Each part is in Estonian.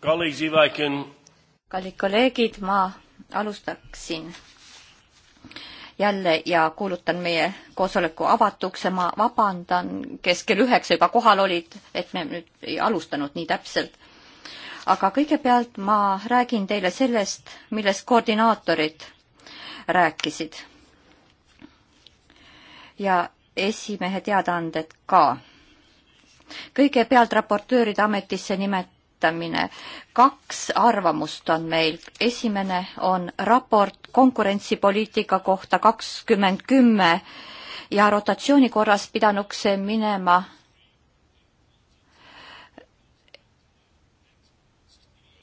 kallid kolleegid, ma alustaksin jälle ja kuulutan meie koosoleku avatuks ja ma vabandan, kes kell üheksa juba kohal olid, et me nüüd ei alustanud nii täpselt. aga kõigepealt ma räägin teile sellest, millest koordinaatorid rääkisid. ja esimehe teadaanded ka. kõigepealt raportööride ametisse nimet-, kinnitamine. kaks arvamust on meil. esimene on raport konkurentsipoliitika kohta kakskümmend kümme ja rotatsiooni korras pidanuks see minema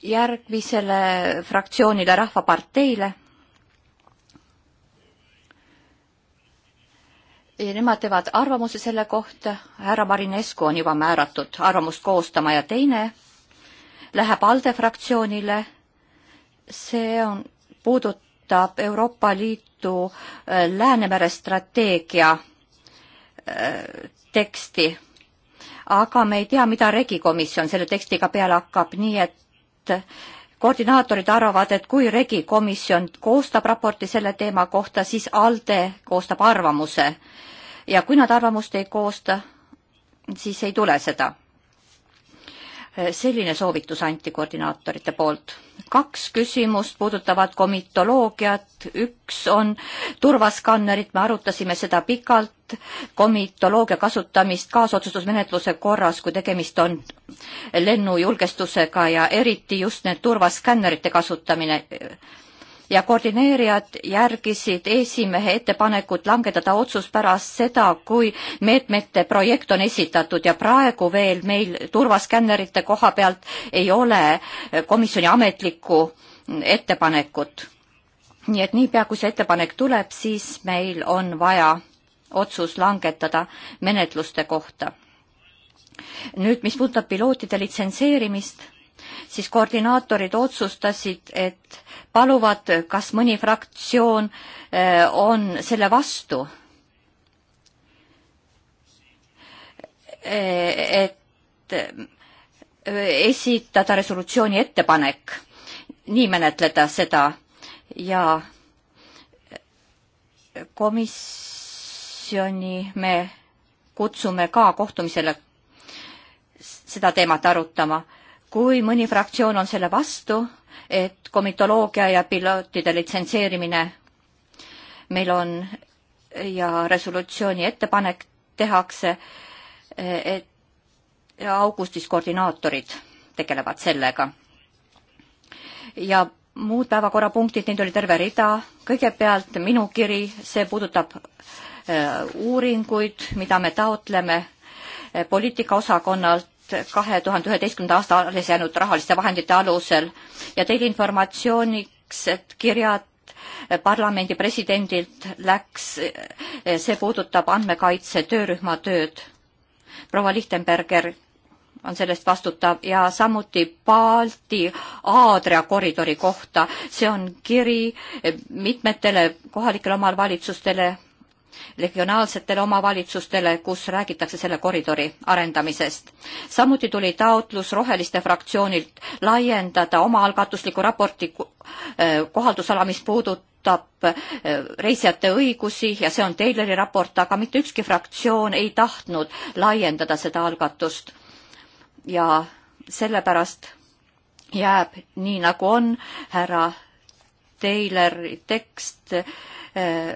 järgmisele fraktsioonile, Rahvaparteile. ja nemad teevad arvamuse selle kohta, härra Marinescu on juba määratud arvamust koostama ja teine läheb ALDE fraktsioonile. see on, puudutab Euroopa Liidu äh, Läänemere strateegia äh, teksti. aga me ei tea, mida regikomisjon selle tekstiga peale hakkab, nii et äh, koordinaatorid arvavad, et kui regikomisjon koostab raporti selle teema kohta, siis ALDE koostab arvamuse. ja kui nad arvamust ei koosta, siis ei tule seda Äh, selline soovitus anti koordinaatorite poolt. kaks küsimust puudutavad komitoloogiat, üks on turvaskannerid, me arutasime seda pikalt, komitoloogia kasutamist kaasotsustusmenetluse korras, kui tegemist on lennujulgestusega ja eriti just need turvaskännerite kasutamine ja koordineerijad järgisid esimehe ettepanekut langetada otsus pärast seda, kui meetmete projekt on esitatud ja praegu veel meil turvaskännerite koha pealt ei ole komisjoni ametlikku ettepanekut. nii et niipea, kui see ettepanek tuleb, siis meil on vaja otsus langetada menetluste kohta. nüüd, mis puudutab pilootide litsenseerimist siis koordinaatorid otsustasid, et paluvad, kas mõni fraktsioon eh, on selle vastu. Eh, et eh, esitada resolutsiooni ettepanek, nii menetleda seda ja komisjoni me kutsume ka kohtumisele seda teemat arutama kui mõni fraktsioon on selle vastu, et komitoloogia ja pilootide litsenseerimine meil on ja resolutsiooni ettepanek tehakse, et augustis koordinaatorid tegelevad sellega. ja muud päevakorrapunktid, neid oli terve rida, kõigepealt minu kiri, see puudutab äh, uuringuid, mida me taotleme äh, poliitikaosakonnalt kahe tuhande üheteistkümnenda aasta alles jäänud rahaliste vahendite alusel ja teile informatsiooniks, et kirjad parlamendi presidendilt läks, see puudutab andmekaitse töörühma tööd. proua Lichtenberger on sellest vastutav ja samuti Balti Aadria koridori kohta, see on kiri mitmetele kohalikele omavalitsustele regionaalsetele omavalitsustele, kus räägitakse selle koridori arendamisest. samuti tuli taotlus Roheliste fraktsioonilt laiendada omaalgatusliku raporti äh, kohaldusala, mis puudutab äh, reisijate õigusi ja see on Taylori raport, aga mitte ükski fraktsioon ei tahtnud laiendada seda algatust. ja sellepärast jääb nii, nagu on, härra Taylori tekst äh,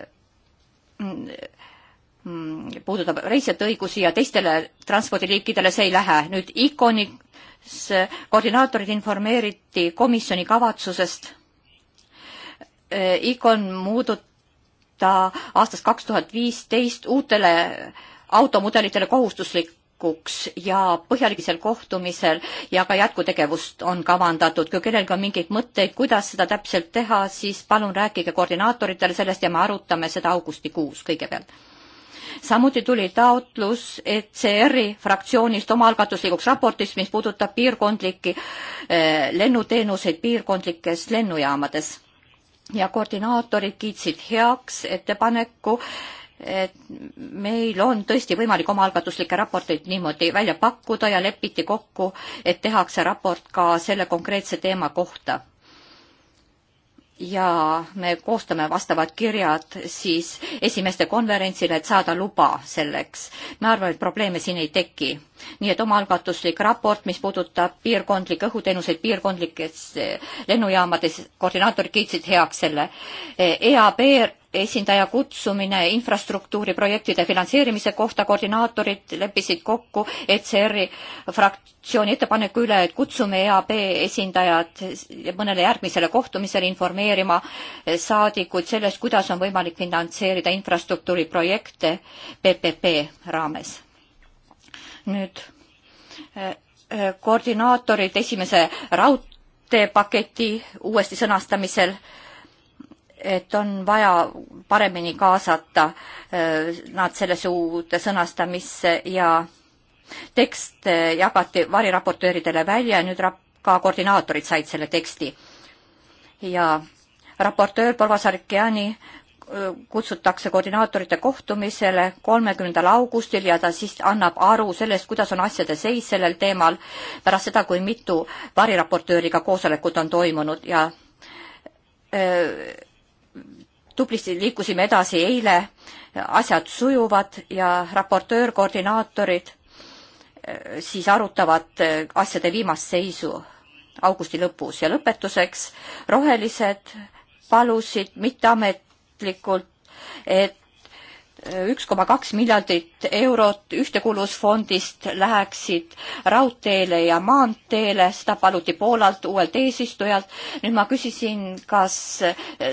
Mm, puudutab reisijate õigusi ja teistele transpordiliikidele see ei lähe. nüüd ICONIS koordinaatorid informeeriti komisjoni kavatsusest. Eh, ICON muuduta aastast kaks tuhat viisteist uutele automudelitele kohustuslik jätkuks ja põhjalikisel kohtumisel ja ka jätkutegevust on kavandatud. kui kellelgi on mingeid mõtteid, kuidas seda täpselt teha, siis palun rääkige koordinaatoritele sellest ja me arutame seda augustikuus kõigepealt samuti tuli taotlus ECR-i fraktsioonist omaalgatuslikuks raportiks, mis puudutab piirkondlikke eh, lennuteenuseid piirkondlikes lennujaamades. ja koordinaatorid kiitsid heaks ettepaneku äh, et meil on tõesti võimalik omaalgatuslikke raporteid niimoodi välja pakkuda ja lepiti kokku, et tehakse raport ka selle konkreetse teema kohta. ja me koostame vastavad kirjad siis esimeste konverentsile, et saada luba selleks. me arvame, et probleeme siin ei teki. nii et omaalgatuslik raport, mis puudutab piirkondlikke õhuteenuseid piirkondlikes lennujaamades, koordinaator kiitsid heaks selle EAB e esindaja kutsumine infrastruktuuri projektide finantseerimise kohta, koordinaatorid leppisid kokku ECR-i fraktsiooni ettepaneku üle, et kutsume EAB esindajad mõnele järgmisele kohtumisele informeerima saadikuid sellest, kuidas on võimalik finantseerida infrastruktuuri projekte PPP raames. nüüd äh, äh, koordinaatorid esimese raudteepaketi uuesti sõnastamisel et on vaja paremini kaasata nad sellesse uude sõnastamisse ja tekst jagati variraportööridele välja ja nüüd rap-, ka koordinaatorid said selle teksti. ja raportöör Porvasarkiani kutsutakse koordinaatorite kohtumisele kolmekümnendal augustil ja ta siis annab aru sellest, kuidas on asjade seis sellel teemal pärast seda, kui mitu variraportööriga koosolekut on toimunud ja öö, tublisti liikusime edasi eile, asjad sujuvad ja raportöör, koordinaatorid eh, siis arutavad eh, asjade viimast seisu augusti lõpus ja lõpetuseks rohelised palusid mitteametlikult, et üks koma kaks miljardit eurot ühtekuuluvusfondist läheksid raudteele ja maanteele, seda paluti Poolalt, uuelt eesistujalt. nüüd ma küsisin, kas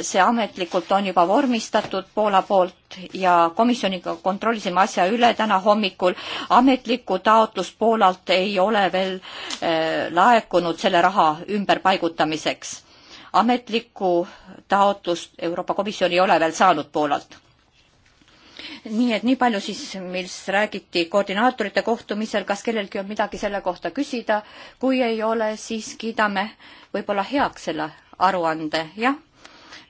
see ametlikult on juba vormistatud Poola poolt ja komisjoniga kontrollisime asja üle täna hommikul. ametlikku taotlust Poolalt ei ole veel eh, laekunud selle raha ümberpaigutamiseks. ametlikku taotlust Euroopa Komisjon ei ole veel saanud Poolalt nii et nii palju siis, mis räägiti koordinaatorite kohtumisel, kas kellelgi on midagi selle kohta küsida, kui ei ole, siis kiidame võib-olla heaks selle aruande, jah.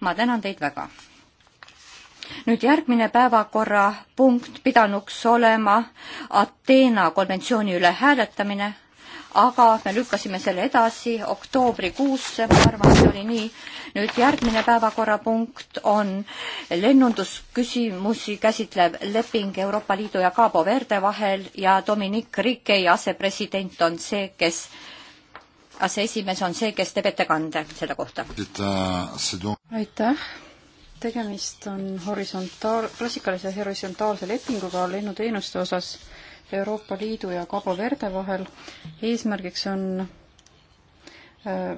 ma tänan teid väga. nüüd järgmine päevakorrapunkt pidanuks olema Ateena konventsiooni üle hääletamine aga me lükkasime selle edasi oktoobrikuusse, ma arvan, see oli nii. nüüd järgmine päevakorrapunkt on lennundusküsimusi käsitlev leping Euroopa Liidu ja Cabo Verde vahel ja Dominic Riquet, asepresident, on see, kes aseesimees on see, kes teeb ettekande selle kohta. aitäh tegemist on horisontaal, klassikalise horisonntaalse lepinguga lennuteenuste osas Euroopa Liidu ja Cabo Verde vahel. eesmärgiks on äh,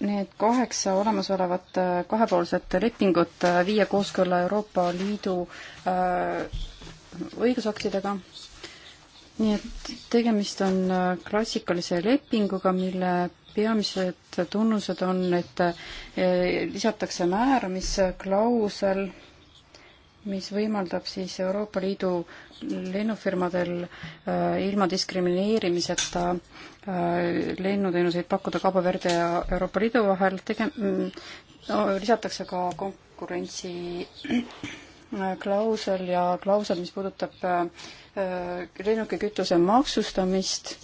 need kaheksa olemasolevat äh, kahepoolset lepingut äh, viia kooskõlla Euroopa Liidu õigusaktidega. nii et tegemist on klassikalise lepinguga, mille peamised tunnused on, et lisatakse määramisklausel mis võimaldab siis Euroopa Liidu lennufirmadel äh, ilma diskrimineerimiseta äh, lennuteenuseid pakkuda Cabo Verde ja Euroopa Liidu vahel, tege-, mm, no, lisatakse ka konkurentsi äh, klausel ja klausel, mis puudutab lennukikütuse maksustamist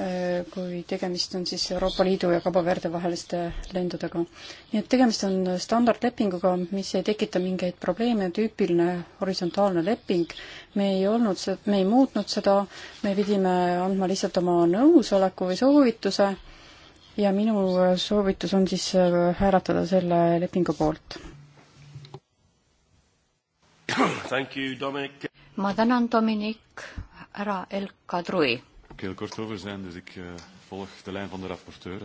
Äh, kui tegemist on siis Euroopa Liidu ja Cabo Verde vaheliste lendudega. nii et tegemist on standardlepinguga, mis ei tekita mingeid probleeme, tüüpiline horisontaalne leping, me ei olnud, me ei muutnud seda, me pidime andma lihtsalt oma nõusoleku või soovituse ja minu soovitus on siis äh, hääletada selle lepingu poolt. ma tänan, Dominic, härra Elka Trui ook heel kort over zijn, dus ik uh, volg de lijn van de rapporteur.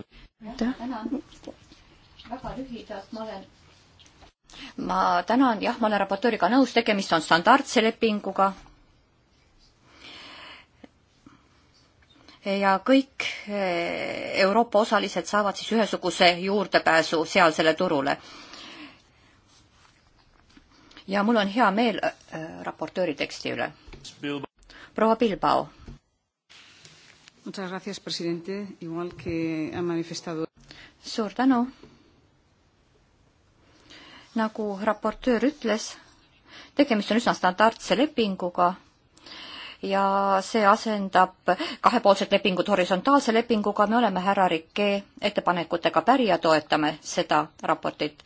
väga lühidalt, ma olen. ma tänan, jah, ma olen raportööriga nõus, tegemist on standardse lepinguga. ja kõik eh, Euroopa osalised saavad siis ühesuguse juurdepääsu sealsele turule ja mul on hea meel äh, raportööri teksti üle. proua Bilbao. Muchas gracias, presidente. Igual que ha manifestado. suur tänu. nagu raportöör ütles, tegemist on üsna standardse lepinguga ja see asendab kahepoolsed lepingud horisontaalse lepinguga, me oleme härra Rikke ettepanekutega päri ja toetame seda raportit.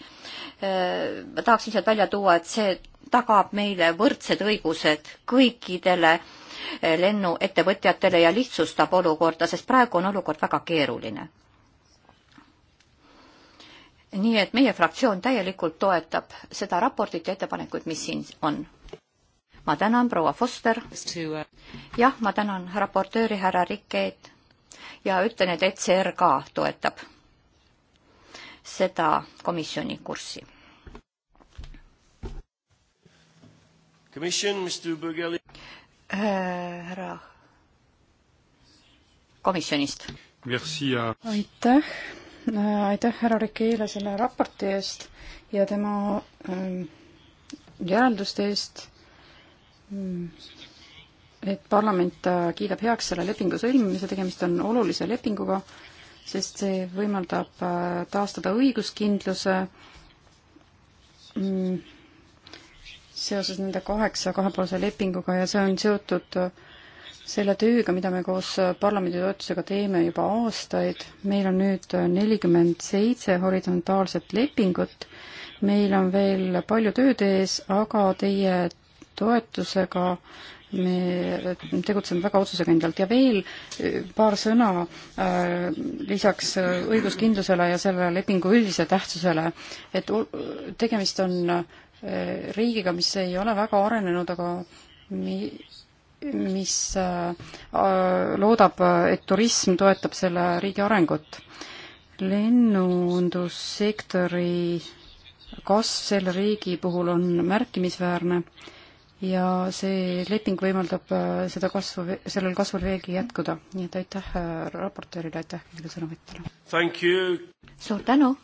Äh, ma tahaks lihtsalt välja tuua, et see tagab meile võrdsed õigused kõikidele äh, lennuettevõtjatele ja lihtsustab olukorda, sest praegu on olukord väga keeruline. nii et meie fraktsioon täielikult toetab seda raportit ja ettepanekuid, mis siin on. ma tänan, proua Foster. jah, ma tänan raportööri härra Rikkeed ja ütlen, et ECR ka toetab seda komisjoni kurssi härra komisjonist. aitäh, aitäh härra Rikeele selle raporti eest ja tema ähm, järelduste eest, mm. et parlament äh, kiidab heaks selle lepingu sõlmimise, tegemist on olulise lepinguga, sest see võimaldab äh, taastada õiguskindluse ähm, seoses nende kaheksa kahepoolse lepinguga ja see on seotud selle tööga, mida me koos parlamendi toetusega teeme juba aastaid. meil on nüüd nelikümmend seitse horisontaalset lepingut. meil on veel palju tööd ees, aga teie toetusega me tegutseme väga otsusekindlalt ja veel paar sõna äh, lisaks õiguskindlusele ja selle lepingu üldise tähtsusele, et tegemist on äh, Äh, riigiga, mis ei ole väga arenenud, aga mi-, mis äh, äh, loodab, et turism toetab selle riigi arengut. lennundussektori kasv selle riigi puhul on märkimisväärne ja see leping võimaldab seda kasvu, sellel kasvul veelgi jätkuda. nii et aitäh raportöörile, aitäh kõigile sõnavõtjatele! suur tänu!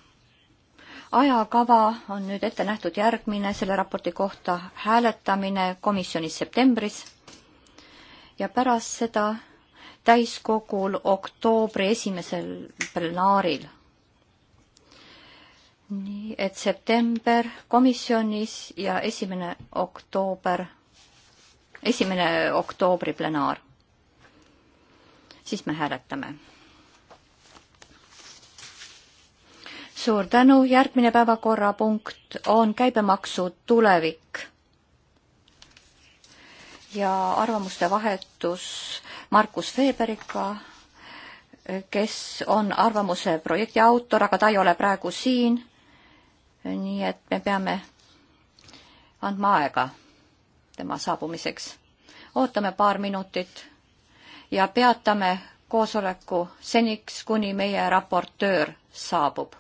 ajakava on nüüd ette nähtud järgmine selle raporti kohta hääletamine komisjonis septembris ja pärast seda täiskogul oktoobri esimesel plenaaril. nii et september komisjonis ja esimene oktoober, esimene oktoobri plenaar. siis me hääletame suur tänu, järgmine päevakorrapunkt on käibemaksu tulevik ja arvamuste vahetus Markus Veeberiga, kes on arvamuse projekti autor, aga ta ei ole praegu siin. nii et me peame andma aega tema saabumiseks. ootame paar minutit ja peatame koosoleku seniks, kuni meie raportöör saabub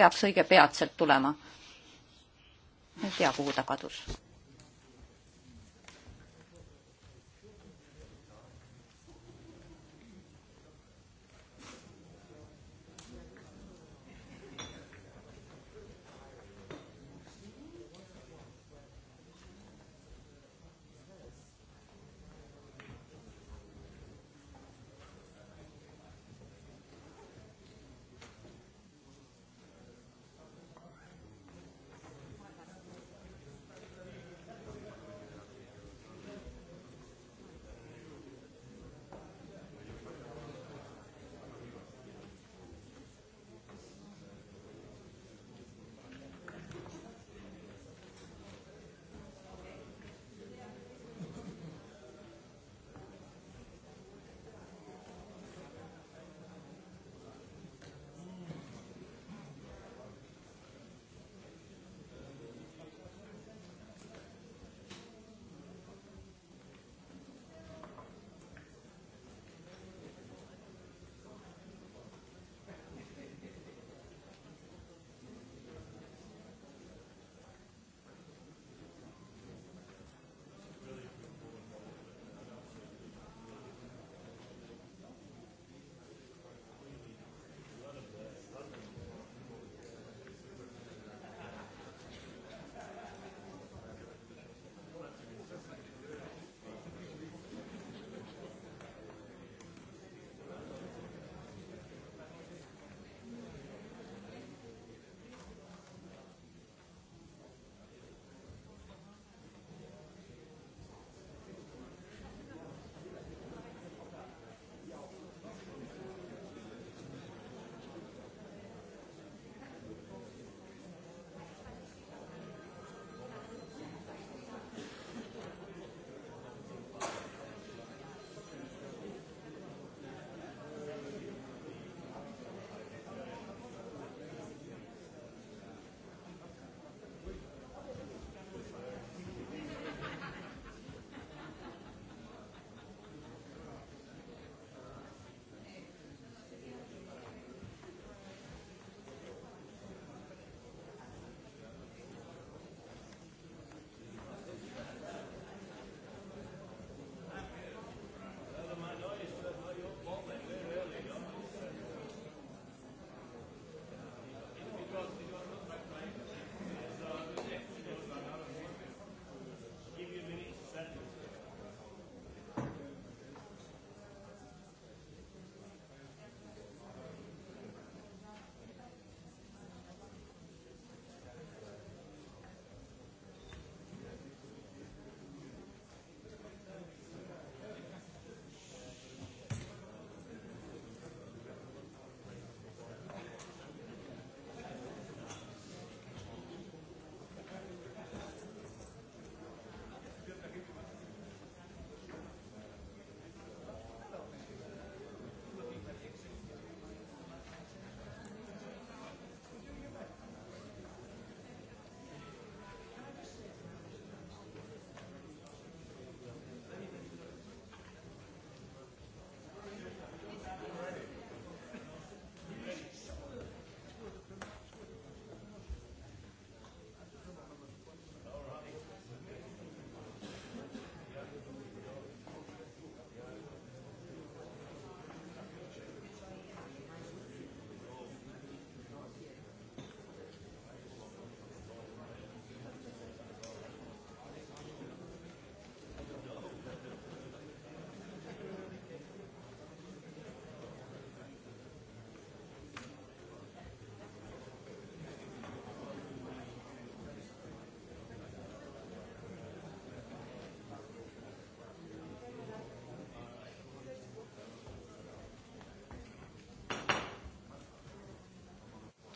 peab see õige peatselt tulema. ei tea, kuhu ta kadus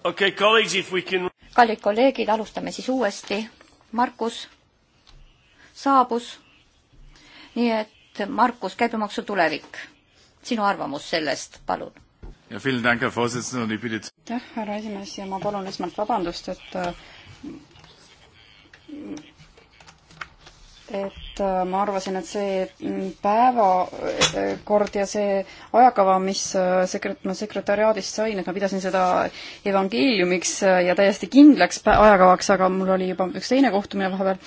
okay, can... kallid kolleegid, alustame siis uuesti. Markus saabus. nii et Markus, käibemaksu tulevik, sinu arvamus sellest, palun. aitäh, härra esimees ja ma palun esmalt vabandust, et äh, et et äh, ma arvasin, et see mm, päevakord äh, ja see ajakava, mis äh, sekret-, ma sekretäriaadist sain, et ma pidasin seda evangeeliumiks ja täiesti kindlaks päe-, ajakavaks, aga mul oli juba üks teine kohtumine vahepeal,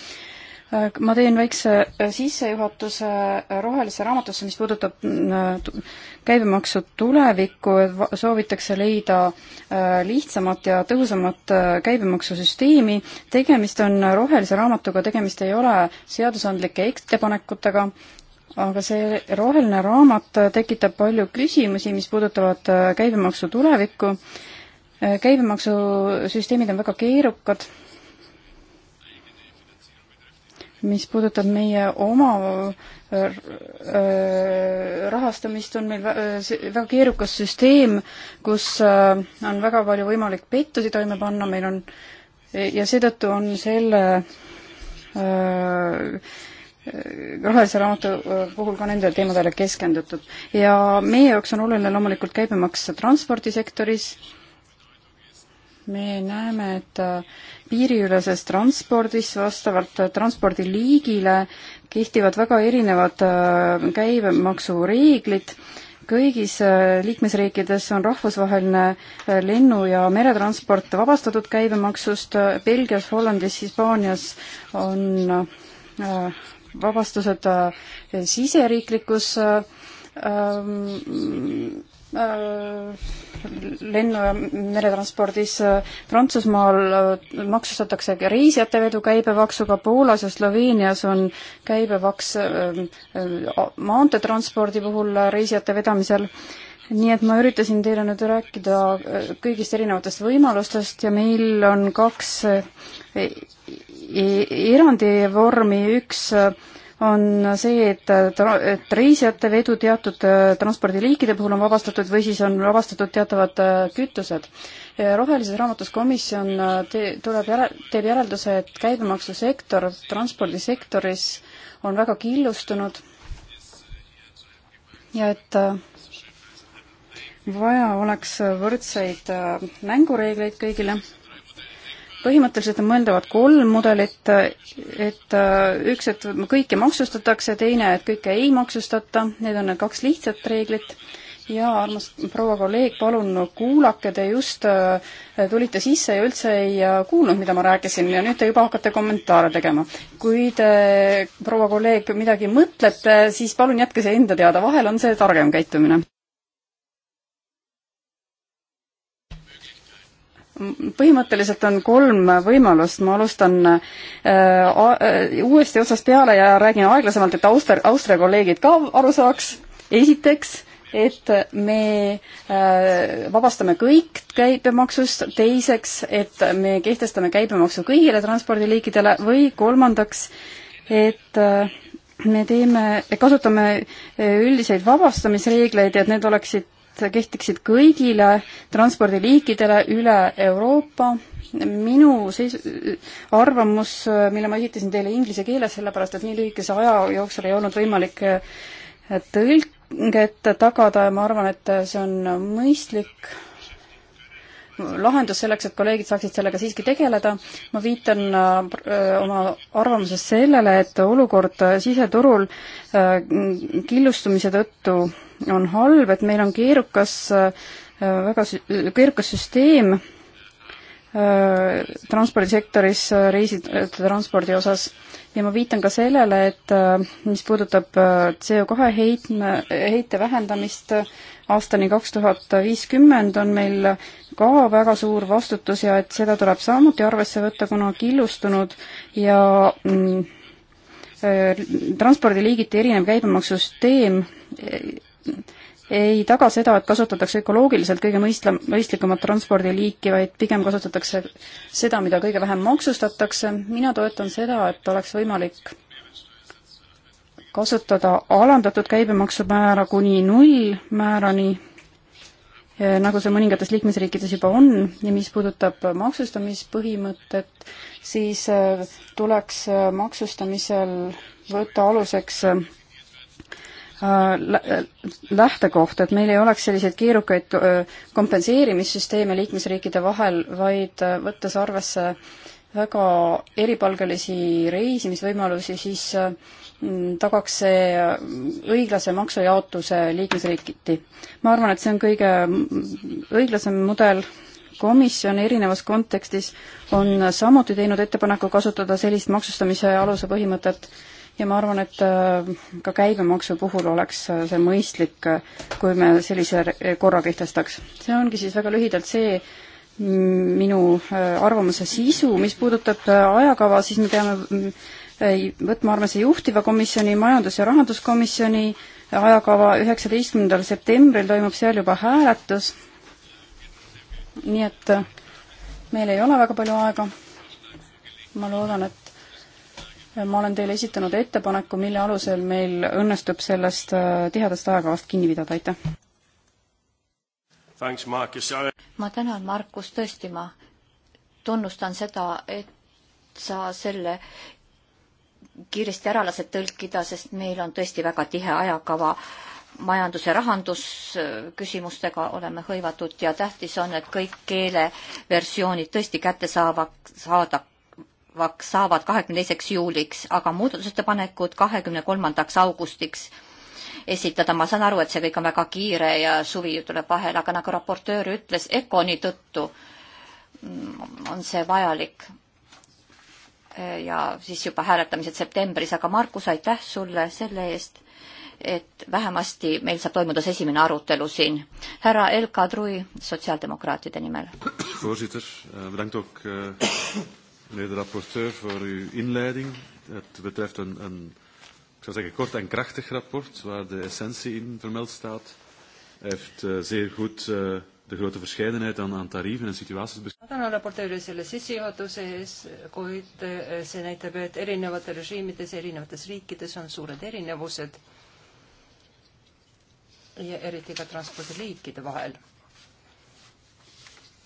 Äh, ma teen väikse äh, sissejuhatuse äh, rohelisse raamatusse, mis puudutab mm, käibemaksu tulevikku, et soovitakse leida lihtsamat ja tõhusamat käibemaksusüsteemi. tegemist on rohelise raamatuga, tegemist ei ole seadusandlike ettepanekutega, aga see roheline raamat tekitab palju küsimusi, mis puudutavad käibemaksu tulevikku. käibemaksusüsteemid on väga keerukad mis puudutab meie oma äh, äh, rahastamist, on meil äh, väga keerukas süsteem, kus on väga palju võimalik pettusi toime panna, meil on ja seetõttu on selle rohelise raamatu puhul ka nendele teemadele keskendutud. ja meie jaoks on oluline loomulikult käibemaks transpordisektoris, me näeme, et äh, piiriüleses transpordis vastavalt äh, transpordiliigile kehtivad väga erinevad äh, käibemaksureeglid. kõigis liikmesriikides on rahvusvaheline lennu- ja meretransport vabastatud käibemaksust, Belgias, Hollandis, Hispaanias on vabastused siseriiklikus ähm, Äh, lennu- ja meretranspordis äh, Prantsusmaal äh, maksustatakse reisijate vedu käibemaksuga, Poolas ja Sloveenias on käibemaks maanteetranspordi puhul reisijate vedamisel nii et ma üritasin teile nüüd rääkida kõigist erinevatest võimalustest ja meil on kaks e-, e-, erandivormi, üks on see, et, et reisijate vedu teatud äh, transpordiliikide puhul on vabastatud või siis on vabastatud teatavad äh, kütused. rohelises raamatus komisjon äh, te-, tuleb järe-, teeb järelduse, et käibemaksusektor transpordisektoris on väga killustunud ja et vaja oleks võrdseid mängureegleid kõigile põhimõtteliselt on mõeldavad kolm mudelit, et äh, üks, et kõike maksustatakse, teine, et kõike ei maksustata, need on need kaks lihtsat reeglit jaa, armas proua kolleeg, palun kuulake, te just äh, tulite sisse ja üldse ei äh, kuulnud, mida ma rääkisin ja nüüd te juba hakkate kommentaare tegema. kui te, proua kolleeg, midagi mõtlete, siis palun jätke see enda teada, vahel on see targem käitumine. põhimõtteliselt on kolm võimalust, ma alustan äh, äh, uuesti otsast peale ja räägin aeglasemalt, et Austria, Austria kolleegid ka aru saaks. esiteks, et me äh, vabastame kõik käibemaksust, teiseks, et me kehtestame käibemaksu kõigile transpordiliikidele või kolmandaks, et äh, me teeme, kasutame äh, üldiseid vabastamisreegleid, et need oleksid kehtiksid kõigile transpordiliikidele üle Euroopa. minu seis-, arvamus, mille ma esitasin teile inglise keeles, sellepärast et nii lühikese aja jooksul ei olnud võimalik eh, tõlget tagada ja ma arvan, et see on mõistlik lahendus selleks, et kolleegid saaksid sellega siiski tegeleda. ma viitan eh, oma arvamuses sellele, et olukord siseturul eh, killustumise tõttu on halb, et meil on keerukas, äh, väga keerukas süsteem äh, transpordisektoris äh, reisitranspordi osas ja ma viitan ka sellele, et mis puudutab CO2 heitme, heite vähendamist aastani kaks tuhat viiskümmend, on meil ka väga suur vastutus ja et seda tuleb samuti arvesse võtta, kuna killustunud ja mm, transpordiliigiti erinev käibemaksusüsteem ei taga seda, et kasutatakse ökoloogiliselt kõige mõistla-, mõistlikumat transpordiliiki, vaid pigem kasutatakse seda, mida kõige vähem maksustatakse. mina toetan seda, et oleks võimalik kasutada alandatud käibemaksumäära kuni nullmäärani, eh, nagu see mõningates liikmesriikides juba on ja mis puudutab maksustamispõhimõtet, siis eh, tuleks eh, maksustamisel võtta aluseks Äh, äh, lähtekoht, et meil ei oleks selliseid keerukaid äh, kompenseerimissüsteeme liikmesriikide vahel, vaid võttes arvesse väga eripalgelisi reisimisvõimalusi, siis mm, tagaks see õiglase maksujaotuse liikmesriikiti. ma arvan, et see on kõige mm, õiglasem mudel, komisjon erinevas kontekstis on samuti teinud ettepaneku kasutada sellist maksustamise aluse põhimõtet, ja ma arvan, et äh, ka käibemaksu puhul oleks äh, see mõistlik, äh, kui me sellise korra kehtestaks. see ongi siis väga lühidalt see minu arvamuse sisu, mis puudutab ajakava, siis me peame võtma arvesse juhtiva komisjoni, majandus- ja rahanduskomisjoni ajakava, üheksateistkümnendal septembril toimub seal juba hääletus, nii et meil ei ole väga palju aega. ma loodan, et ma olen teile esitanud ettepaneku, mille alusel meil õnnestub sellest äh, tihedast ajakavast kinni pidada, aitäh! ma tänan, Markus, tõesti, ma tunnustan seda, et sa selle kiiresti ära lased tõlkida, sest meil on tõesti väga tihe ajakava majandus- ja rahandusküsimustega oleme hõivatud ja tähtis on, et kõik keeleversioonid tõesti kätte saavad, saada vastavaks saavad kahekümne teiseks juuliks, aga muudatusettepanekud kahekümne kolmandaks augustiks esitada, ma saan aru, et see kõik on väga kiire ja suvi tuleb vahele, aga nagu raportöör ütles, Econi tõttu mm, on see vajalik. ja siis juba hääletamised septembris, aga Markus, aitäh sulle selle eest, et vähemasti meil saab toimuda see esimene arutelu siin. härra Elka Trui sotsiaaldemokraatide nimel meneer de rapporteur, voor uw inleiding. Het betreft een, een ik zou zeggen, kort en krachtig rapport waar de essentie in vermeld staat. Hij heeft uh, zeer goed uh, de grote verscheidenheid aan, aan tarieven en situaties beschreven. tänan raportööri selle sissejuhatuse ees, eh, kuid see näitab, et erinevates režiimides, erinevates riikides on suured erinevused ja eriti ka transpordiliikide vahel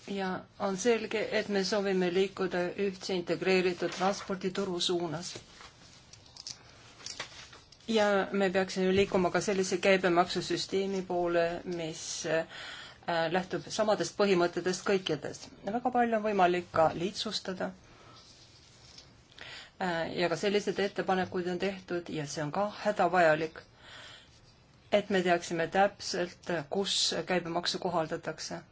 ja on selge, et me soovime liikuda ühtse integreeritud transpordituru suunas. ja me peaksime liikuma ka sellise käibemaksusüsteemi poole, mis äh, lähtub samadest põhimõtetest kõikidest. väga palju on võimalik ka lihtsustada. Äh, ja ka selliseid ettepanekuid on tehtud ja see on ka hädavajalik, et me teaksime täpselt, kus käibemaksu kohaldatakse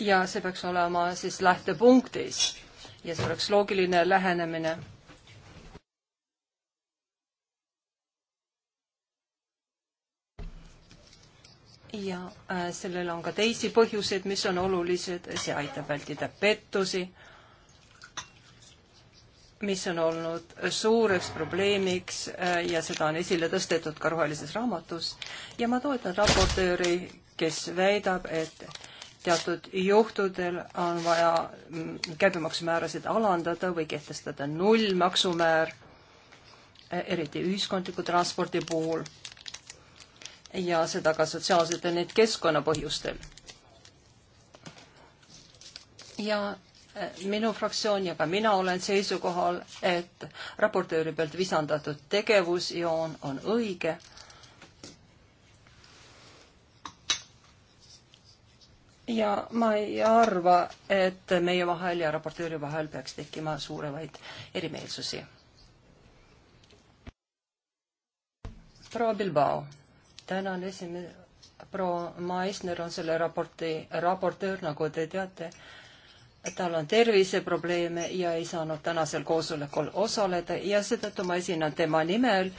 ja see peaks olema siis lähtepunktis ja see oleks loogiline lähenemine ja äh, sellel on ka teisi põhjuseid, mis on olulised, see aitab vältida pettusi, mis on olnud suureks probleemiks äh, ja seda on esile tõstetud ka rohelises raamatus ja ma toetan raportööri, kes väidab, et teatud juhtudel on vaja mm, käibemaksumäärasid alandada või kehtestada nullmaksumäär, e, eriti ühiskondliku transpordi puhul ja seda ka sotsiaalsetel, nii et keskkonnapõhjustel. ja e, minu fraktsioon ja ka mina olen seisukohal, et raportööri pealt visandatud tegevusjoon on õige ja ma ei arva, et meie vahel ja raportööri vahel peaks tekkima suuremaid erimeelsusi. proua Bilbao, tänan esimene, proua Maisner on selle raporti raportöör, nagu te teate. tal on terviseprobleeme ja ei saanud tänasel koosolekul osaleda ja seetõttu ma esinen tema nimel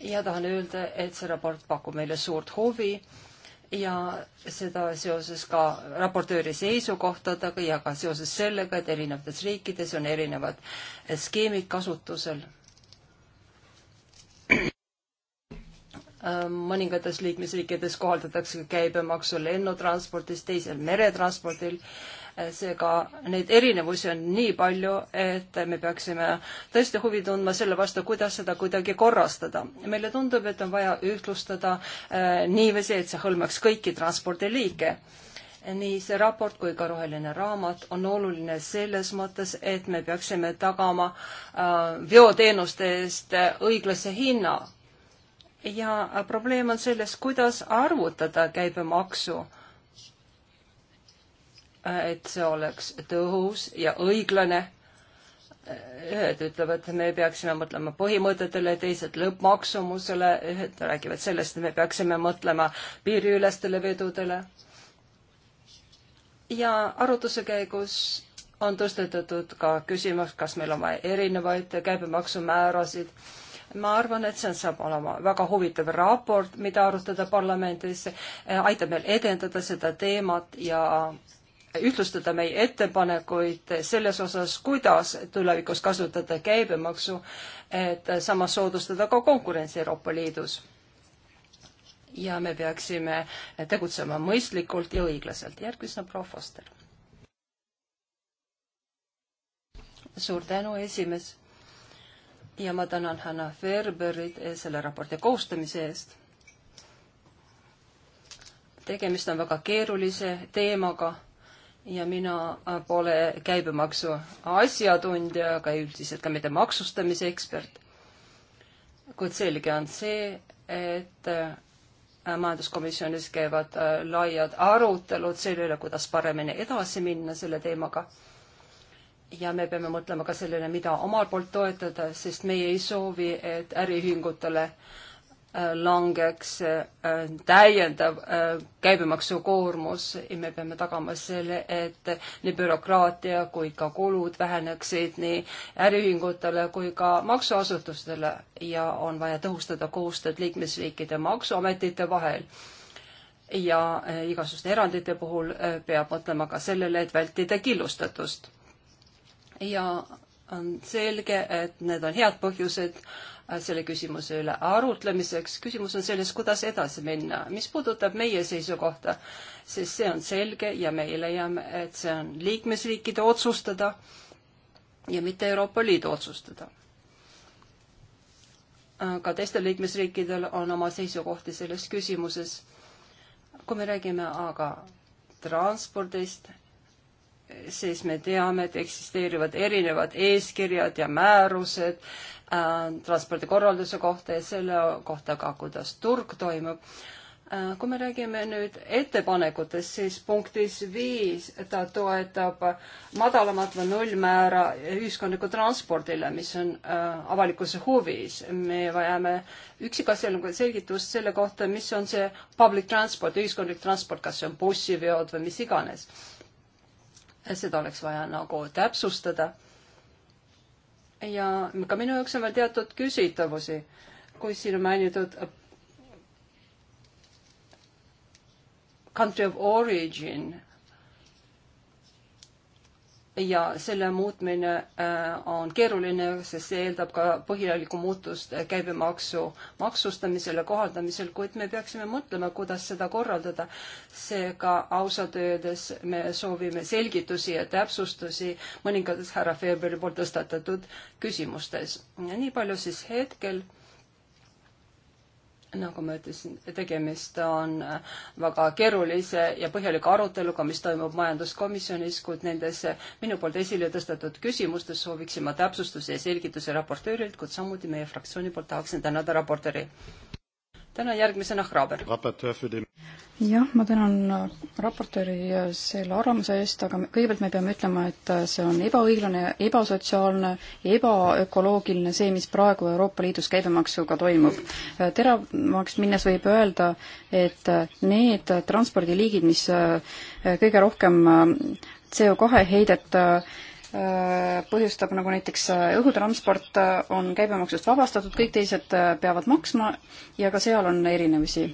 ja tahan öelda, et see raport pakub meile suurt huvi ja seda seoses ka raportööri seisukohtadega ja ka seoses sellega, et erinevates riikides on erinevad skeemid kasutusel. mõningates liikmesriikides kohaldatakse käibemaksu lennutranspordis, teisel meretranspordil äh, seega neid erinevusi on nii palju, et me peaksime tõesti huvi tundma selle vastu, kuidas seda kuidagi korrastada. meile tundub, et on vaja ühtlustada äh, niiviisi, et see hõlmaks kõiki transpordiliike nii see raport kui ka roheline raamat on oluline selles mõttes, et me peaksime tagama äh, veoteenuste eest õiglase hinna. ja probleem on selles, kuidas arvutada käibemaksu äh, et see oleks tõhus ja õiglane. ühed ütlevad, me peaksime mõtlema põhimõtetele, teised lõppmaksumusele, ühed räägivad sellest, et me peaksime mõtlema piiriülestele vedudele. ja arutluse käigus on tõstetatud ka küsimus, kas meil on vaja erinevaid käibemaksumäärasid. ma arvan, et see saab olema väga huvitav raport, mida arutada parlamendis, aitab meil edendada seda teemat ja ühtlustada meie ettepanekuid selles osas, kuidas tulevikus kasutada käibemaksu, et samas soodustada ka konkurentsi Euroopa Liidus. ja me peaksime tegutsema mõistlikult ja õiglaselt. järgmisena proua Foster. suur tänu, esimees. ja ma tänan Hanna Ferberit selle raporti koostamise eest tegemist on väga keerulise teemaga ja mina pole käibemaksu asjatundja, aga üldiselt ka mitte maksustamise ekspert. kuid selge on see, et äh, majanduskomisjonis käivad äh, laiad arutelud selle üle, kuidas paremini edasi minna selle teemaga. ja me peame mõtlema ka sellele, mida omalt poolt toetada, sest meie ei soovi, et äriühingutele äh, langeks äh, täiendav äh, käibemaksukoormus ja me peame tagama selle, et nii bürokraatia kui ka kulud väheneksid nii äriühingutele kui ka maksuasutustele ja on vaja tõhustada koostööd liikmesriikide maksuametite vahel. ja äh, igasuguste erandite puhul peab mõtlema ka sellele, et vältida killustatust. ja on selge, et need on head põhjused Äh, selle küsimuse üle arutlemiseks. küsimus on selles, kuidas edasi minna. mis puudutab meie seisukohta, siis see on selge ja meie leiame, et see on liikmesriikide otsustada ja mitte Euroopa Liidu otsustada. Äh, ka teistel liikmesriikidel on oma seisukohti selles küsimuses. kui me räägime aga transpordist siis me teame, et eksisteerivad erinevad eeskirjad ja määrused äh, transpordikorralduse kohta ja selle kohta ka, kuidas turg toimub äh,. kui me räägime nüüd ettepanekutest, siis punktis viis ta toetab madalamat või nullmäära ühiskondliku transpordile, mis on äh, avalikkuse huvis. me vajame üksikasjalikku selgitust selle kohta, mis on see public transport, ühiskondlik transport, kas see on bussiveod või mis iganes seda oleks vaja nagu täpsustada. ja ka minu jaoks on veel teatud küsitavusi, kui siin on mainitud äh, country of origin ja selle muutmine äh, on keeruline, sest see eeldab ka põhjalikku muutust äh, käibemaksu maksustamisele, kohaldamisel, kuid me peaksime mõtlema, kuidas seda korraldada. seega ausalt öeldes me soovime selgitusi ja täpsustusi mõningates härra Feberi poolt tõstatatud küsimustes. nii palju siis hetkel nagu ma ütlesin, tegemist on äh, väga keerulise ja põhjaliku aruteluga, mis toimub majanduskomisjonis, kuid nendes äh, minu poolt esile tõstetud küsimustes sooviksin ma täpsustuse ja selgituse raportöörilt, kuid samuti meie fraktsiooni poolt tahaksin tänada raportööri. tänan järgmisena Hraber. raportöör jah, ma tänan äh, raportööri äh, selle arvamuse eest, aga kõigepealt me peame ütlema, et äh, see on ebaõiglane, ebasotsiaalne, ebaökoloogiline, see, mis praegu Euroopa Liidus käibemaksuga toimub. teravamaks minnes võib öelda, et need transpordiliigid, mis kõige rohkem CO2 heidet põhjustab nagu näiteks õhutransport on käibemaksust vabastatud, kõik teised peavad maksma ja ka seal on erinevusi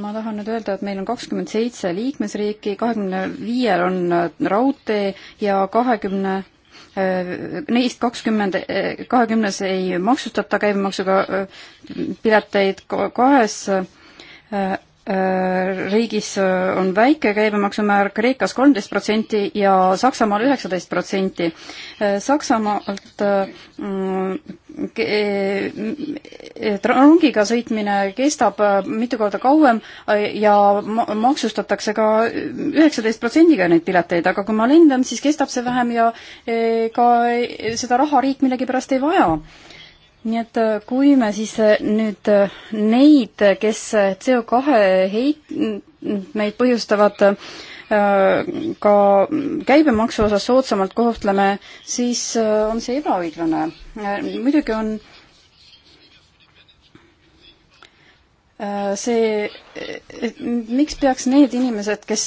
ma tahan nüüd öelda, et meil on kakskümmend seitse liikmesriiki, kahekümne viiel on äh, raudtee ja kahekümne äh, neist kakskümmend, äh, kahekümnes ei maksustata käibemaksuga pileteid, kahes Äh, riigis äh, on väike käibemaksumäär, Kreekas kolmteist protsenti ja Saksamaal üheksateist protsenti. Äh, Saksamaalt rongiga sõitmine kestab mitu korda kauem ja maksustatakse ka üheksateist protsendiga neid pileteid, aga kui ma lendan, siis kestab see vähem ja ka seda raha riik millegipärast ei vaja nii et äh, kui me siis äh, nüüd äh, neid, kes CO2 heitmeid põhjustavad ka käibemaksu osas soodsamalt kohtleme, siis on see ebaõiglane. muidugi on see, miks peaks need inimesed, kes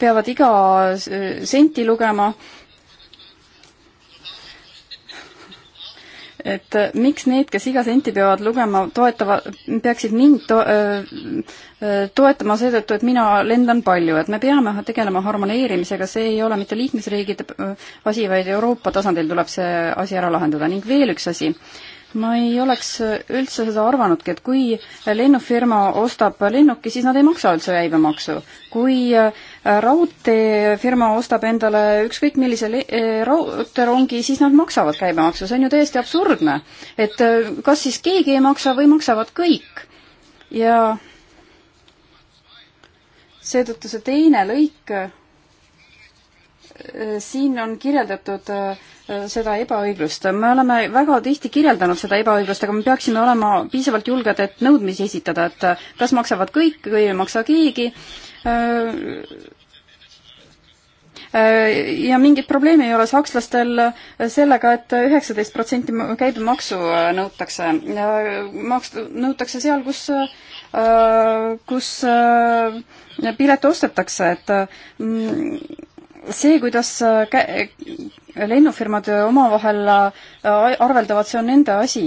peavad iga senti lugema, et äh, miks need, kes iga senti peavad lugema, toetava, peaksid mind to, öö, äh, äh, toetama seetõttu, et mina lendan palju, et me peame tegelema harmoneerimisega, see ei ole mitte liikmesriigide asi, vaid Euroopa tasandil tuleb see asi ära lahendada ning veel üks asi ma ei oleks üldse seda arvanudki, et kui lennufirma ostab lennuki, siis nad ei maksa üldse käibemaksu. kui raudteefirma ostab endale ükskõik millise eh, raudteerongi, siis nad maksavad käibemaksu, see on ju täiesti absurdne. et eh, kas siis keegi ei maksa või maksavad kõik. ja seetõttu see teine lõik, eh, siin on kirjeldatud seda ebaõiglust. me oleme väga tihti kirjeldanud seda ebaõiglust, aga me peaksime olema piisavalt julged, et nõudmisi esitada, et kas maksavad kõik või ei maksa keegi Äh, äh, ja mingit probleemi ei ole sakslastel sellega et, et üheksateist protsenti käibemaksu äh, nõutakse. Maks-, nõutakse seal, kus, kus pilet ostetakse, et see, kuidas äh, lennufirmad äh, omavahel äh, arveldavad, see on nende asi.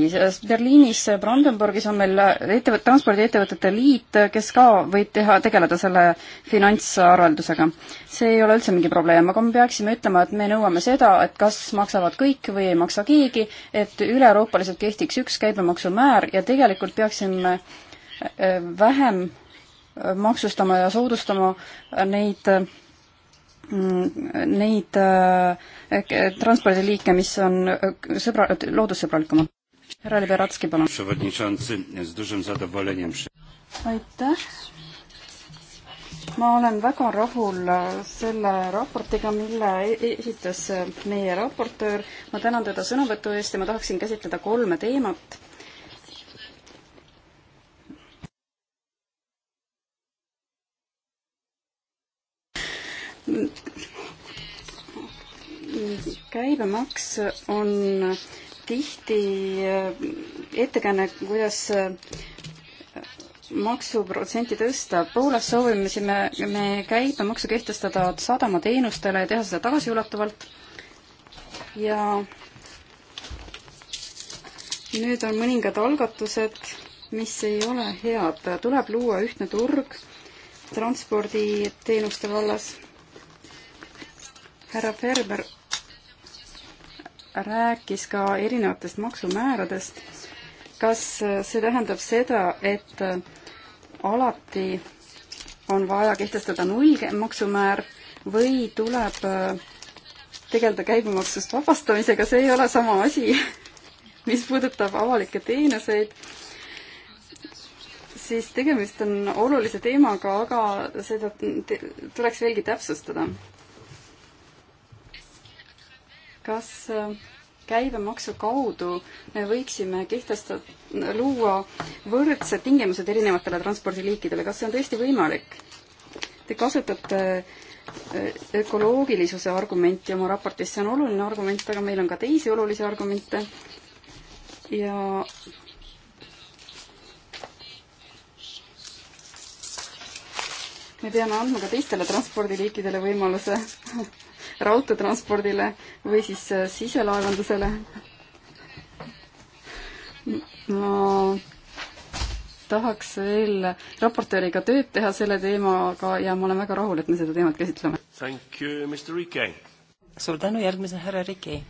Berliinis, Brandenburgis on meil ettevõtte, transpordiettevõtete liit, kes ka võib teha, tegeleda selle finantsarveldusega. see ei ole üldse mingi probleem, aga me peaksime ütlema, et me nõuame seda, et kas maksavad kõik või ei maksa keegi, et üle-euroopaliselt kehtiks üks käibemaksumäär ja tegelikult peaksime vähem maksustama ja soodustama neid Mm, neid äh, äh, transpordiliike, mis on äh, sõbra, loodussõbralikumad. härra Liberatski, palun. aitäh. ma olen väga rahul äh, selle raportiga, mille e-, esitas meie raportöör. ma tänan teda sõnavõtu eest ja ma tahaksin käsitleda kolme teemat käibemaks on tihti äh, ettekääne, kuidas äh, maksuprotsenti tõsta. Poolas soovisime me käibemaksu kehtestada sadamateenustele ja teha seda tagasiulatuvalt. ja nüüd on mõningad algatused, mis ei ole head. tuleb luua ühtne turg transporditeenuste vallas härra Ferber rääkis ka erinevatest maksumääradest. kas see tähendab seda, et alati on vaja kehtestada nullmaksumäär või tuleb tegeleda käibemaksust vabastamisega, see ei ole sama asi. mis puudutab avalikke teenuseid, siis tegemist on olulise teemaga, aga seda tuleks veelgi täpsustada kas äh, käibemaksu kaudu me võiksime kehtestada, luua võrdsed tingimused erinevatele transpordiliikidele, kas see on tõesti võimalik? Te kasutate äh, ökoloogilisuse argumenti oma raportis, see on oluline argument, aga meil on ka teisi olulisi argumente ja me peame andma ka teistele transpordiliikidele võimaluse raudteetranspordile või siis äh, siselaevandusele. ma tahaks veel raportööriga tööd teha selle teemaga ja ma olen väga rahul, et me seda teemat käsitleme. suur tänu, järgmisena härra Riki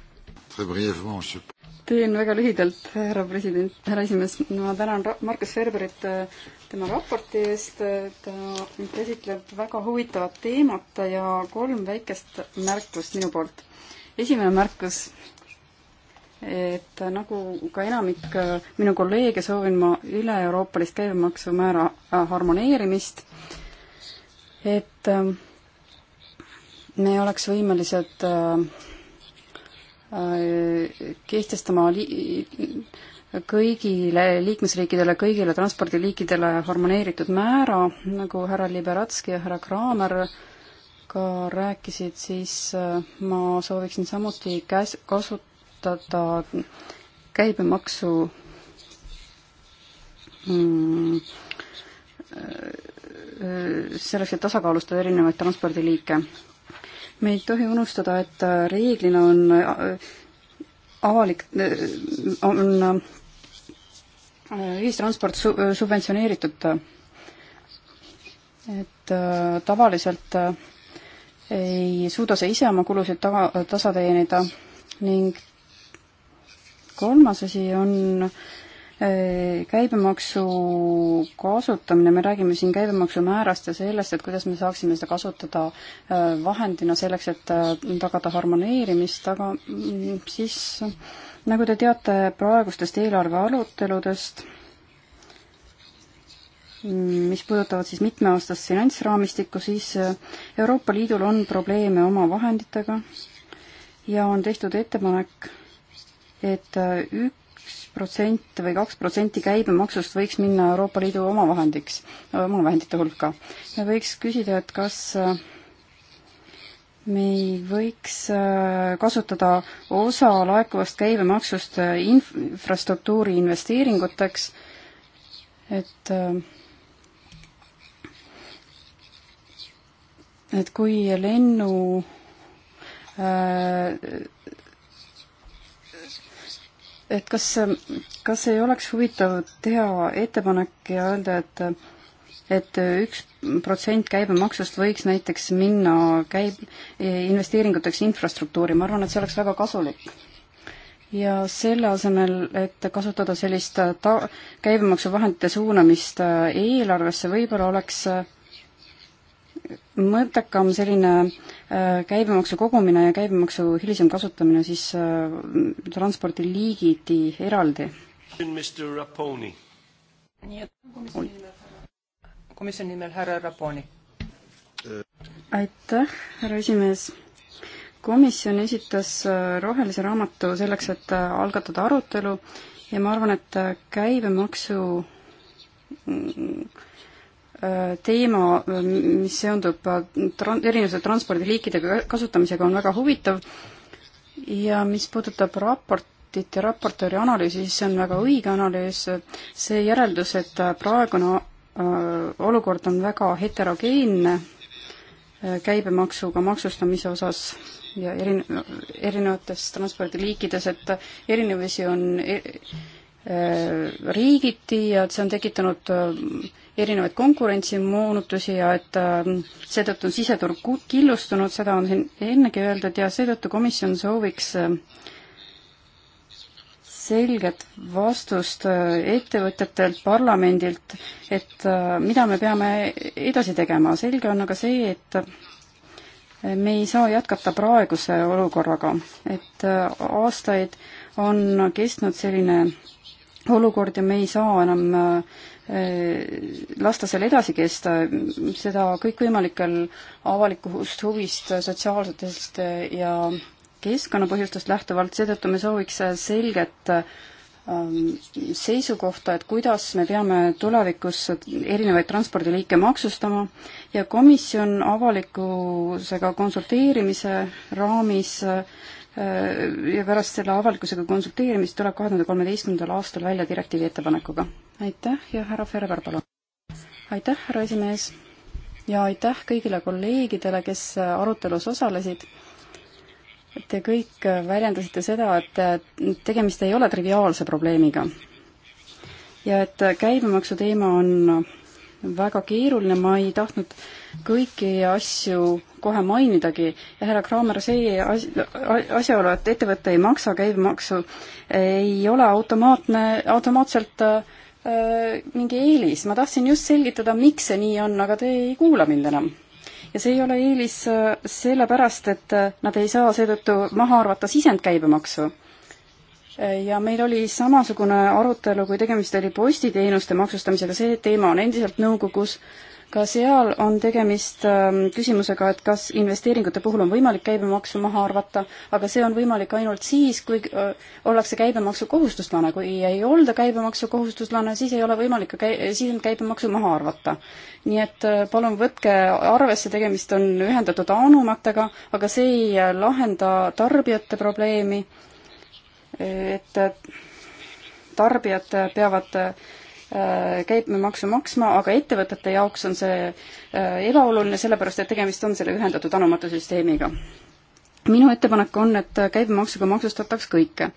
teen väga lühidalt, härra president, härra esimees, ma tänan Markus Ferberit äh, tema raporti eest, ta käsitleb väga huvitavat teemat ja kolm väikest märkust minu poolt. esimene märkus, et nagu ka enamik äh, minu kolleege, soovin ma üle-euroopalist käibemaksumäära äh, harmoneerimist, et me oleks võimelised äh, Äh, kehtestama li-, kõigile liikmesriikidele, kõigile transpordiliikidele harmoneeritud määra, nagu härra Liberatski ja härra Kraamer ka rääkisid, siis äh, ma sooviksin samuti käs-, kasutada käibemaksu mm, äh, selleks, et tasakaalustada erinevaid transpordiliike me ei tohi unustada, et äh, reeglina on äh, avalik, äh, on ühistransport su-, subventsioneeritud. et tavaliselt ei suuda see ise oma kulusid taga, tasa teenida ning kolmas asi on äh, Äh, käibemaksu kasutamine, me räägime siin käibemaksumäärast ja sellest, et kuidas me saaksime seda kasutada äh, vahendina selleks, et äh, tagada harmoneerimist, aga mm, siis nagu te teate praegustest eelarve aruteludest, mm, mis puudutavad siis mitmeaastast finantsraamistikku, siis Euroopa Liidul on probleeme oma vahenditega ja on tehtud ettepanek, et ük-, protsent või kaks protsenti käibemaksust võiks minna Euroopa Liidu omavahendiks, omavahendite hulka. ja võiks küsida, et kas äh, me ei võiks äh, kasutada osa laekuvast käibemaksust äh, inf-, infrastruktuuri investeeringuteks, et et kui lennu äh, et kas, kas ei oleks huvitav teha ettepanek ja öelda, et et üks protsent käibemaksust võiks näiteks minna käib-, investeeringuteks infrastruktuuri, ma arvan, et see oleks väga kasulik. ja selle asemel, et kasutada sellist ta-, käibemaksuvahendite suunamist äh, eelarvesse, võib-olla oleks äh, mõttekam selline äh, käibemaksu kogumine ja käibemaksu hilisem kasutamine siis äh, transpordi liigiti eraldi? nii et komisjoni nimel härra Raponi. aitäh, härra esimees. komisjon esitas äh, rohelise raamatu selleks, et algatada arutelu ja ma arvan, et käibemaksu mm, teema, mis seondub äh, tran-, erinevate transpordiliikide kasutamisega, on väga huvitav ja mis puudutab raportit ja raportööri analüüsi, siis see on väga õige analüüs, see järeldus, et praegune äh, olukord on väga heterogeenne äh, käibemaksuga maksustamise osas ja erin-, erinevates transpordiliikides, et erinevusi on e-, riigiti ja et see on tekitanud erinevaid konkurentsimoonutusi ja et ähm, seetõttu on siseturg killustunud, seda on siin ennegi öeldud ja seetõttu komisjon sooviks ähm, selget vastust äh, ettevõtjatelt, parlamendilt, et äh, mida me peame edasi tegema. selge on aga see, et äh, me ei saa jätkata praeguse olukorraga, et aastaid on kestnud selline olukord ja me ei saa enam Äh, lasta seal edasi kesta, seda kõikvõimalikel avalikust huvist, äh, sotsiaalsetest äh, ja keskkonnapõhjustest lähtuvalt, seetõttu me sooviks selget ähm, seisukohta, et kuidas me peame tulevikus erinevaid transpordiliike maksustama ja komisjon avalikkusega konsulteerimise raamis ja pärast selle avalikkusega konsulteerimist tuleb kahe tuhande kolmeteistkümnendal aastal välja direktiivi ettepanekuga aitäh ja härra Ferber, palun. aitäh, härra esimees ja aitäh kõigile kolleegidele, kes arutelus osalesid. Te kõik väljendasite seda, et tegemist ei ole triviaalse probleemiga. ja et käibemaksu teema on väga keeruline, ma ei tahtnud kõiki asju kohe mainidagi ja härra Kraamer, see asjaolu, et ettevõte ei maksa käibemaksu, ei ole automaatne, automaatselt äh, Äh, mingi eelis. ma tahtsin just selgitada, miks see nii on, aga te ei kuula mind enam. ja see ei ole eelis äh, sellepärast, et äh, nad ei saa seetõttu maha arvata sisendkäibemaksu. ja meil oli samasugune arutelu, kui tegemist oli postiteenuste maksustamisega, see teema on endiselt nõukogus äh, ka seal on tegemist ähm, küsimusega, et kas investeeringute puhul on võimalik käibemaksu maha arvata, aga see on võimalik ainult siis, kui äh, ollakse käibemaksukohustuslane. kui ei olda käibemaksukohustuslane, siis ei ole võimalik ka käi-, siis on käibemaksu maha arvata. nii et äh, palun võtke arvesse, tegemist on ühendatud anumatega, aga see ei äh, lahenda tarbijate probleemi, et tarbijad peavad Äh, käibemaksu maksma, aga ettevõtete jaoks on see äh, ebaoluline, sellepärast et tegemist on selle ühendatud anumatussüsteemiga. minu ettepanek on, et käibemaksuga maksustataks kõike.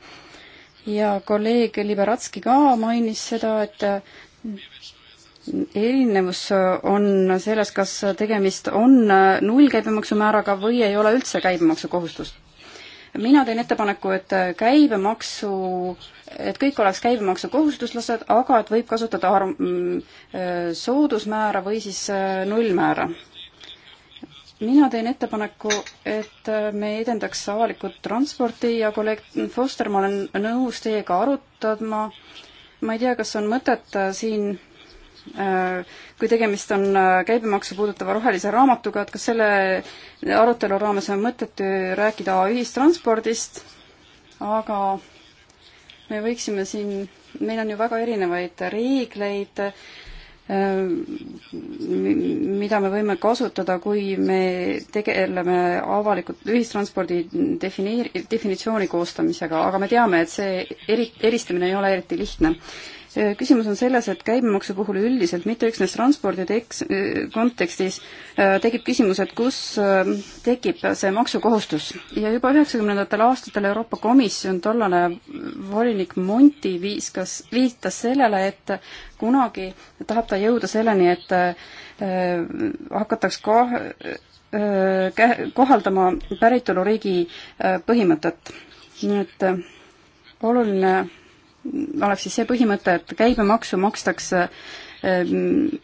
ja kolleeg Liberatski ka mainis seda, et äh, erinevus on selles, kas tegemist on nullkäibemaksumääraga või ei ole üldse käibemaksukohustust. mina teen ettepaneku, et käibemaksu et kõik oleks käibemaksukohustuslased, aga et võib kasutada arv-, mm, äh, soodusmäära või siis äh, nullmäära. mina teen ettepaneku, et äh, me edendaks avalikku transporti ja kolleeg Foster, ma olen nõus teiega arutama, ma ei tea, kas on mõtet siin kui tegemist on käibemaksu puudutava rohelise raamatuga, et kas selle arutelu raames on mõtet rääkida ühistranspordist, aga me võiksime siin, meil on ju väga erinevaid reegleid, äh, mida me võime kasutada, kui me tegeleme avalikult ühistranspordi defineeri-, definitsiooni koostamisega, aga me teame, et see eri, eristamine ei ole eriti lihtne küsimus on selles, et käibemaksu puhul üldiselt, mitte üksnes transpordi teks-, kontekstis, tekib küsimus, et kus tekib see maksukohustus. ja juba üheksakümnendatel aastatel Euroopa Komisjon, tollane volinik Monti viiskas, viitas sellele, et kunagi tahab ta jõuda selleni, et hakataks koh-, kohaldama päritoluriigi põhimõtet. nii et oluline oleks siis see põhimõte, et käibemaksu makstakse ähm,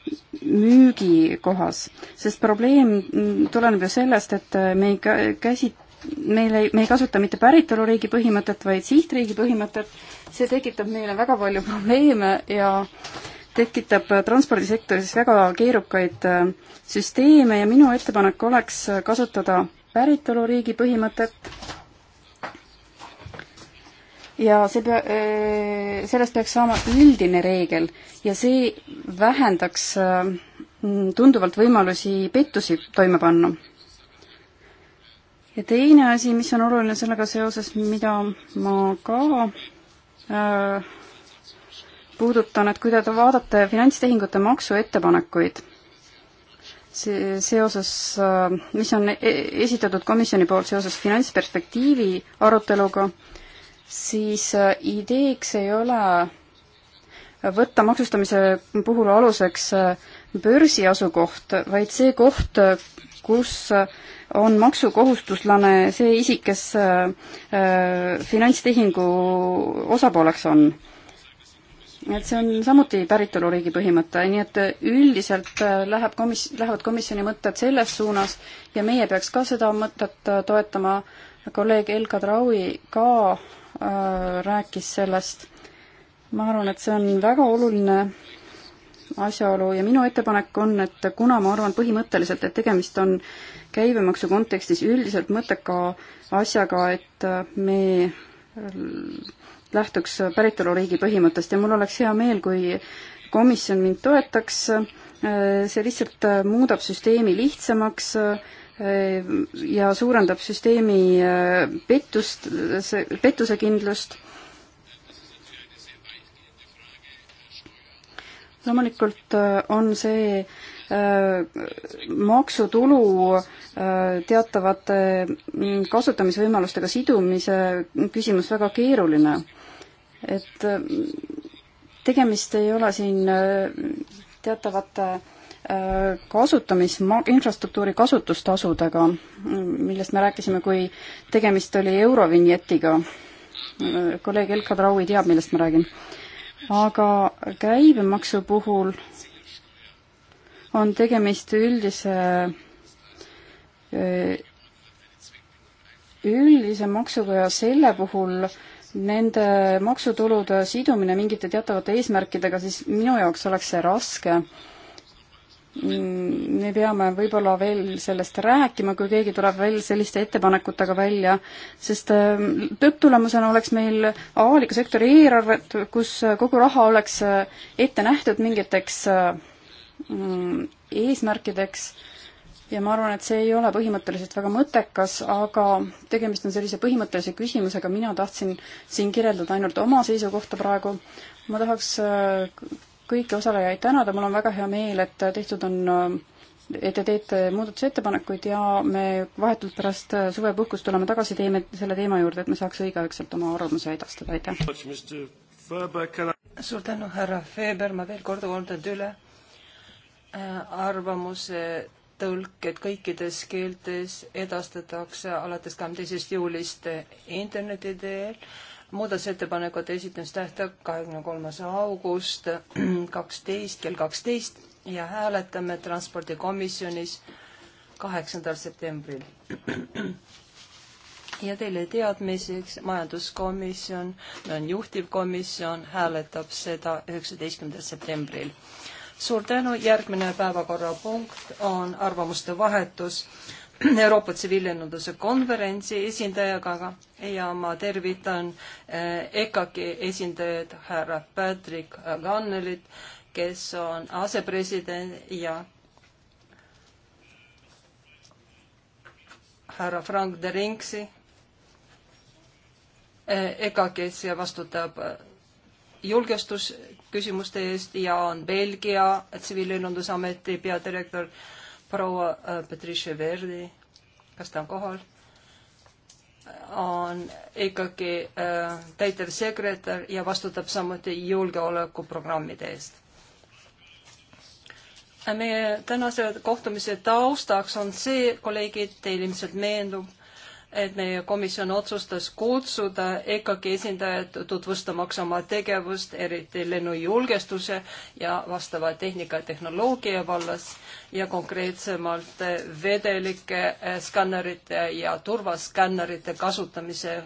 müügikohas, sest probleem tuleneb ju sellest, et äh, me ei käsi-, meil ei, me ei kasuta mitte päritoluriigi põhimõtet, vaid sihtriigi põhimõtet, see tekitab meile väga palju probleeme ja tekitab äh, transpordisektoris väga keerukaid äh, süsteeme ja minu ettepanek oleks kasutada päritoluriigi põhimõtet ja see pea-, äh, sellest peaks saama üldine reegel ja see vähendaks äh, tunduvalt võimalusi pettusi toime panna. ja teine asi, mis on oluline sellega seoses, mida ma ka äh, puudutan, et kui te vaatate finantstehingute maksuettepanekuid, see seoses, äh, mis on e-, esitatud komisjoni poolt seoses finantsperspektiivi aruteluga äh,, siis äh, ideeks ei ole võtta maksustamise puhul aluseks äh, börsi asukoht, vaid see koht, äh, kus on maksukohustuslane see isik, kes finantstehingu osapooleks on et see on samuti päritoluriigi põhimõte, nii et üldiselt läheb komis-, lähevad komisjoni mõtted selles suunas ja meie peaks ka seda mõtet toetama, kolleeg Elka Traui ka Äh, rääkis sellest. ma arvan, et see on väga oluline asjaolu ja minu ettepanek on, et kuna ma arvan põhimõtteliselt, et tegemist on käibemaksu kontekstis üldiselt mõtteka asjaga, et äh, me äh, lähtuks päritoluriigi põhimõttest ja mul oleks hea meel, kui komisjon mind toetaks, see lihtsalt muudab süsteemi lihtsamaks, ja suurendab süsteemi äh, pettust, pettusekindlust. loomulikult äh, on see äh, maksutulu teatavate mm, kasutamisvõimalustega sidumise küsimus väga keeruline. et tegemist ei ole siin teatavate äh, Äh, kasutamis, infrastruktuuri kasutustasudega, millest me rääkisime, kui tegemist oli Eurovinjetiga. kolleeg Elka Traui teab, millest ma räägin. aga käibemaksu puhul on tegemist üldise äh, üldise maksuga ja selle puhul nende maksutulude sidumine mingite teatavate eesmärkidega, siis minu jaoks oleks see raske. Mm, me peame võib-olla veel sellest rääkima, kui keegi tuleb veel selliste ettepanekutega välja, sest ähm, lõpptulemusena oleks meil avaliku sektori eelarvet, kus kogu raha oleks äh, ette nähtud mingiteks äh, mm, eesmärkideks ja ma arvan, et see ei ole põhimõtteliselt väga mõttekas, aga tegemist on sellise põhimõttelise küsimusega, mina tahtsin siin kirjeldada ainult oma seisukohta praegu, ma tahaks äh, kõiki osalejaid tänada, mul on väga hea meel, et tehtud on et te teete muudatusettepanekuid ja me vahetult pärast suvepuhkust tuleme tagasi, teeme selle teema juurde, et me saaks õigeaegselt oma arvamuse edastada, aitäh! suur tänu, härra Feber, ma veel kord kordan üle äh, arvamuse tõlked kõikides keeltes edastatakse alates kahekümne teisest juulist interneti teel muudatusettepanekute esitamise tähtaeg kahekümne kolmas august kaksteist kell kaksteist ja hääletame transpordikomisjonis kaheksandal septembril. ja teile teadmiseks, majanduskomisjon on juhtivkomisjon, hääletab seda üheksateistkümnendal septembril. suur tänu, järgmine päevakorrapunkt on arvamuste vahetus Euroopa tsiviillennunduse konverentsi esindajaga ja ma tervitan äh, EKAK-i esindajat härra Patrick Gannelit, kes on asepresident ja härra Frank de Ringsi äh, ega kes vastutab äh, julgestusküsimuste eest ja on Belgia tsiviillennundusameti peadirektor proua äh, Patricia Verdi, kas ta on kohal, on ikkagi äh, täitevsekretär ja vastutab samuti julgeolekuprogrammide eest. meie tänase kohtumise taustaks on see, kolleegid, teil ilmselt meenub et meie komisjon otsustas kutsuda EKAK-i esindajad tutvustamaks oma tegevust, eriti lennujulgestuse ja vastava tehnika ja tehnoloogia vallas ja konkreetsemalt vedelike äh, skännerite ja turvaskännerite kasutamise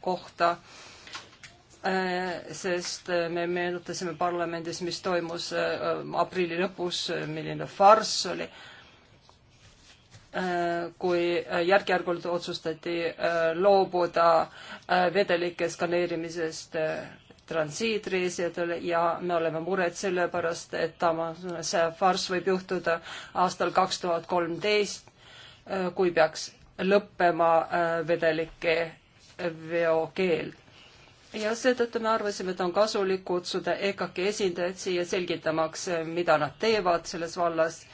kohta äh, sest äh, me meenutasime parlamendis, mis toimus aprilli lõpus, milline farss oli Äh, kui järk-järgult otsustati äh, loobuda äh, vedelike skaneerimisest transiitriisidel ja me oleme mured selle pärast, et see farss võib juhtuda aastal kaks tuhat kolmteist, kui peaks lõppema vedelike veokeeld. ja seetõttu me arvasime, et on kasulik kutsuda EKAK-i esindajaid siia selgitamaks, mida nad teevad selles vallas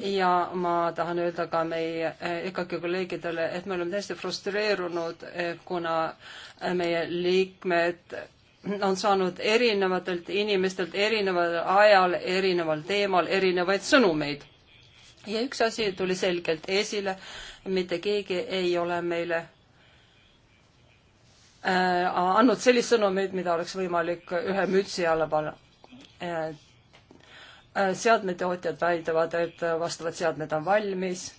ja ma tahan öelda ka meie eh, EKAK-i kolleegidele, et me oleme täiesti frustreerunud, eh, kuna eh, meie liikmed on saanud erinevatelt inimestelt erineval ajal, erineval teemal erinevaid sõnumeid. ja üks asi tuli selgelt esile, mitte keegi ei ole meile andnud sellist sõnumit, mida oleks võimalik ühe mütsi alla panna. Äh, seadmetootjad väidavad, et äh, vastavad seadmed on valmis.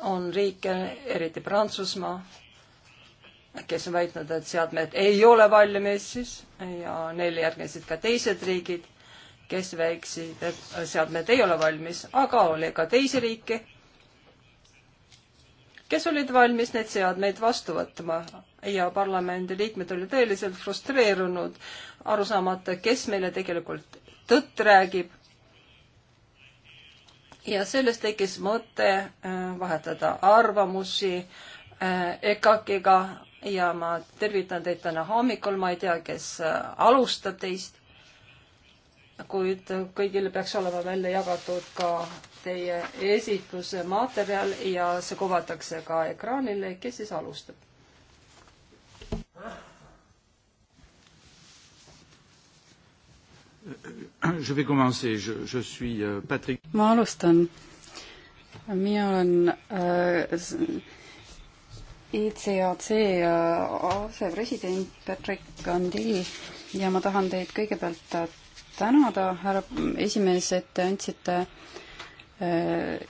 on riike, eriti Prantsusmaa, kes on väitnud, et seadmed ei ole valmis siis ja neile järgnesid ka teised riigid, kes väiksid, et äh, seadmed ei ole valmis, aga oli ka teisi riike, kes olid valmis neid seadmeid vastu võtma ja parlamendi liikmed olid tõeliselt frustreerunud, aru saamata, kes meile tegelikult tõtt räägib. ja sellest tekkis mõte äh, vahetada arvamusi äh, EKAK-iga ja ma tervitan teid täna hommikul, ma ei tea, kes äh, alustab teist, kuid kõigile peaks olema välja jagatud ka teie esitluse materjal ja see kuvatakse ka ekraanile, kes siis alustab Euh, je vais commencer. Je, je suis euh, Patrick. ma alustan. mina olen äh, ICAC äh, asepresident Patrick Gandhi ja ma tahan teid kõigepealt äh, tänada, härra esimees, et te andsite äh,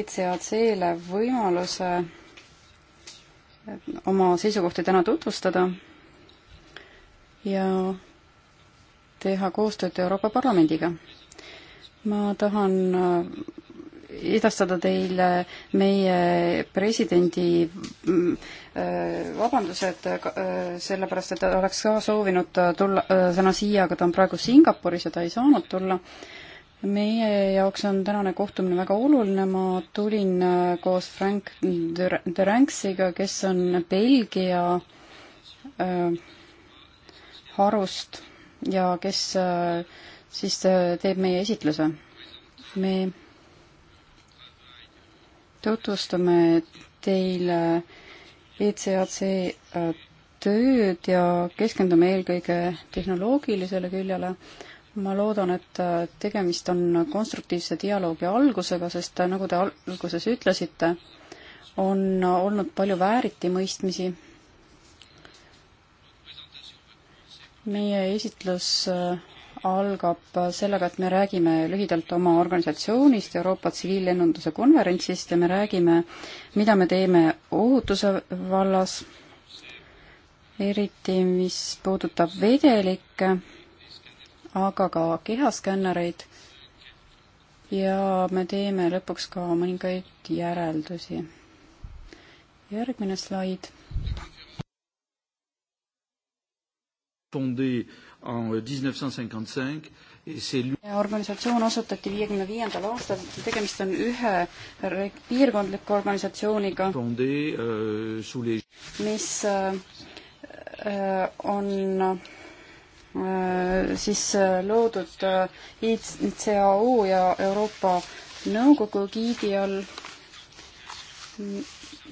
ICAC-le võimaluse äh, oma seisukohti täna tutvustada ja teha koostööd Euroopa Parlamendiga. ma tahan äh, edastada teile meie presidendi mm, äh, vabandused, äh, sellepärast et ta oleks ka soovinud tulla täna siia, aga ta on praegu Singapuris ja ta ei saanud tulla. meie jaoks on tänane kohtumine väga oluline, ma tulin koos Frank Duranxiga, kes on Belgia harust ja kes äh, siis äh, teeb meie esitluse. me tutvustame teile ECAC äh, tööd ja keskendume eelkõige tehnoloogilisele küljele. ma loodan, et tegemist on konstruktiivse dialoogi algusega, sest nagu te alguses ütlesite, on olnud palju vääritimõistmisi meie esitlus äh, algab äh, sellega, et me räägime lühidalt oma organisatsioonist, Euroopa tsiviillennunduse konverentsist ja me räägime, mida me teeme ohutuse vallas, eriti mis puudutab vedelikke, aga ka kehaskännereid ja me teeme lõpuks ka mõningaid järeldusi. järgmine slaid fondée en 1955 euh, organisatsioon asutati viiekümne viiendal aastal, tegemist on ühe piirkondliku organisatsiooniga, euh, mis äh, äh, on äh, siis loodud ICAO ja Euroopa Nõukogu giidi all.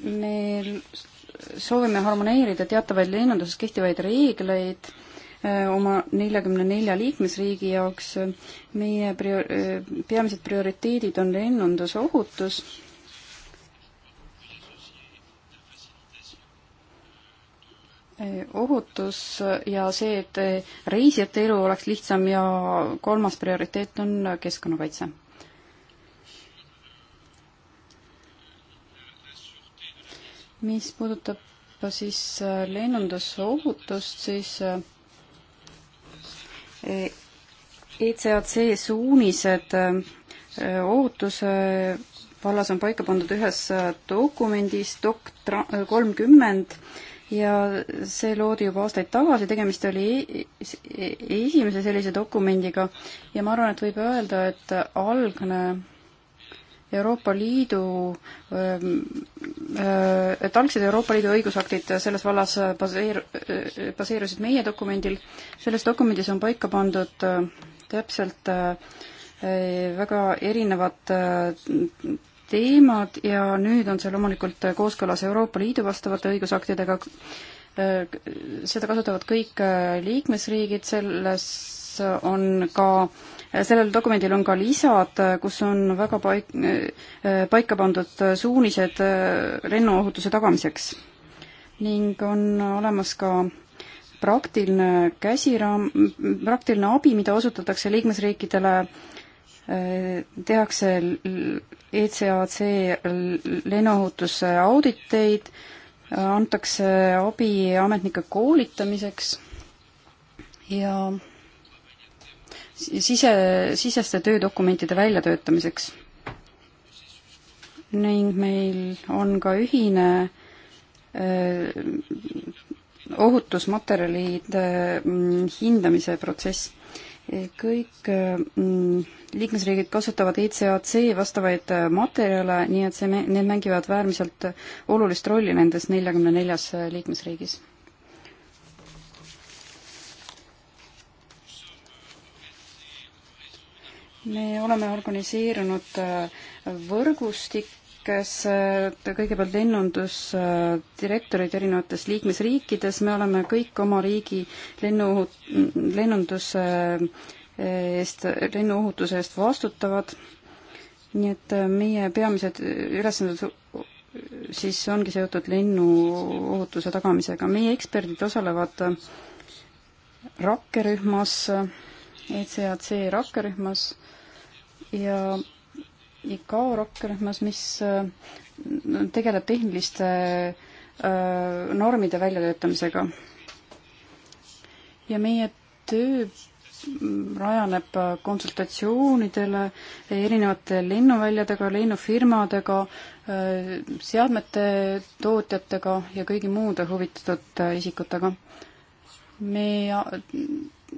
me soovime harmoneerida teatavaid lennunduses kehtivaid reegleid Äh, oma neljakümne nelja liikmesriigi jaoks. meie prior-, äh, peamised prioriteedid on lennundusohutus, äh, ohutus ja see, et reisijate elu oleks lihtsam ja kolmas prioriteet on keskkonnakaitse mis puudutab siis lennundusohutust, siis ECAC suunised äh, ootuse vallas on paika pandud ühes äh, dokumendis, dok-, äh, kolmkümmend, ja see loodi juba aastaid tagasi, tegemist oli e, e, esimese sellise dokumendiga ja ma arvan, et võib öelda, et algne Euroopa Liidu, ähm, äh, et algsed Euroopa Liidu õigusaktid selles vallas baseer-, äh, baseerusid meie dokumendil, selles dokumendis on paika pandud äh, täpselt väga erinevad teemad ja nüüd on see loomulikult kooskõlas Euroopa Liidu vastavate õigusaktidega, seda kasutavad kõik liikmesriigid, selles on ka äh, sellel dokumendil on ka lisad, kus on väga paik-, paika pandud suunised lennuohutuse tagamiseks. ning on olemas ka praktiline käsiraam, praktiline abi, mida osutatakse liikmesriikidele tehakse ECAC lennuohutuse auditeid, antakse abi ametnike koolitamiseks ja sise, siseste töödokumentide väljatöötamiseks. ning meil on ka ühine ohutusmaterjalide hindamise protsess. kõik liikmesriigid kasutavad ECAC vastavaid materjale, nii et see, need mängivad väärmiselt olulist rolli nendes neljakümne neljas liikmesriigis me oleme organiseerunud äh, võrgustikes, äh, kõigepealt lennundusdirektorid äh, erinevates liikmesriikides, me oleme kõik oma riigi lennu, lennunduse eest, lennuohutuse eest vastutavad, nii et meie peamised ülesanded siis ongi seotud lennuohutuse tagamisega. meie eksperdid osalevad rakkerühmas, ECAC rakkerühmas ja ICAO rakkerühmas, mis äh, tegeleb tehniliste äh, normide väljatöötamisega. ja meie töö rajaneb äh, konsultatsioonidele erinevate lennuväljadega, lennufirmadega, seadmete tootjatega ja kõigi muude huvitatud isikutega. me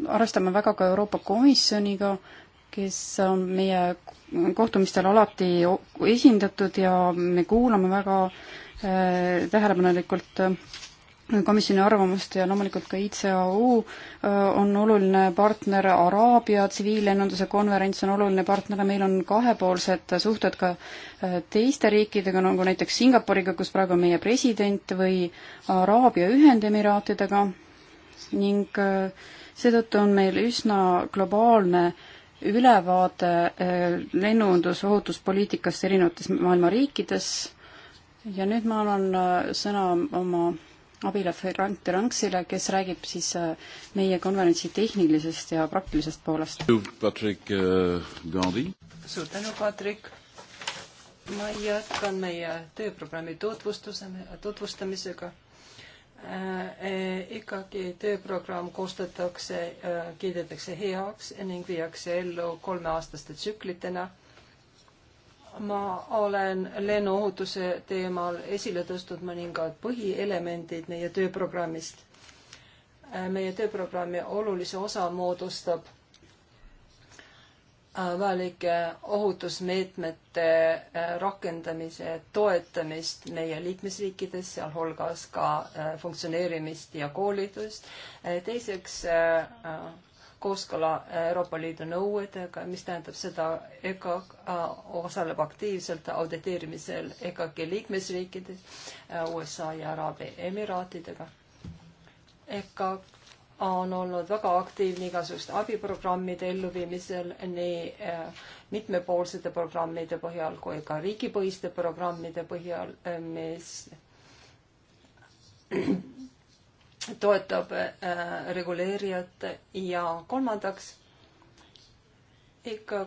arvestame väga ka Euroopa Komisjoniga, kes on meie kohtumistel alati esindatud ja me kuulame väga eh, tähelepanelikult eh, komisjoni arvamust ja loomulikult ka ICAO eh, on oluline partner, Araabia tsiviillennunduse konverents on oluline partner ja meil on kahepoolsed suhted ka teiste riikidega, nagu näiteks Singapuriga, kus praegu on meie president, või Araabia Ühendemiraatidega ning seetõttu on meil üsna globaalne äh, ülevaade eh, lennundusohutuspoliitikast erinevates maailma riikides ja nüüd ma annan eh, sõna oma abile Frank Teranksile, kes räägib siis eh, meie konverentsi tehnilisest ja praktilisest poolest. Patrick Gandhi. suur tänu, Patrick. ma jätkan meie tööprogrammi tutvustuse, tutvustamisega Äh, äh, ikkagi tööprogramm koostatakse, äh, kiidetakse heaks ning viiakse ellu kolmeaastaste tsüklitena. ma olen lennuohutuse teemal esile tõstnud mõningad põhielemendid meie tööprogrammist. meie tööprogrammi olulise osa moodustab avalike ohutusmeetmete äh, rakendamise toetamist meie liikmesriikides, sealhulgas ka äh, funktsioneerimist ja koolitust. Äh, teiseks kooskõla Euroopa Liidu nõuetega, mis tähendab seda, ega osaleb aktiivselt auditeerimisel EKAK-i liikmesriikides, USA ja Araabia Emiraatidega. EKAK on olnud väga aktiivne igasuguste abiprogrammide elluviimisel nii äh, mitmepoolsete programmide põhjal kui ka riigipõhiste programmide põhjal, äh, mis toetab äh, reguleerijat ja kolmandaks ikka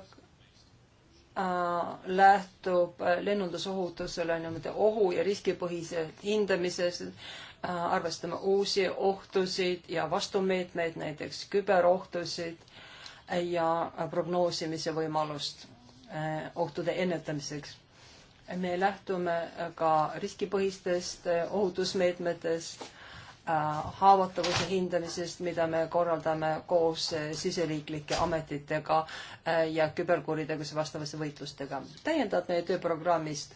lähtub lennundusohutusele niimoodi ohu ja riskipõhisest hindamisest Äh, arvestama uusi ohtusid ja vastumeetmeid, näiteks küberohtusid äh, ja prognoosimise võimalust äh, ohtude ennetamiseks. me lähtume ka riskipõhistest ohutusmeetmetest, haavatavuse hindamisest, mida me korraldame koos siseriiklike ametitega ja küberkuritegevuse vastavuse võitlustega. täiendavad meie tööprogrammist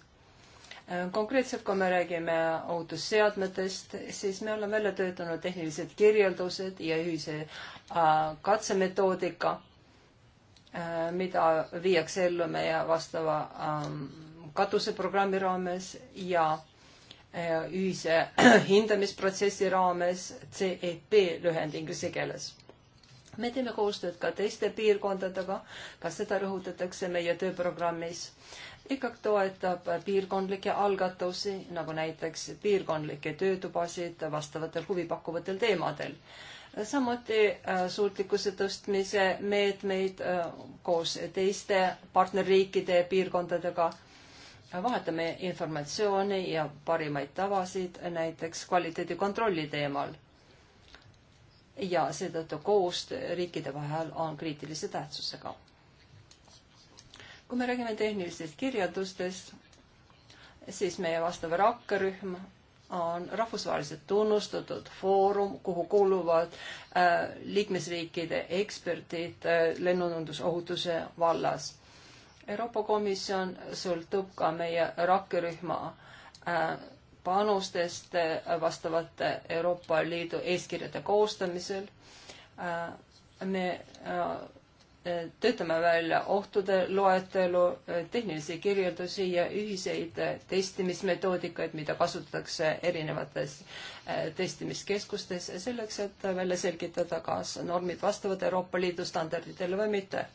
konkreetselt, kui me räägime ohutusseadmetest, siis me oleme välja töötanud tehnilised kirjeldused ja ühise äh, katsemetoodika, äh, mida viiakse ellu meie vastava ähm, katuseprogrammi raames ja äh, ühise hindamisprotsessi raames CEP lühend inglise keeles me teeme koostööd ka teiste piirkondadega, ka seda rõhutatakse meie tööprogrammis. IKAK toetab piirkondlikke algatusi, nagu näiteks piirkondlikke töötubasid vastavatel huvipakkuvatel teemadel. samuti äh, suutlikkuse tõstmise meetmeid äh, koos teiste partnerriikide ja piirkondadega. vahetame informatsiooni ja parimaid tavasid näiteks kvaliteedikontrolli teemal. ja seetõttu koostöö riikide vahel on kriitilise tähtsusega kui me räägime tehnilistest kirjeldustest, siis meie vastav rakkerühm on rahvusvaheliselt tunnustatud foorum, kuhu kuuluvad äh, liikmesriikide eksperdid äh, lennundusohutuse vallas. Euroopa Komisjon sõltub ka meie rakkerühma äh, panustest äh, vastavate Euroopa Liidu eeskirjade koostamisel. Äh, me äh, töötame välja ohtude loetelu, tehnilisi kirjeldusi ja ühiseid testimismetoodikaid, mida kasutatakse erinevates äh, testimiskeskustes selleks, et välja selgitada, kas normid vastavad Euroopa Liidu standarditele või mitte.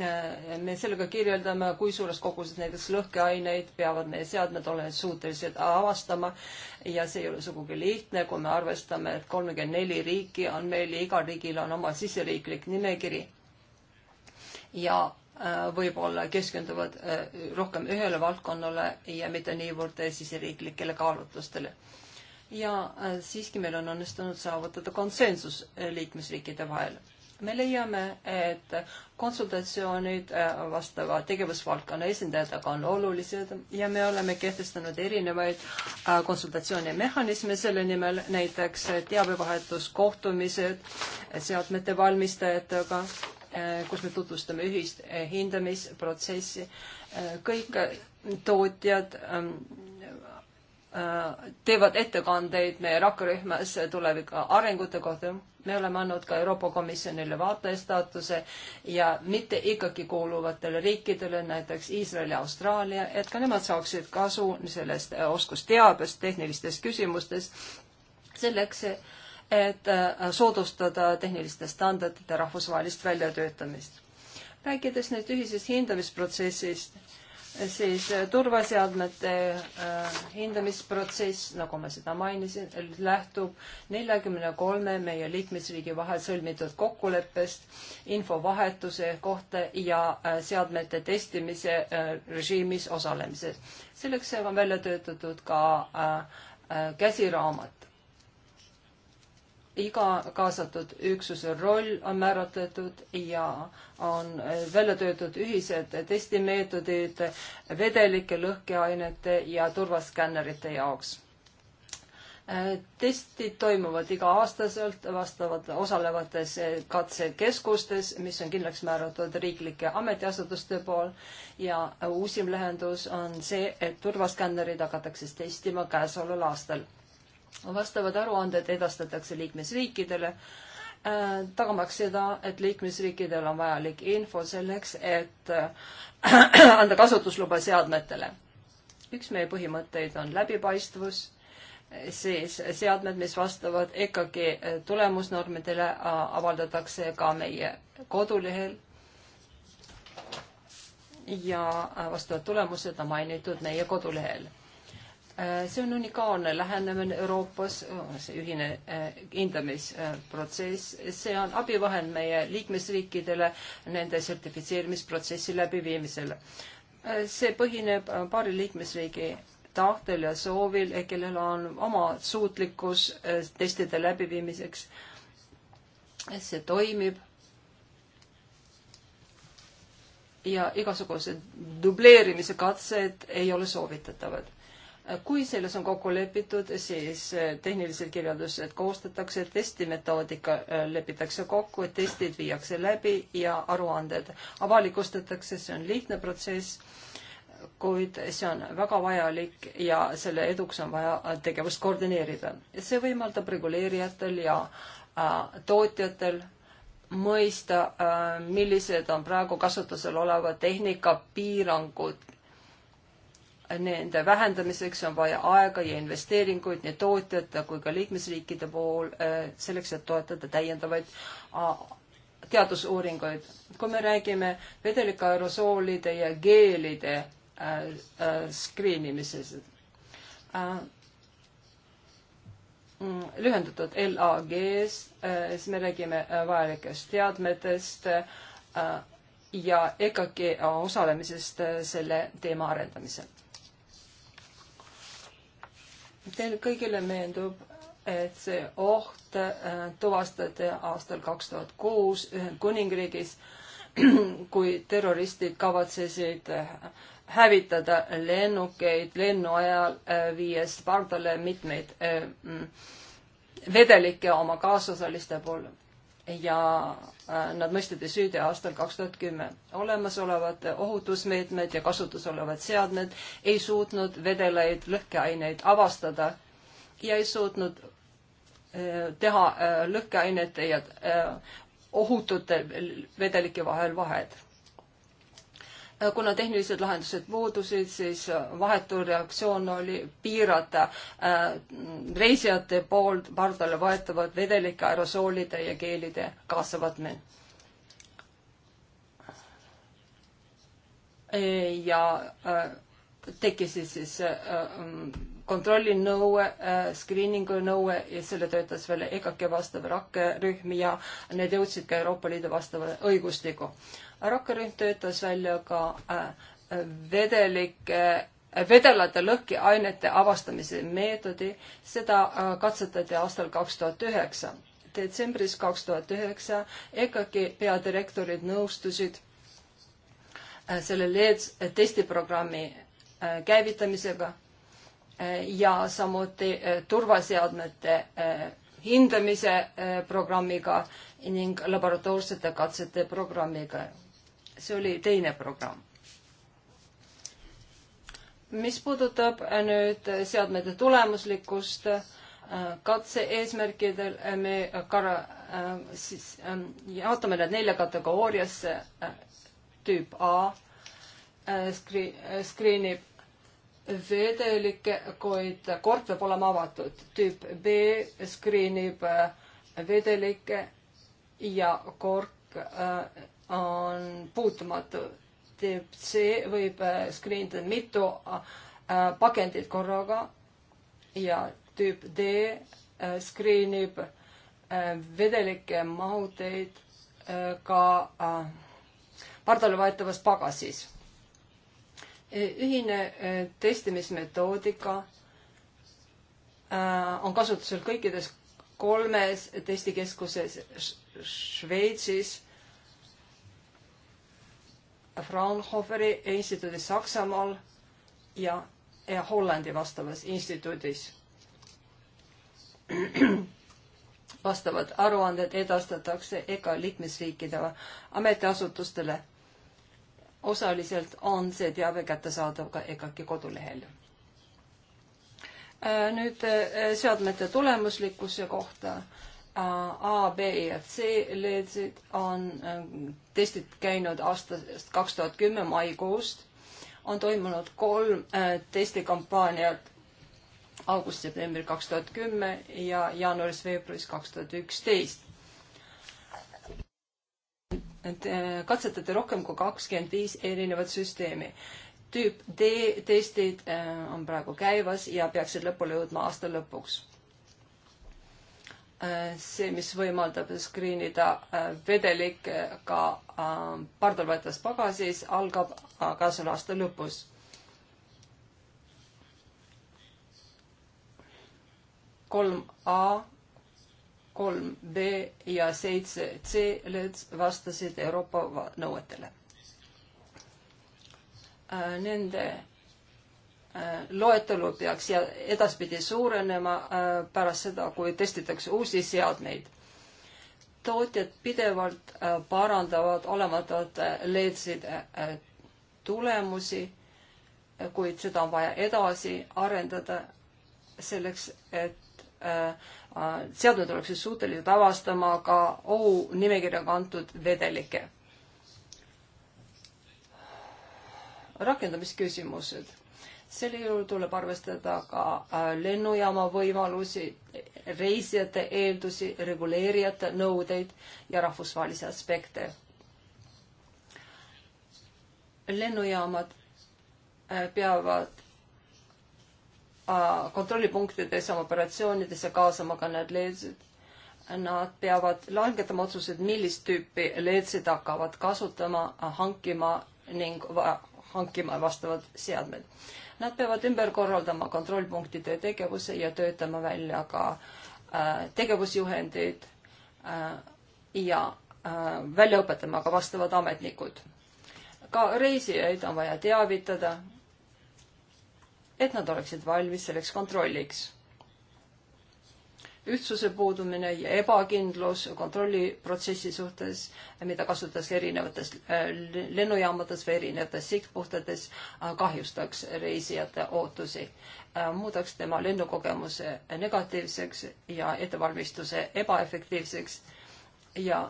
Äh, me sellega kirjeldame, kui suures koguses näiteks lõhkeaineid peavad meie seadmed olema suutelised avastama ja see ei ole sugugi lihtne, kui me arvestame, et kolmkümmend neli riiki on meil ja igal riigil on oma siseriiklik nimekiri. ja äh, võib-olla keskenduvad äh, rohkem ühele valdkonnale ja mitte niivõrd siseriiklikele kaalutlustele. ja siiski meil on õnnestunud saavutada konsensus liikmesriikide vahel me leiame, et konsultatsioonid äh, vastava tegevusvaldkonna esindajatega on olulised ja me oleme kehtestanud erinevaid äh, konsultatsioonimehhanisme selle nimel, näiteks teabevahetuskohtumised seadmete valmistajatega, äh, kus me tutvustame ühist hindamisprotsessi, kõik tootjad ähm, teevad ettekandeid meie rakkerühmas tuleviku arengute kohta. me oleme andnud ka Euroopa Komisjonile vaatajastaatuse ja mitte ikkagi kuuluvatele riikidele, näiteks Iisrael ja Austraalia, et ka nemad saaksid kasu sellest oskusteabest tehnilistes küsimustes selleks, et soodustada tehniliste standardite rahvusvahelist väljatöötamist. rääkides nüüd ühisest hindamisprotsessist siis äh, turvaseadmete äh, hindamisprotsess, nagu ma seda mainisin, lähtub neljakümne kolme meie liikmesriigi vahel sõlmitud kokkuleppest infovahetuse kohta ja äh, seadmete testimise režiimis osalemisest. selleks on välja töötatud ka käsiraamat iga kaasatud üksuse roll on määratletud ja on välja töötatud ühised testimeetodid vedelike, lõhkeainete ja turvaskännerite jaoks testid toimuvad iga-aastaselt vastavalt osalevates katsekeskustes, mis on kindlaks määratud riiklike ametiasutuste pool ja uusim lahendus on see, et turvaskännerid hakatakse testima käesoleval aastal vastavad aruanded edastatakse liikmesriikidele, äh, tagamaks seda, et liikmesriikidel on vajalik info selleks, et äh, anda kasutusluba seadmetele. üks meie põhimõtteid on läbipaistvus, siis seadmed, mis vastavad ikkagi tulemusnormidele, avaldatakse ka meie kodulehel ja äh, vastavad tulemused on mainitud meie kodulehel Äh, see on unikaalne lähenemine Euroopas, äh, see ühine äh, hindamisprotsess, see on abivahend meie liikmesriikidele nende sertifitseerimisprotsessi läbiviimisel. see põhineb paari liikmesriigi tahtel ja soovil, eh, kellel on oma suutlikkus testide läbiviimiseks. see toimib ja igasugused dubleerimise katsed ei ole soovitatavad kui selles on kokku lepitud, siis eh, tehnilised kirjeldused koostatakse, testimetoodika eh, lepitakse kokku, testid viiakse läbi ja aruanded avalikustatakse, see on lihtne protsess, kuid see on väga vajalik ja selle eduks on vaja eh, tegevust koordineerida. see võimaldab reguleerijatel ja tootjatel mõista, millised on praegu kasutusel oleva tehnika piirangud nende vähendamiseks on vaja aega ja investeeringuid nii tootjate kui ka liikmesriikide pool äh, selleks, et toetada täiendavaid äh, teadusuuringuid. kui me räägime vedelike aerosoolide ja geelide äh, skriinimisest, mm, lühendatud LAG-s, siis me räägime vajalikest teadmetest ja EKG osalemisest selle teema arendamisel. Teil kõigile meenub, et see oht äh, tuvastati aastal kaks tuhat kuus Ühendkuningriigis, kui terroristid kavatsesid äh, hävitada lennukeid lennu ajal, äh, viies pardale mitmeid mm, vedelikke oma kaasosaliste poole ja äh, nad mõisteti süüdi aastal kaks tuhat kümme. olemasolevad ohutusmeetmed ja kasutus olevad seadmed ei suutnud vedelaid lõhkeaineid avastada ja ei suutnud äh, teha äh, lõhkeainete ja ohutute vedelike vahel vahet. Äh, kuna tehnilised lahendused puudusid, siis äh, vahetu reaktsioon oli piirata äh, reisijate poolt pardale võetavad vedelike aerosoolide ja geelide kaasavõtmine. ja tekkisid siis ähm, kontrollinõue, screening'u nõue ja selle töötas välja EKAK-i vastav rakkerühm ja need jõudsid ka Euroopa Liidu vastava õigustiku rakkerühm töötas välja ka äh, vedelike äh, vedelate lõhkiainete avastamise meetodi, seda äh, katsetati aastal kaks tuhat üheksa. detsembris kaks tuhat üheksa EKAK-i peadirektorid nõustusid selle LEEDS testiprogrammi käivitamisega ja samuti turvaseadmete hindamise programmiga ning laboratoorsete katsete programmiga see oli teine programm. mis puudutab äh, nüüd äh, seadmete tulemuslikkust äh, katse-eesmärkidel, me kar-, siis ähm, jaotame need nelja kategooriasse. tüüp A skri-, screen ib vedelike, kuid kord peab olema avatud. tüüp B screen ib vedelikke ja kork äh, on puutumatu. tüüp C võib äh, skriinida mitu äh, pakendit korraga ja tüüp D äh, skriinib vedelikke mahuteid ka pardale võetavas pagasis. E, ühine testimismetoodika on kasutusel kõikides kolmes testikeskuses Šveitsis Fraunhoferi instituudis Saksamaal ja, ja Hollandi vastavas instituudis. vastavad aruanded edastatakse EKA liikmesriikide ametiasutustele. osaliselt on see teave kättesaadav ka EKAK-i kodulehel. Äh, nüüd äh, seadmete tulemuslikkuse kohta A, B ja C leedsid on ähm, testid käinud aastast kaks tuhat kümme maikuust. on toimunud kolm äh, testikampaaniat august-septembril kaks tuhat kümme ja jaanuaris-veebruaris kaks tuhat üksteist. et äh, katsetati rohkem kui kakskümmend viis erinevat süsteemi. tüüp D testid äh, on praegu käivas ja peaksid lõpule jõudma aasta lõpuks see, mis võimaldab skriinida äh, vedelikke ka äh, pardal võetavas pagasis, algab äh, käesoleva aasta lõpus. kolm A, kolm B ja seitse C LED vastasid Euroopa nõuetele. Nende Äh, loetelu peaks ja edaspidi suurenema äh, pärast seda, kui testitakse uusi seadmeid. tootjad pidevalt äh, parandavad olematute leedside tulemusi, kuid seda on vaja edasi arendada selleks, et seadmed oleksid suutelised avastama ka ohunimekirja kantud vedelikke. rakendamisküsimused selle juurde tuleb arvestada ka äh, lennujaama võimalusi, reisijate eeldusi, reguleerijate nõudeid ja rahvusvahelisi aspekte. lennujaamad äh, peavad äh, kontrollipunktides oma operatsioonidesse kaasama ka need leedsed. Nad peavad langetama otsused, millist tüüpi leedsid hakkavad kasutama, hankima ning hankima vastavad seadmed Nad peavad ümber korraldama kontrollpunktide tegevuse ja töötama välja ka äh, tegevusjuhendid äh, ja äh, välja õpetama ka vastavad ametnikud. ka reisijaid on vaja teavitada, et nad oleksid valmis selleks kontrolliks ühtsuse puudumine ja ebakindlus kontrolliprotsessi suhtes, mida kasutatakse erinevates äh, lennujaamades või erinevates sihtpuhtades, äh, kahjustaks reisijate ootusi, äh, muudaks tema lennukogemuse negatiivseks ja ettevalmistuse ebaefektiivseks ja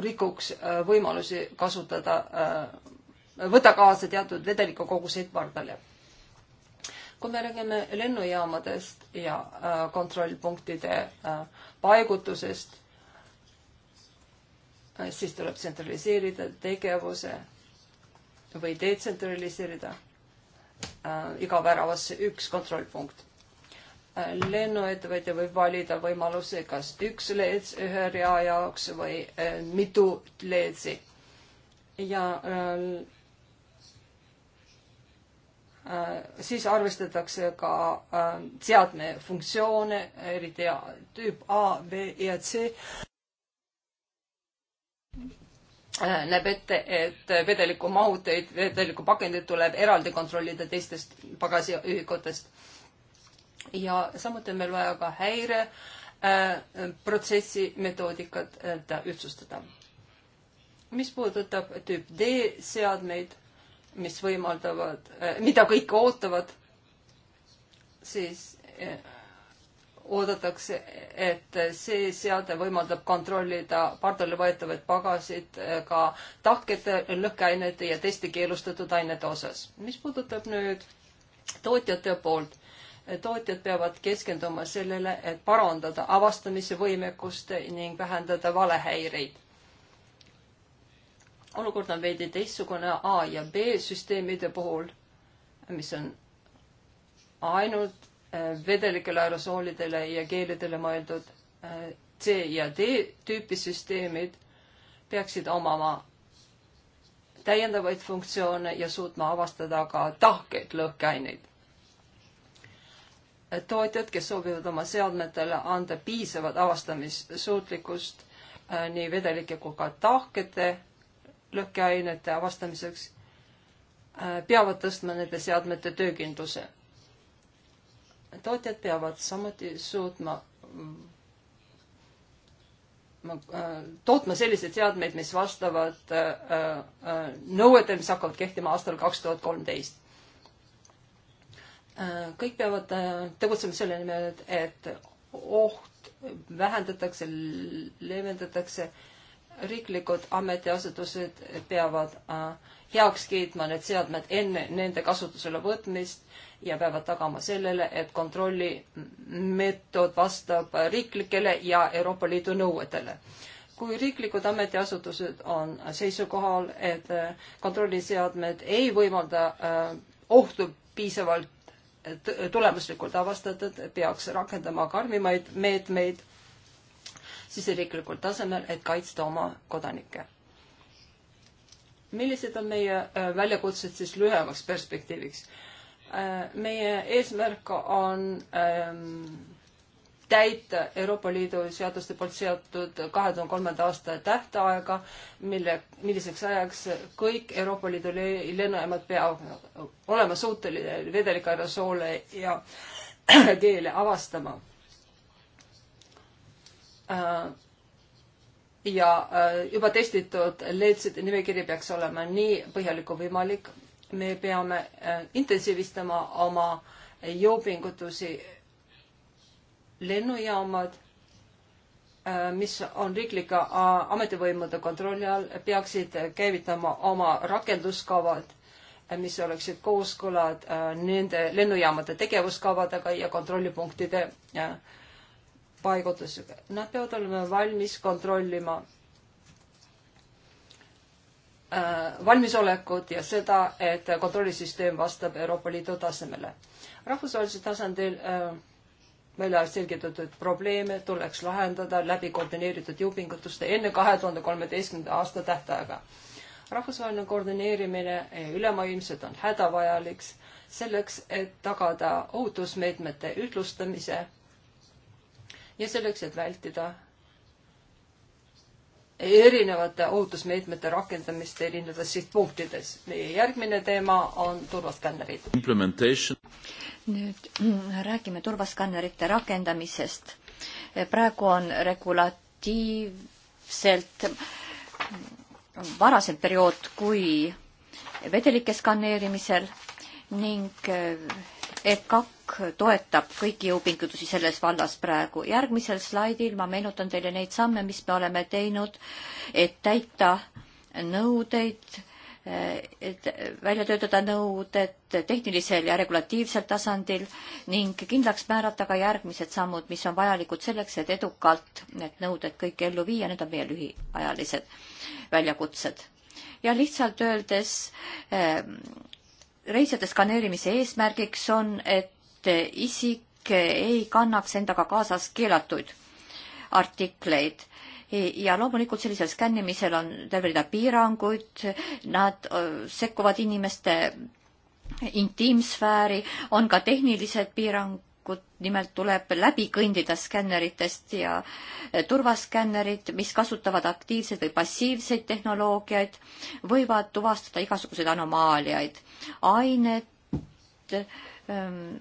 rikuks võimalusi kasutada, võtta kaasa teatud vedelikukoguseid pardale kui me räägime lennujaamadest ja äh, kontrollpunktide äh, paigutusest, äh, siis tuleb tsentraliseerida tegevuse või detsentraliseerida iga väravasse üks kontrollpunkt. lennuettevõtja võib valida võimaluse, kas üks leeds ühe rea jaoks või mitu leedsi ja Äh, siis arvestatakse ka äh, seadme funktsioone, eriti tüüp A, B ja C. Äh, näeb ette, et vedeliku mahuteid, vedeliku pakendid tuleb eraldi kontrollida teistest pagasiühikutest. ja samuti on meil vaja ka häire protsessi metoodikat ühtsustada. mis puudutab tüüp D seadmeid mis võimaldavad, eh, mida kõik ootavad, siis eh, oodatakse, et see seade võimaldab kontrollida pardale võetavaid pagasid eh, ka tahkete lõhkeainete ja teiste keelustatud ainete osas. mis puudutab nüüd tootjate poolt, tootjad peavad keskenduma sellele, et parandada avastamise võimekust ning vähendada valehäireid olukord on veidi teistsugune A ja B süsteemide puhul, mis on ainult äh, vedelikele aerosoolidele ja keelidele mõeldud. Äh, C ja D tüüpi süsteemid peaksid omama täiendavaid funktsioone ja suutma avastada ka tahkeid lõhkeaineid. Äh, tootjad, kes soovivad oma seadmetele anda piisavat avastamissuutlikkust nii vedelike kui ka tahkete lõhkeainete avastamiseks äh, peavad tõstma nende seadmete töökindluse. tootjad peavad samuti suutma mm, äh, tootma selliseid seadmeid, mis vastavad äh, nõuetele, mis hakkavad kehtima aastal kaks tuhat kolmteist. kõik peavad tegutsema selle nimel, et oht vähendatakse, leevendatakse riiklikud ametiasutused peavad äh, heaks kiitma need seadmed enne nende kasutusele võtmist ja peavad tagama sellele, et kontrollimeetod vastab riiklikele ja Euroopa Liidu nõuetele. kui riiklikud ametiasutused on seisukohal, et äh, kontrolliseadmed ei võimalda äh, ohtu piisavalt tulemuslikult avastatud, peaks rakendama karmimaid meetmeid siseriiklikul tasemel, et kaitsta oma kodanikke. millised on meie äh, väljakutsed siis lühemaks perspektiiviks? Äh, meie eesmärk on ähm, täita Euroopa Liidu seaduste poolt seatud kahe tuhande kolmanda aasta tähtaega, mille, milliseks ajaks kõik Euroopa Liidu lennujaamad peavad olema suuteline vedelikaerosoole ja keele avastama Äh, ja äh, juba testitud leedside nimekiri peaks olema nii põhjalik kui võimalik. me peame äh, intensiivistama oma jõupingutusi. lennujaamad, mis on riiklike ametivõimude kontrolli all, peaksid käivitama oma rakenduskavad, mis oleksid kooskõlad nende lennujaamade tegevuskavadega ja kontrollipunktide äh, paigutusega. Nad peavad olema valmis kontrollima äh, valmisolekut ja seda, et kontrollisüsteem vastab Euroopa Liidu tasemele. rahvusvahelisel tasandil äh, välja selgitatud probleeme tuleks lahendada läbi koordineeritud jõupingutuste enne kahe tuhande kolmeteistkümnenda aasta tähtaega. rahvusvaheline koordineerimine ülemaailmselt on hädavajalik selleks, et tagada ohutusmeetmete ühtlustamise ja selleks, et vältida erinevate ohutusmeetmete rakendamist erinevates sihtpunktides. meie järgmine teema on turvaskännerid. nüüd mm, räägime turvaskannerite rakendamisest. praegu on regulatiivselt mm, varasem periood kui vedelike skaneerimisel ning EK eh, toetab kõiki jõupingutusi selles vallas praegu. järgmisel slaidil ma meenutan teile neid samme, mis me oleme teinud, et täita nõudeid, et välja töötada nõuded tehnilisel ja regulatiivsel tasandil ning kindlaks määrata ka järgmised sammud, mis on vajalikud selleks, et edukalt need nõuded kõik ellu viia, need on meie lühiajalised väljakutsed. ja lihtsalt öeldes eh, reisijate skaneerimise eesmärgiks on, et et isik ei kannaks endaga kaasas keelatuid artikleid ja loomulikult sellisel skännimisel on terve rida piiranguid, nad sekkuvad inimeste intiimsfääri, on ka tehnilised piirangud, nimelt tuleb läbi kõndida skänneritest ja e, turvaskännerid, mis kasutavad aktiivseid või passiivseid tehnoloogiaid, võivad tuvastada igasuguseid anomaaliaid. ained ähm,,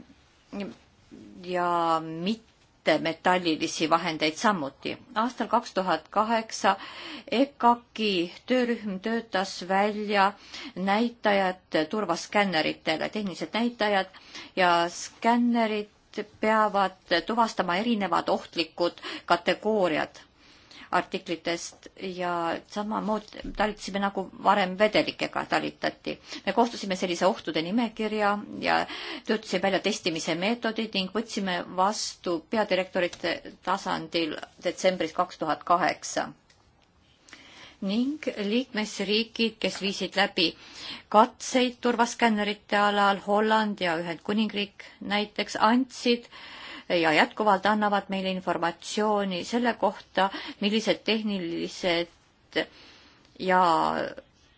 ja mittemetallilisi vahendeid samuti. aastal kaks tuhat kaheksa EKAK-i töörühm töötas välja näitajad turvaskänneritele, tehnilised näitajad ja skännerid peavad tuvastama erinevad ohtlikud kategooriad artiklitest ja samamoodi talitasime nagu varem vedelikega talitati. me koostasime sellise ohtude nimekirja ja töötasime välja testimise meetodid ning võtsime vastu peadirektorite tasandil detsembris kaks tuhat kaheksa ning liikmesriigid, kes viisid läbi katseid turvaskännerite alal, Holland ja Ühendkuningriik näiteks, andsid äh, ja jätkuvalt annavad meile informatsiooni selle kohta, millised tehnilised ja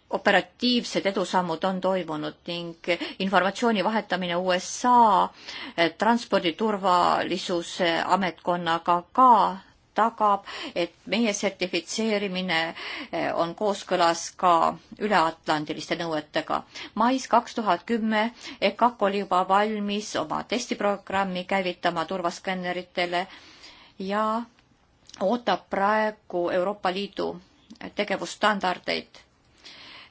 operatiivsed edusammud on toimunud ning informatsiooni vahetamine USA eh, transporditurvalisuse ametkonnaga ka tagab, et meie sertifitseerimine eh, on kooskõlas ka üleatlandiliste nõuetega. mais kaks tuhat kümme EKAK oli juba valmis oma testiprogrammi käivitama turvaskänneritele ja ootab praegu Euroopa Liidu tegevusstandardeid.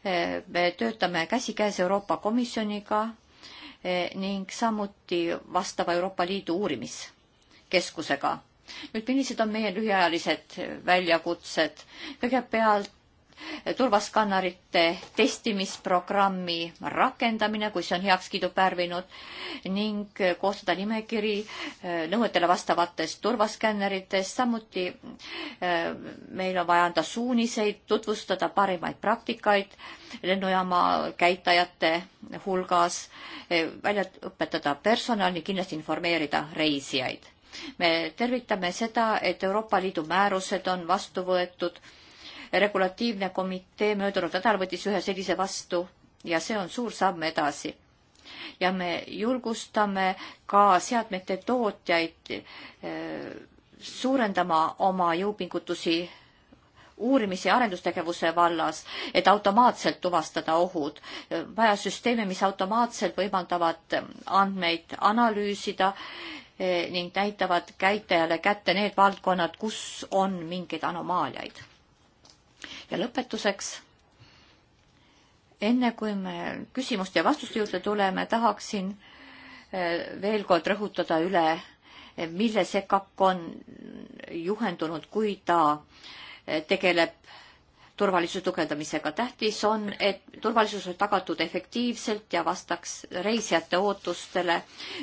Eh, me töötame käsikäes Euroopa Komisjoniga eh, ning samuti vastava Euroopa Liidu uurimiskeskusega nüüd millised on meie lühiajalised väljakutsed? kõigepealt turvaskannerite testimisprogrammi rakendamine, kui see on heakskiidu pärvinud ning koostada nimekiri äh, nõuetele vastavatest turvaskänneritest. samuti äh, meil on vaja anda suuniseid, tutvustada parimaid praktikaid lennujaama käitajate hulgas, äh, välja õpetada personali, kindlasti informeerida reisijaid me tervitame seda, et Euroopa Liidu määrused on vastu võetud. regulatiivne komitee möödunud nädal võttis ühe sellise vastu ja see on suur samm edasi. ja me julgustame ka seadmete tootjaid eh, suurendama oma jõupingutusi uurimise ja arendustegevuse vallas, et automaatselt tuvastada ohud. vaja süsteeme, mis automaatselt võimaldavad andmeid analüüsida Eh, ning näitavad käitajale kätte need valdkonnad, kus on mingeid anomaaliaid. ja lõpetuseks, enne kui me küsimuste ja vastuste juurde tuleme, tahaksin eh, veel kord rõhutada üle, eh, milles EKAK on juhendunud, kui ta tegeleb turvalisuse tugevdamisega. tähtis on, et turvalisus on tagatud efektiivselt ja vastaks reisijate ootustele.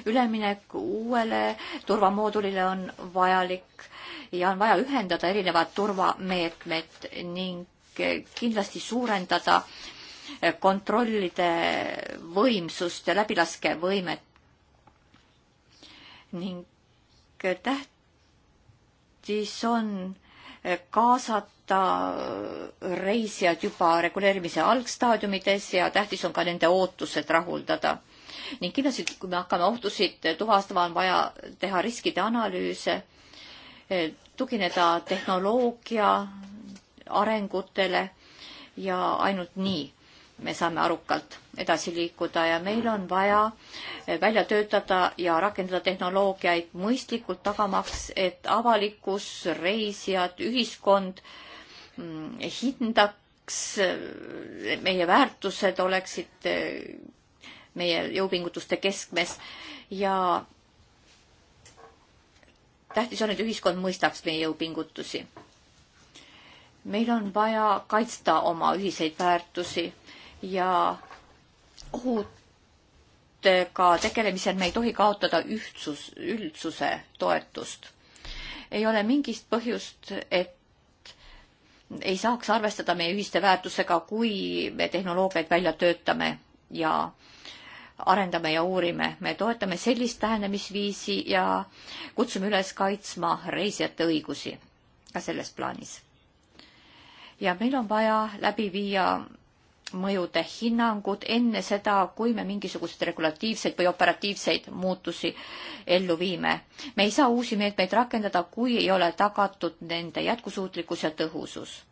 üleminek uuele turvamoodulile on vajalik ja on vaja ühendada erinevad turvameetmed ning kindlasti suurendada kontrollide võimsust ja läbilaskevõimet ning tähtis on kaasata äh, reisijad juba reguleerimise algstaadiumides ja tähtis on ka nende ootused rahuldada. ning kindlasti, kui me hakkame ohtusid tuvastama, on vaja teha riskide analüüse, äh, tugineda tehnoloogia arengutele ja ainult nii me saame arukalt edasi liikuda ja meil on vaja eh, välja töötada ja rakendada tehnoloogiaid mõistlikult, tagamaks, et avalikkus, reisijad, ühiskond mm, hindaks, eh, meie väärtused oleksid eh, meie jõupingutuste keskmes ja tähtis on, et ühiskond mõistaks meie jõupingutusi. meil on vaja kaitsta oma ühiseid väärtusi ja ohutega tegelemisel me ei tohi kaotada ühtsus, üldsuse toetust. ei ole mingit põhjust, et ei saaks arvestada meie ühiste väärtusega, kui me tehnoloogiaid välja töötame ja arendame ja uurime. me toetame sellist lähenemisviisi ja kutsume üles kaitsma reisijate õigusi ka selles plaanis. ja meil on vaja läbi viia mõjude hinnangud enne seda, kui me mingisuguseid regulatiivseid või operatiivseid muutusi ellu viime. me ei saa uusi meetmeid rakendada, kui ei ole tagatud nende jätkusuutlikkus ja tõhusus.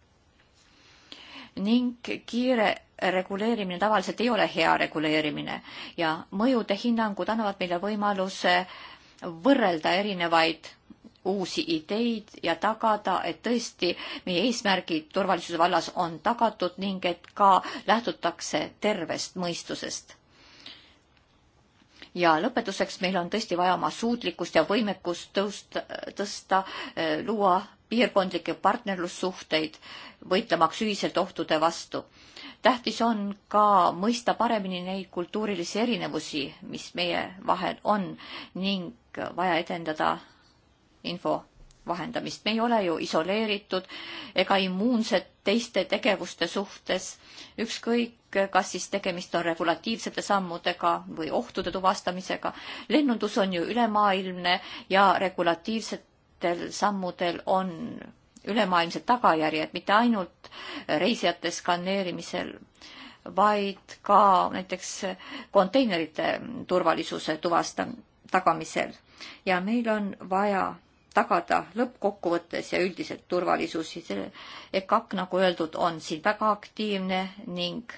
ning kiire reguleerimine tavaliselt ei ole hea reguleerimine ja mõjude hinnangud annavad meile võimaluse võrrelda erinevaid uusi ideid ja tagada, et tõesti meie eesmärgid turvalisuse vallas on tagatud ning et ka lähtutakse tervest mõistusest. ja lõpetuseks meil on tõesti vaja oma suutlikkust ja võimekust tõust-, tõsta, äh, luua piirkondlikke partnerlussuhteid, võitlemaks ühiselt ohtude vastu. tähtis on ka mõista paremini neid kultuurilisi erinevusi, mis meie vahel on ning vaja edendada info vahendamist. me ei ole ju isoleeritud ega immuunsed teiste tegevuste suhtes, ükskõik, kas siis tegemist on regulatiivsete sammudega või ohtude tuvastamisega. lennundus on ju ülemaailmne ja regulatiivsetel sammudel on ülemaailmsed tagajärjed, mitte ainult reisijate skaneerimisel, vaid ka näiteks konteinerite turvalisuse tuvasta-, tagamisel. ja meil on vaja tagada lõppkokkuvõttes ja üldiselt turvalisus, siis EKAK, nagu öeldud, on siin väga aktiivne ning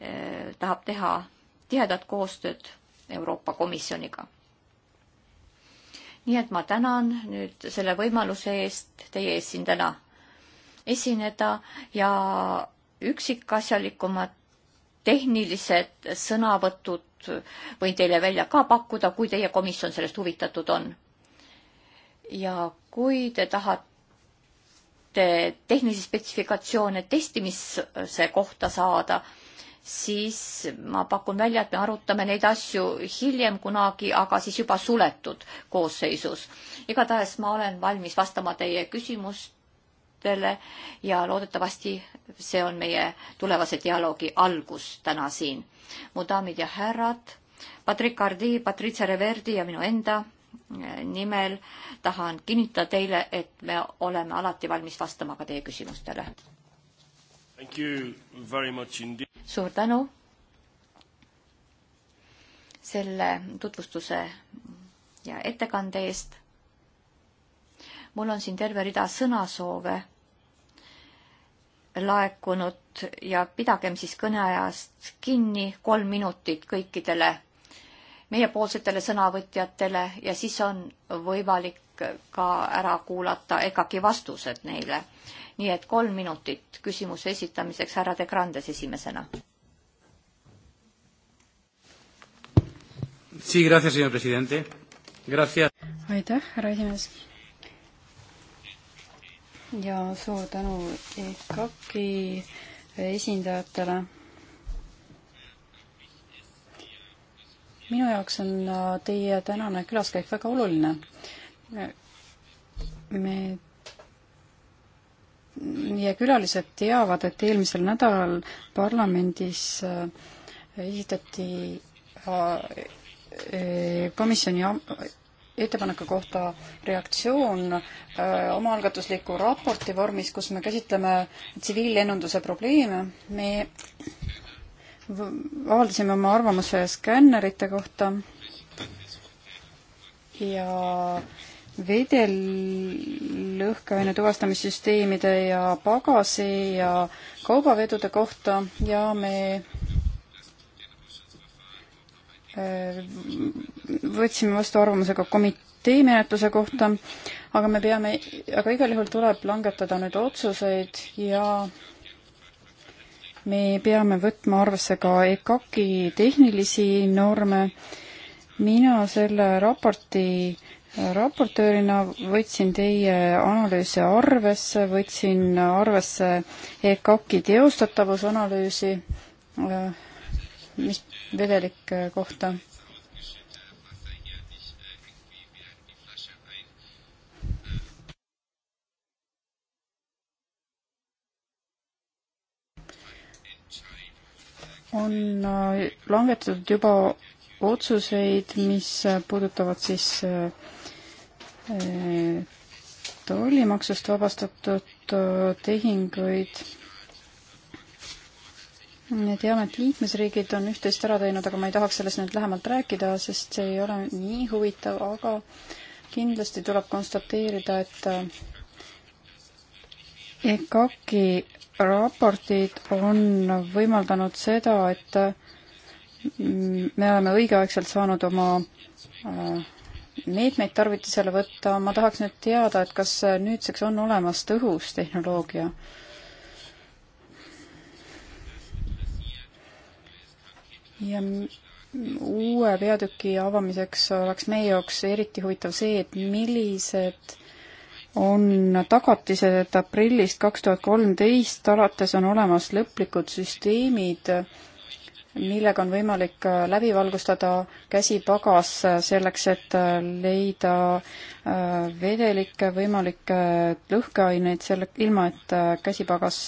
eh, tahab teha tihedat koostööd Euroopa Komisjoniga. nii et ma tänan nüüd selle võimaluse eest teie ees siin täna esineda ja üksikasjalikumad tehnilised sõnavõtud võin teile välja ka pakkuda, kui teie komisjon sellest huvitatud on ja kui te tahate tehnilisi spetsifikatsioone testimise kohta saada, siis ma pakun välja, et me arutame neid asju hiljem kunagi, aga siis juba suletud koosseisus. igatahes ma olen valmis vastama teie küsimustele ja loodetavasti see on meie tulevase dialoogi algus täna siin. mu daamid ja härrad, Patrick Ardi, Patricia Reverdi ja minu enda nimel tahan kinnitada teile, et me oleme alati valmis vastama ka teie küsimustele. suur tänu selle tutvustuse ja ettekande eest. mul on siin terve rida sõnasoove laekunud ja pidagem siis kõneajast kinni, kolm minutit kõikidele meiepoolsetele sõnavõtjatele ja siis on võimalik ka ära kuulata EKAK-i vastused neile. nii et kolm minutit küsimuse esitamiseks, härra De Grandes esimesena. aitäh, härra esimees ja suur tänu EKAK-i esindajatele minu jaoks on äh, teie tänane külaskäik väga oluline. me meie külalised teavad, et eelmisel nädalal parlamendis äh, esitati äh, komisjoni ettepaneku kohta reaktsioon omaalgatusliku raporti vormis, kus me käsitleme tsiviillennunduse probleeme. me avaldasime oma arvamuse skännerite kohta ja vedellõhkeaine tuvastamissüsteemide ja pagasi ja kaubavedude kohta ja me äh, võtsime vastu arvamuse ka komitee menetluse kohta, aga me peame, aga igal juhul tuleb langetada nüüd otsuseid ja me peame võtma arvesse ka EKAK-i tehnilisi norme. mina selle raporti raportöörina võtsin teie analüüse arvesse, võtsin arvesse EKAK-i teostatavusanalüüsi, mis vedelike kohta on äh, langetatud juba otsuseid, mis puudutavad siis äh, tollimaksust vabastatud äh, tehinguid. me teame, et liikmesriigid on üht-teist ära teinud, aga ma ei tahaks sellest nüüd lähemalt rääkida, sest see ei ole nii huvitav, aga kindlasti tuleb konstateerida, et EKAK-i raportid on võimaldanud seda, et me oleme õigeaegselt saanud oma äh, meetmeid tarvitusele võtta, ma tahaks nüüd teada, et kas nüüdseks on olemas tõhus tehnoloogia? ja uue peatüki avamiseks oleks meie jaoks eriti huvitav see, et millised on tagatised, et aprillist kaks tuhat kolmteist alates on olemas lõplikud süsteemid, millega on võimalik äh, läbi valgustada käsipagas äh, selleks, et äh, leida vedelikke võimalikke lõhkeaineid selle, ilma et käsipagas,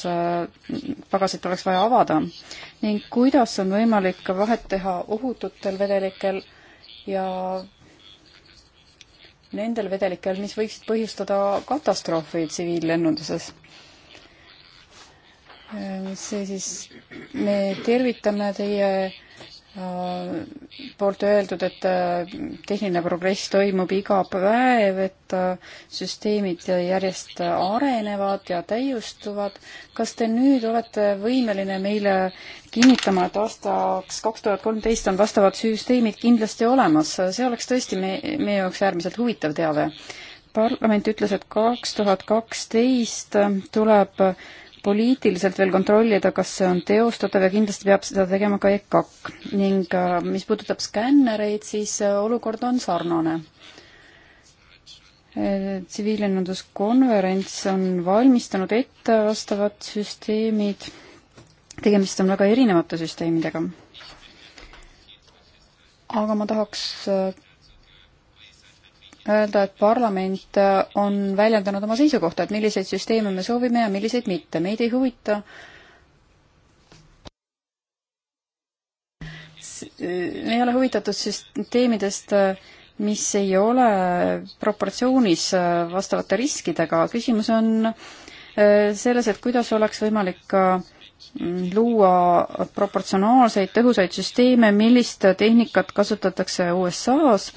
pagasit oleks vaja avada. ning kuidas on võimalik vahet teha ohututel vedelikel ja nendel vedelikel, mis võiksid põhjustada katastroofi tsiviillennunduses. Ehm, see siis, me tervitame teie Äh, poolt öeldud, et äh, tehniline progress toimub iga päev, et äh, süsteemid järjest arenevad ja täiustuvad. kas te nüüd olete võimeline meile kinnitama, et aastaks kaks tuhat kolmteist on vastavad süsteemid kindlasti olemas? see oleks tõesti me, meie jaoks äärmiselt huvitav teave. parlament ütles, et kaks tuhat kaksteist tuleb poliitiliselt veel kontrollida, kas see on teostatav ja kindlasti peab seda tegema ka EKAK. ning äh, mis puudutab skännereid, siis äh, olukord on sarnane. Äh, tsiviillennunduskonverents on valmistanud ette vastavad süsteemid, tegemist on väga erinevate süsteemidega. aga ma tahaks öelda, et parlament äh, on väljendanud oma seisukohta, et milliseid süsteeme me soovime ja milliseid mitte. meid ei huvita me ei ole huvitatud süsteemidest, mis ei ole proportsioonis äh, vastavate riskidega. küsimus on äh, selles, et kuidas oleks võimalik luua proportsionaalseid tõhusaid süsteeme, millist tehnikat kasutatakse USA-s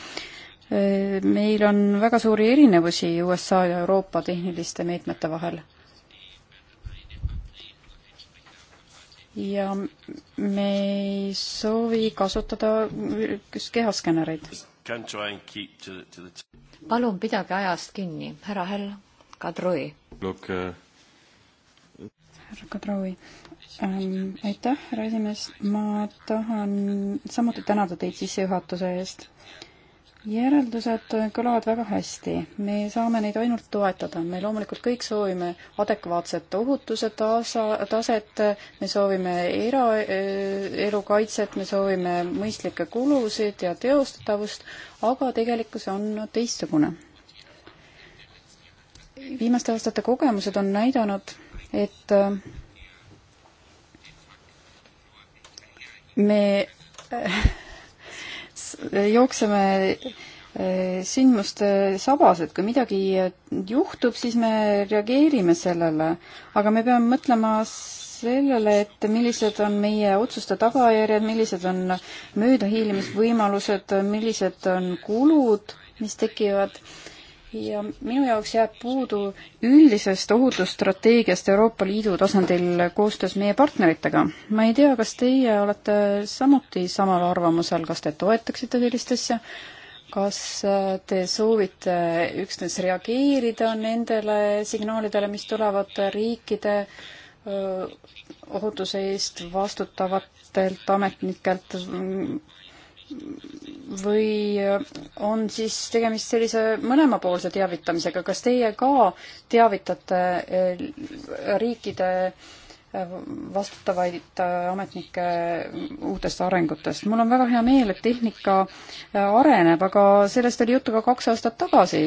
meil on väga suuri erinevusi USA ja Euroopa tehniliste meetmete vahel. ja me ei soovi kasutada kehaskännereid. palun pidage ajast kinni, härra Hell Kadri. Uh, härra Kadri ähm,, aitäh, härra esimees, ma tahan samuti tänada teid sissejuhatuse eest äh, järeldused kõlavad väga hästi. me saame neid ainult toetada. me loomulikult kõik soovime adekvaatset ohutuse tasa, taset, me soovime eraelu eh, kaitset, me soovime mõistlikke kulusid ja teostatavust, aga tegelikkus on teistsugune. viimaste aastate kogemused on näidanud, et eh, me jookseme eh, sündmuste sabas, et kui midagi juhtub, siis me reageerime sellele, aga me peame mõtlema sellele, et millised on meie otsuste tagajärjed, millised on möödahiilimisvõimalused, millised on kulud, mis tekivad ja minu jaoks jääb puudu üldisest ohutusstrateegiast Euroopa Liidu tasandil koostöös meie partneritega. ma ei tea, kas teie olete samuti samal arvamusel, kas te toetaksite sellist asja, kas te soovite üksnes reageerida nendele signaalidele, mis tulevad riikide ohutuse eest vastutavatelt ametnikelt või on siis tegemist sellise mõlemapoolse teavitamisega, kas teie ka teavitate äh, riikide äh, vastutavaid äh, ametnikke uutest arengutest. mul on väga hea meel, et tehnika areneb, aga sellest oli juttu ka kaks aastat tagasi.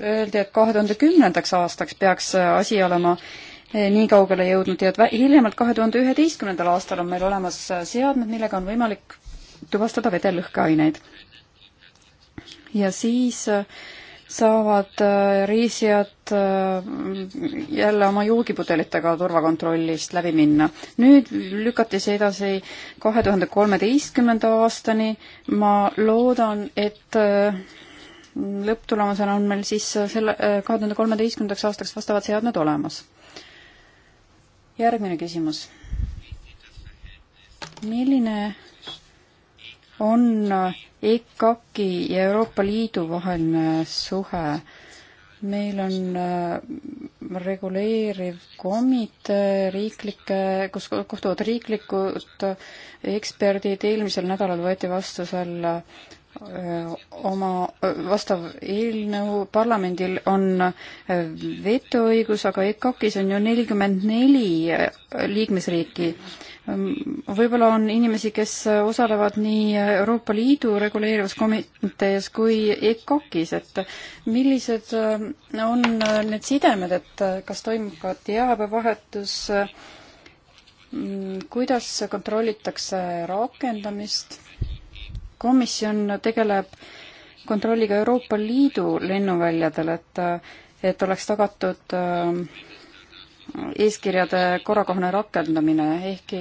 Öeldi, et kahe tuhande kümnendaks aastaks peaks asi olema nii kaugele jõudnud ja et hiljemalt kahe tuhande üheteistkümnendal aastal on meil olemas seadmed, millega on võimalik tuvastada vedelõhkeaineid. ja siis äh, saavad äh, reisijad äh, jälle oma joogipudelitega turvakontrollist läbi minna. nüüd lükati see edasi kahe tuhande kolmeteistkümnenda aastani. ma loodan, et lõpptulemusena on meil siis selle, kahe tuhande kolmeteistkümnendaks aastaks vastavad seadmed olemas. järgmine küsimus. milline on EKAK-i ja Euroopa Liidu vaheline suhe. meil on äh, reguleeriv komitee riiklike, kus kohtuvad riiklikud eksperdid, eelmisel nädalal võeti vastu seal äh, oma äh, vastav eelnõu parlamendil on vetoõigus, aga EKAK-is on ju nelikümmend neli liikmesriiki võib-olla on inimesi, kes osalevad nii Euroopa Liidu reguleerivas komitees kui EKOK-is, et millised äh, on äh, need sidemed, et äh, kas toimub ka teabevahetus, mm, kuidas kontrollitakse rakendamist? komisjon tegeleb kontrolliga Euroopa Liidu lennuväljadel, et, et oleks tagatud äh, eeskirjade korrakohane rakendamine, ehkki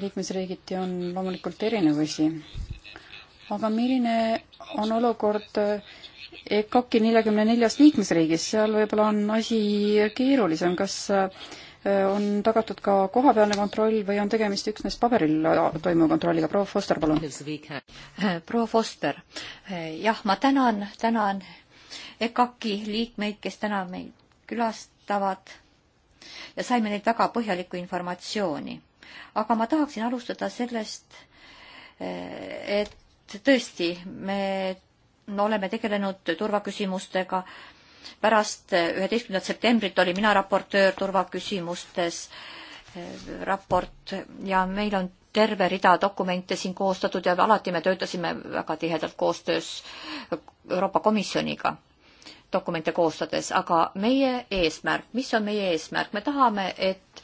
liikmesriigiti on loomulikult erinevusi. aga milline on olukord EKOK-i neljakümne neljas liikmesriigis, seal võib-olla on asi keerulisem, kas äh, on tagatud ka kohapealne kontroll või on tegemist üksnes paberil toimuva kontrolliga? proua Foster, palun. proua Foster, jah, ma tänan, tänan EKAK-i liikmeid, kes täna meid külastavad ja saime neilt väga põhjalikku informatsiooni. aga ma tahaksin alustada sellest, eh, et tõesti, me no, oleme tegelenud turvaküsimustega. pärast üheteistkümnendat septembrit olin mina raportöör turvaküsimustes, eh, raport ja meil on terve rida dokumente siin koostatud ja alati me töötasime väga tihedalt koostöös Euroopa Komisjoniga dokumente koostades, aga meie eesmärk, mis on meie eesmärk, me tahame, et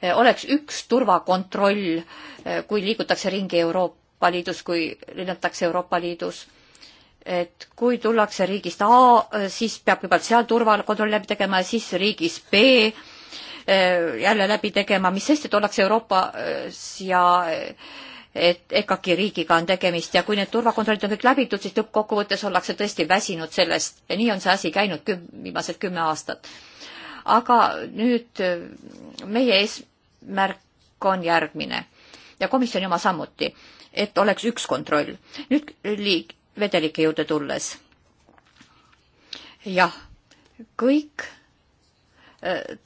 eh, oleks üks turvakontroll, eh, kui liigutakse ringi Euroopa Liidus, kui lennatakse Euroopa Liidus. et kui tullakse riigist A, eh, siis peab kõigepealt seal turvakontroll läbi tegema ja siis riigis B jälle läbi tegema, mis sest, et ollakse Euroopas ja et EKAK-i riigiga on tegemist ja kui need turvakontrollid on kõik läbitud, siis lõppkokkuvõttes ollakse tõesti väsinud sellest ja nii on see asi käinud küm-, viimased kümme aastat. aga nüüd äh, meie eesmärk on järgmine ja komisjoni oma samuti, et oleks üks kontroll. nüüd liik-, vedelike juurde tulles. jah, kõik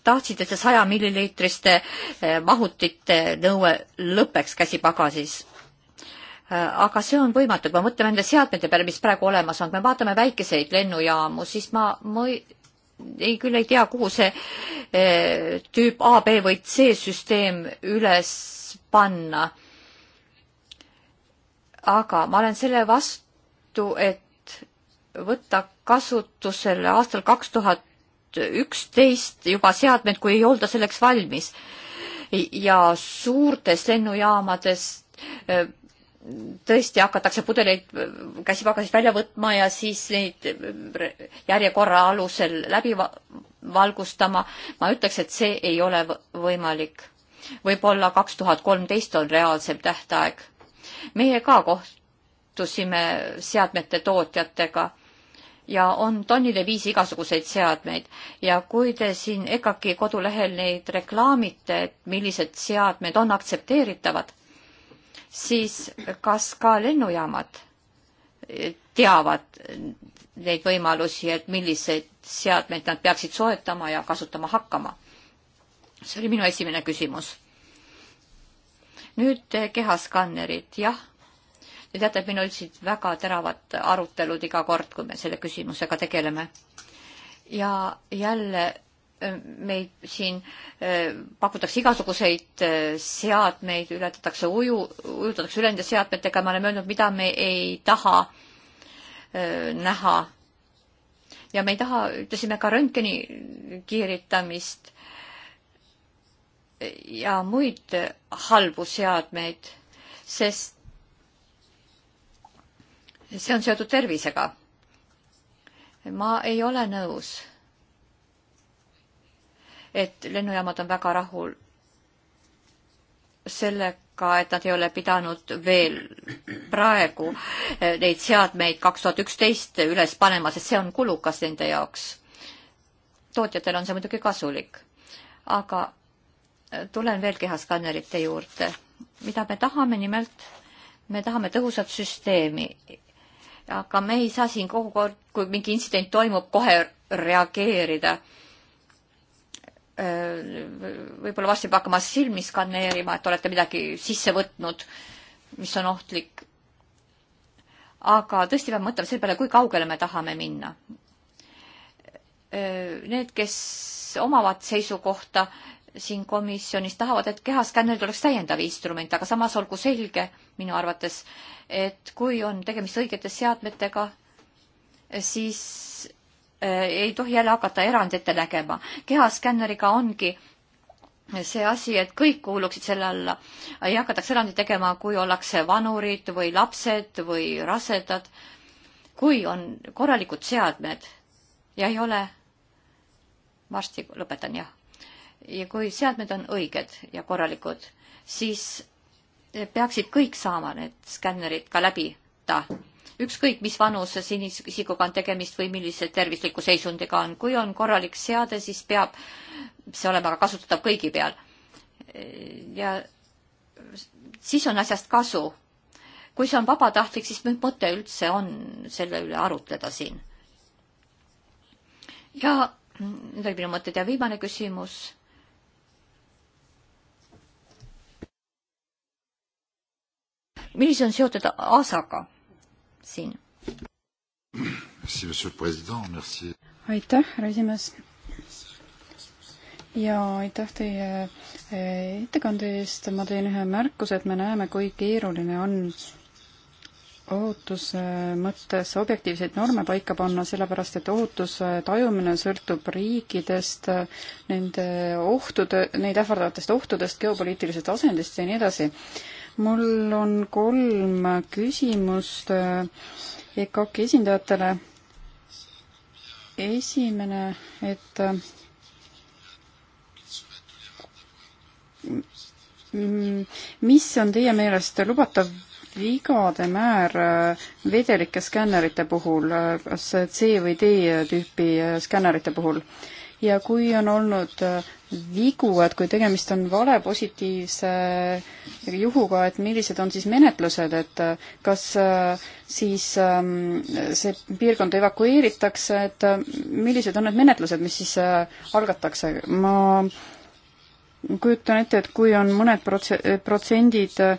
tahtsite see saja milliliitriste eh, mahutite nõue lõpeks käsipagasis eh, aga see on võimatu, kui me mõtleme nende seadmete peale, mis praegu olemas on, kui me vaatame väikeseid lennujaamu, siis ma, ma ei, ei küll ei tea, kuhu see e, tüüp A, B või C süsteem üles panna. aga ma olen selle vastu, et võtta kasutusele aastal kaks tuhat tuhat üksteist juba seadmed, kui ei olda selleks valmis. ja suurtes lennujaamades eh, tõesti hakatakse pudeleid eh, käsipagasist välja võtma ja siis neid eh, järjekorra alusel läbi valgustama. ma ütleks, et see ei ole võimalik. võib-olla kaks tuhat kolmteist on reaalsem tähtaeg. meie ka kohtusime seadmete tootjatega ja on tonnide viisi igasuguseid seadmeid ja kui te siin EKAK-i kodulehel neid reklaamite, et millised seadmed on aktsepteeritavad, siis kas ka lennujaamad eh, teavad neid võimalusi, et milliseid seadmeid nad peaksid soetama ja kasutama hakkama? see oli minu esimene küsimus. nüüd eh, kehaskannerid, jah ja teate, meil olid väga teravad arutelud iga kord, kui me selle küsimusega tegeleme. ja jälle meid siin pakutakse igasuguseid seadmeid, ületatakse uju, ujutatakse üle nende seadmetega, me oleme öelnud, mida me ei taha näha. ja me ei taha, ütlesime ka röntgeni kiiritamist ja muid halbu seadmeid, sest see on seotud tervisega. ma ei ole nõus, et lennujaamad on väga rahul sellega, et nad ei ole pidanud veel praegu neid seadmeid kaks tuhat üksteist üles panema, sest see on kulukas nende jaoks. tootjatel on see muidugi kasulik. aga tulen veel kehaskannerite juurde. mida me tahame nimelt, me tahame tõhusat süsteemi aga me ei saa siin kogu kord, kui mingi intsident toimub, kohe reageerida. võib-olla varsti peab hakkama silmi skaneerima, et olete midagi sisse võtnud, mis on ohtlik. aga tõesti peame mõtlema selle peale, kui kaugele me tahame minna. Need, kes omavad seisukohta, siin komisjonis tahavad, et kehaskännerid oleks täiendav instrument, aga samas olgu selge minu arvates, et kui on tegemist õigete seadmetega, siis eh, ei tohi jälle hakata erandit ette nägema. kehaskänneriga ongi see asi, et kõik kuuluksid selle alla. ei hakataks erandit tegema, kui ollakse vanurid või lapsed või rasedad. kui on korralikud seadmed ja ei ole, varsti lõpetan jah ja kui seadmed on õiged ja korralikud, siis peaksid kõik saama need skännerid ka läbida. ükskõik, mis vanuses isikuga on tegemist või millise tervisliku seisundiga on, kui on korralik seade, siis peab see olema ka kasutatav kõigi peal. ja siis on asjast kasu. kui see on vabatahtlik, siis mis mõte üldse on selle üle arutleda siin? ja need olid minu mõtted ja viimane küsimus millised on seotud ASAga siin? aitäh, härra esimees. ja aitäh teie eh, ettekande eest, ma teen ühe märkuse, et me näeme, kui keeruline on ohutuse mõttes objektiivseid norme paika panna, sellepärast et ohutuse tajumine sõltub riikidest, nende ohtude, neid ähvardavatest ohtudest, geopoliitilisest asendist ja nii edasi mul on kolm küsimust eh, EKOK-i esindajatele. esimene, et mm, mis on teie meelest lubatav vigade määr eh, vedelike skännerite puhul, eh, kas C või D tüüpi skännerite puhul? ja kui on olnud äh, vigu, et kui tegemist on vale positiivse äh, juhuga, et millised on siis menetlused, et äh, kas siis ähm, see piirkond evakueeritakse, et millised on need menetlused, mis siis algatakse? ma kujutan ette, et kui on mõned protse-, protsendid äh,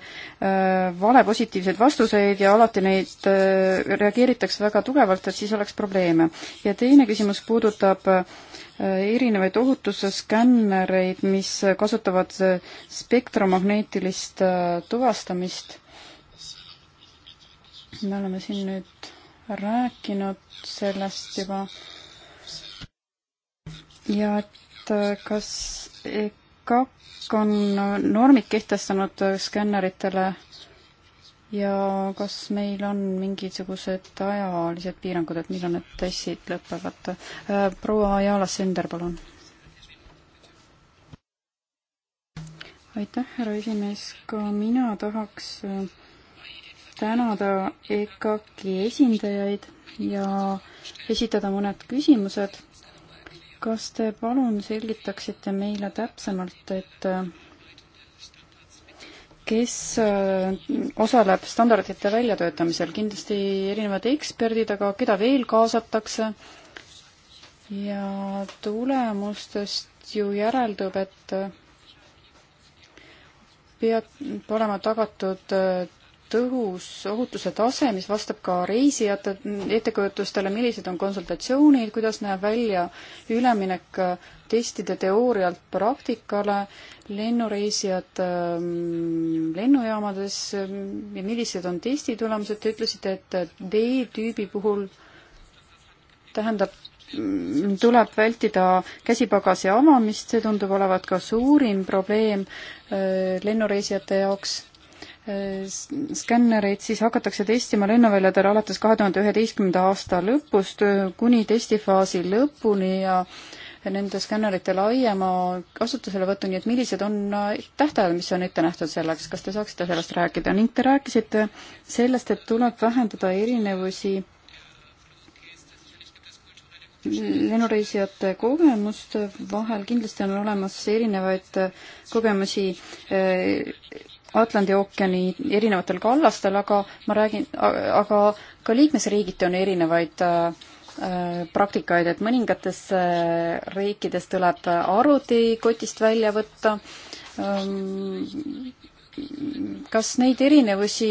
vale positiivseid vastuseid ja alati neid äh, reageeritakse väga tugevalt, et siis oleks probleeme. ja teine küsimus puudutab äh, Äh, erinevaid ohutusskännereid, mis kasutavad äh, spektromagneetilist äh, tuvastamist. me oleme siin nüüd rääkinud sellest juba. ja et kas EKAK on normid kehtestanud skänneritele äh, ja kas meil on mingisugused ajalised piirangud, et millal need testid lõpevad? Äh, proua Jaala Sender, palun. aitäh, härra esimees, ka mina tahaks äh, tänada EKAK-i esindajaid ja esitada mõned küsimused. kas te palun selgitaksite meile täpsemalt, et äh, kes äh, osaleb standardite väljatöötamisel, kindlasti erinevad eksperdid, aga keda veel kaasatakse? ja tulemustest ju järeldub, et peab olema tagatud äh, tõhus ohutuse tase, mis vastab ka reisijate ettekujutustele, millised on konsultatsioonid, kuidas näeb välja üleminek testide teoorialt praktikale, lennureisijad ähm, lennujaamades ähm, ja millised on testi tulemused, te ütlesite, et D-tüübi puhul tähendab mm, tuleb vältida käsipagasi avamist, see tundub olevat ka suurim probleem äh, lennureisijate jaoks skännereid, siis hakatakse testima lennuväljadel alates kahe tuhande üheteistkümnenda aasta lõpust kuni testifaasi lõpuni ja nende skännerite laiema kasutuselevõtu, nii et millised on tähtajad, mis on ette nähtud selleks, kas te saaksite sellest rääkida ning te rääkisite sellest, et tuleb vähendada erinevusi lennureisijate kogemuste vahel kindlasti on olemas erinevaid kogemusi eh, Atlandi ookeani erinevatel kallastel, aga ma räägin, aga ka liikmesriigiti on erinevaid äh, äh praktikaid, et mõningates äh, riikides tuleb äh, arvuti kotist välja võtta. Ähm, kas neid erinevusi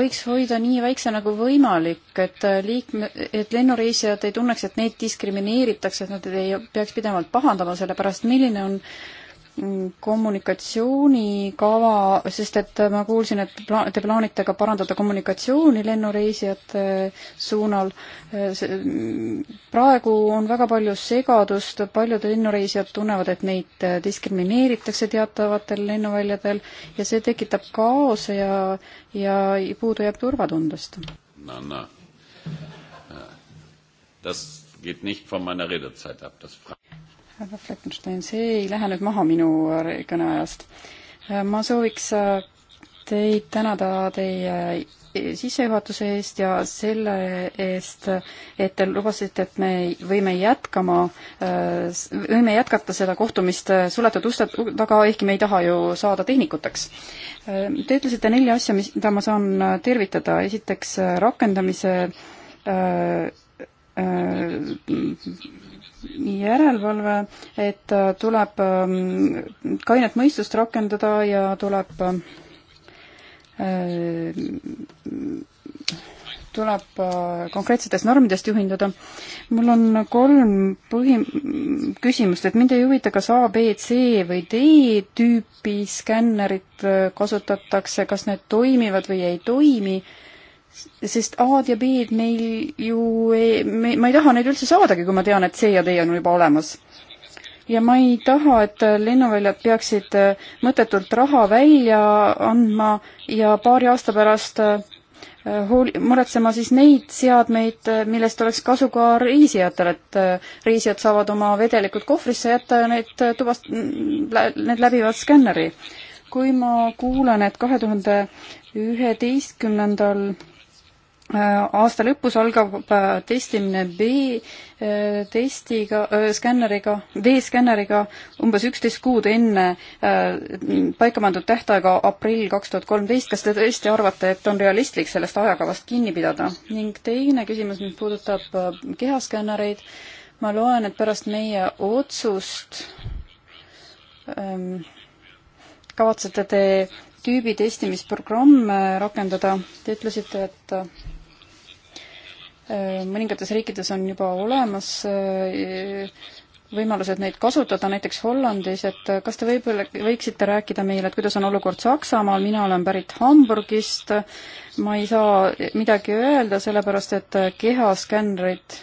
võiks hoida nii väiksena nagu kui võimalik, et liikme, et lennureisijad ei tunneks, et neid diskrimineeritakse, et nad ei peaks pidevalt pahandama, sellepärast milline on äh, kommunikatsioonikava, sest et ma kuulsin, et pla-, te plaanite ka parandada kommunikatsiooni lennureisijate suunal. praegu on väga palju segadust, paljud lennureisijad tunnevad, et neid diskrimineeritakse teatavatel lennuväljadel ja see tekitab kaose ja, ja puudu jääb turvatundest. no, no. Äh, das geht nicht von meiner Redezeit ab, das frage härra Fleckenstein, see ei lähe nüüd maha minu kõneajast. ma sooviks äh, teid tänada teie äh, sissejuhatuse eest ja selle eest, et te lubasite, et me võime jätkama, äh, võime jätkata seda kohtumist suletud uste taga, ehkki me ei taha ju saada tehnikuteks. Te ütlesite neli asja, mis, mida ma saan tervitada, esiteks rakendamise äh, äh, järelevalve, et äh, tuleb ähm, kainet mõistust rakendada ja tuleb äh, tuleb äh, konkreetsetest normidest juhinduda. mul on kolm põhi-, küsimust, et mind ei huvita, kas A, B, C või D tüüpi skännerit kasutatakse, kas need toimivad või ei toimi äh, sest A-d ja B-d meil ju ei, me, ma ei taha neid üldse saadagi, kui ma tean, et C ja D on juba olemas. ja ma ei taha, et lennuväljad peaksid äh, mõttetult raha välja andma ja paari aasta pärast äh, hooli-, muretsema siis neid seadmeid, äh, millest oleks kasu ka reisijatel, et reisijad saavad oma vedelikud kohvrisse jätta ja need tuvast-, mm, need läbivad skänneri. kui ma kuulen, et kahe tuhande üheteistkümnendal Äh, aasta lõpus algab äh, testimine B-testiga, äh, skänneriga, B-skänneriga umbes üksteist kuud enne paika pandud tähtaega aprill kaks tuhat kolmteist. kas te tõesti arvate, et on realistlik sellest ajakavast kinni pidada? ning teine küsimus, mis puudutab kehaskännereid. ma loen, et pärast meie otsust ähm, kavatsete te tüübi testimisprogramme rakendada. Te ütlesite, et Äh, mõningates riikides on juba olemas äh, võimalused neid kasutada, näiteks Hollandis, et äh, kas te võib-olla võiksite rääkida meile, et kuidas on olukord Saksamaal, mina olen pärit Hamburgist, ma ei saa midagi öelda, sellepärast et kehaskännerid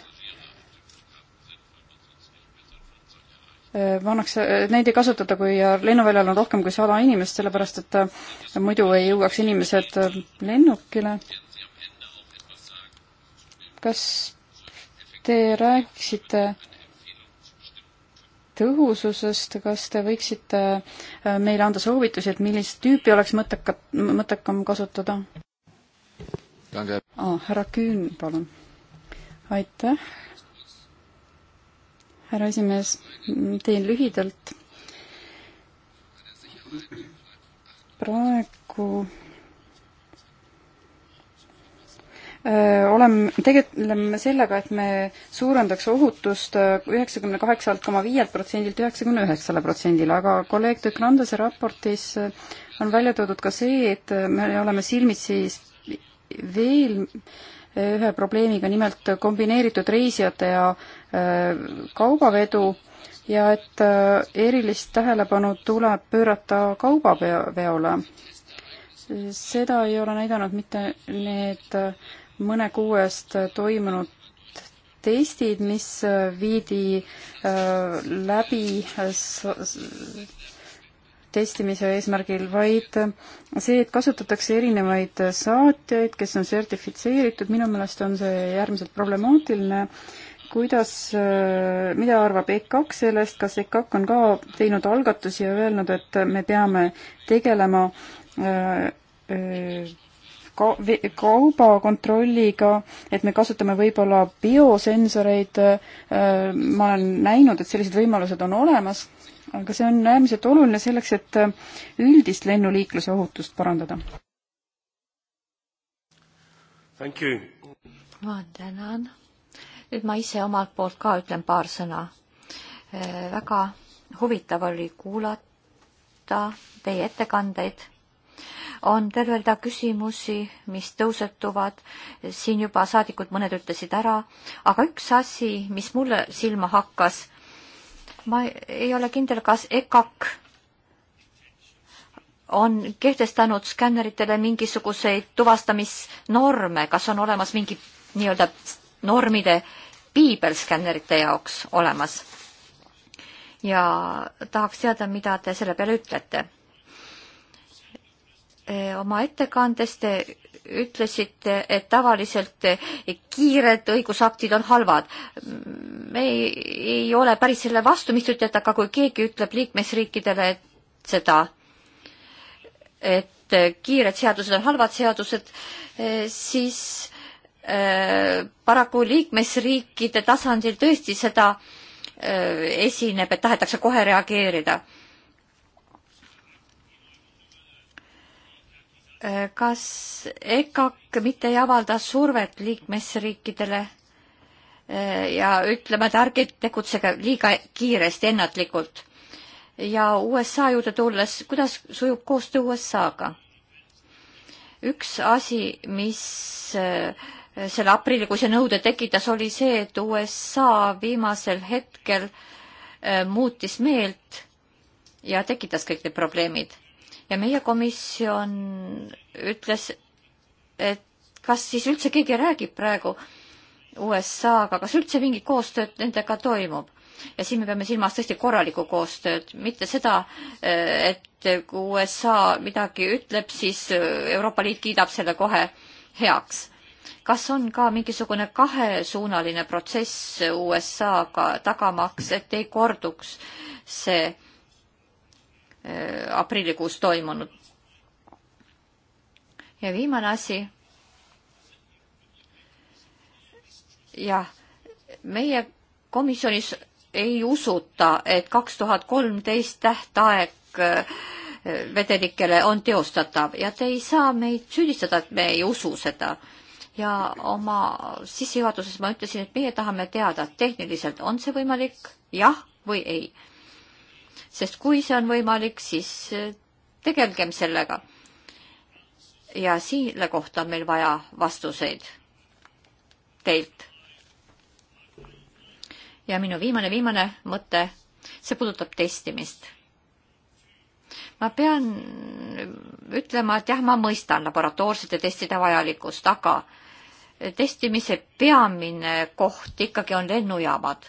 pannakse, neid ei kasutata, kui lennuväljal on rohkem kui sada inimest, sellepärast et muidu ei jõuaks inimesed lennukile kas te rääkisite tõhususest, kas te võiksite äh, meile anda soovitusi, et millist tüüpi oleks mõtteka, mõttekam kasutada? Oh, härra Küün, palun. aitäh, härra esimees, teen lühidalt. praegu oleme, tegeleme sellega, et me suurendaks ohutust üheksakümne kaheksalt koma viielt protsendilt üheksakümne üheksale protsendile, aga kolleeg De Grandese raportis on välja toodud ka see, et me oleme silmitsi veel ühe probleemiga, nimelt kombineeritud reisijate ja kaubavedu ja et erilist tähelepanu tuleb pöörata kaubaveole. seda ei ole näidanud mitte need äh, mõne kuu eest toimunud testid, mis viidi äh, läbi testimise eesmärgil, vaid see, et kasutatakse erinevaid saatjaid, kes on sertifitseeritud, minu meelest on see äärmiselt problemaatiline. kuidas, äh, mida arvab EKAK sellest, kas EKAK on ka teinud algatusi ja öelnud, et me peame tegelema öö, äh, öö, kaubakontrolliga, et me kasutame võib-olla biosensoreid, äh, ma olen näinud, et sellised võimalused on olemas, aga see on äärmiselt oluline selleks, et äh, üldist lennuliikluse ohutust parandada. ma tänan. nüüd ma ise omalt poolt ka ütlen paar sõna. Äh, väga huvitav oli kuulata teie ettekandeid on terve rida küsimusi, mis tõusetuvad, siin juba saadikud mõned ütlesid ära, aga üks asi, mis mulle silma hakkas, ma ei ole kindel, kas EKAK on kehtestanud skänneritele mingisuguseid tuvastamisnorme, kas on olemas mingi nii-öelda normide piibel skännerite jaoks olemas? ja tahaks teada, mida te selle peale ütlete oma ettekandes te ütlesite, et tavaliselt kiired õigusaktid on halvad. me ei, ei ole päris selle vastu, mis te ütlete, aga kui keegi ütleb liikmesriikidele seda, et kiired seadused on halvad seadused, siis äh, paraku liikmesriikide tasandil tõesti seda äh, esineb, et tahetakse kohe reageerida Äh, kas EKAK mitte ei avalda survet liikmesriikidele äh, ja ütleme, et ärge tegutsege liiga kiiresti, ennatlikult. ja USA juurde tulles, kuidas sujub koostöö USA-ga? üks asi, mis äh, selle aprillikuise nõude tekitas, oli see, et USA viimasel hetkel muutis meelt ja tekitas kõik need probleemid ja meie komisjon ütles, et kas siis üldse keegi räägib praegu USA-ga, kas üldse mingit koostööd nendega toimub? ja siin me peame silmas tõesti korralikku koostööd, mitte seda, eh, et kui USA midagi ütleb, siis eh, Euroopa Liit kiidab selle kohe heaks. kas on ka mingisugune kahesuunaline protsess USA-ga tagamaks, et ei korduks see Äh, aprillikuus toimunud. ja viimane asi. jah, meie komisjonis ei usuta, et kaks tuhat kolmteist tähtaeg äh, vedelikele on teostatav ja te ei saa meid süüdistada, et me ei usu seda. ja oma sissejuhatuses ma ütlesin, et meie tahame teada tehniliselt, on see võimalik, jah või ei sest kui see on võimalik, siis eh, tegelgem sellega. ja selle kohta on meil vaja vastuseid teilt. ja minu viimane, viimane mõte, see puudutab testimist. ma pean ütlema, et jah, ma mõistan laboratoorsete testide vajalikkust, aga testimise peamine koht ikkagi on lennujaamad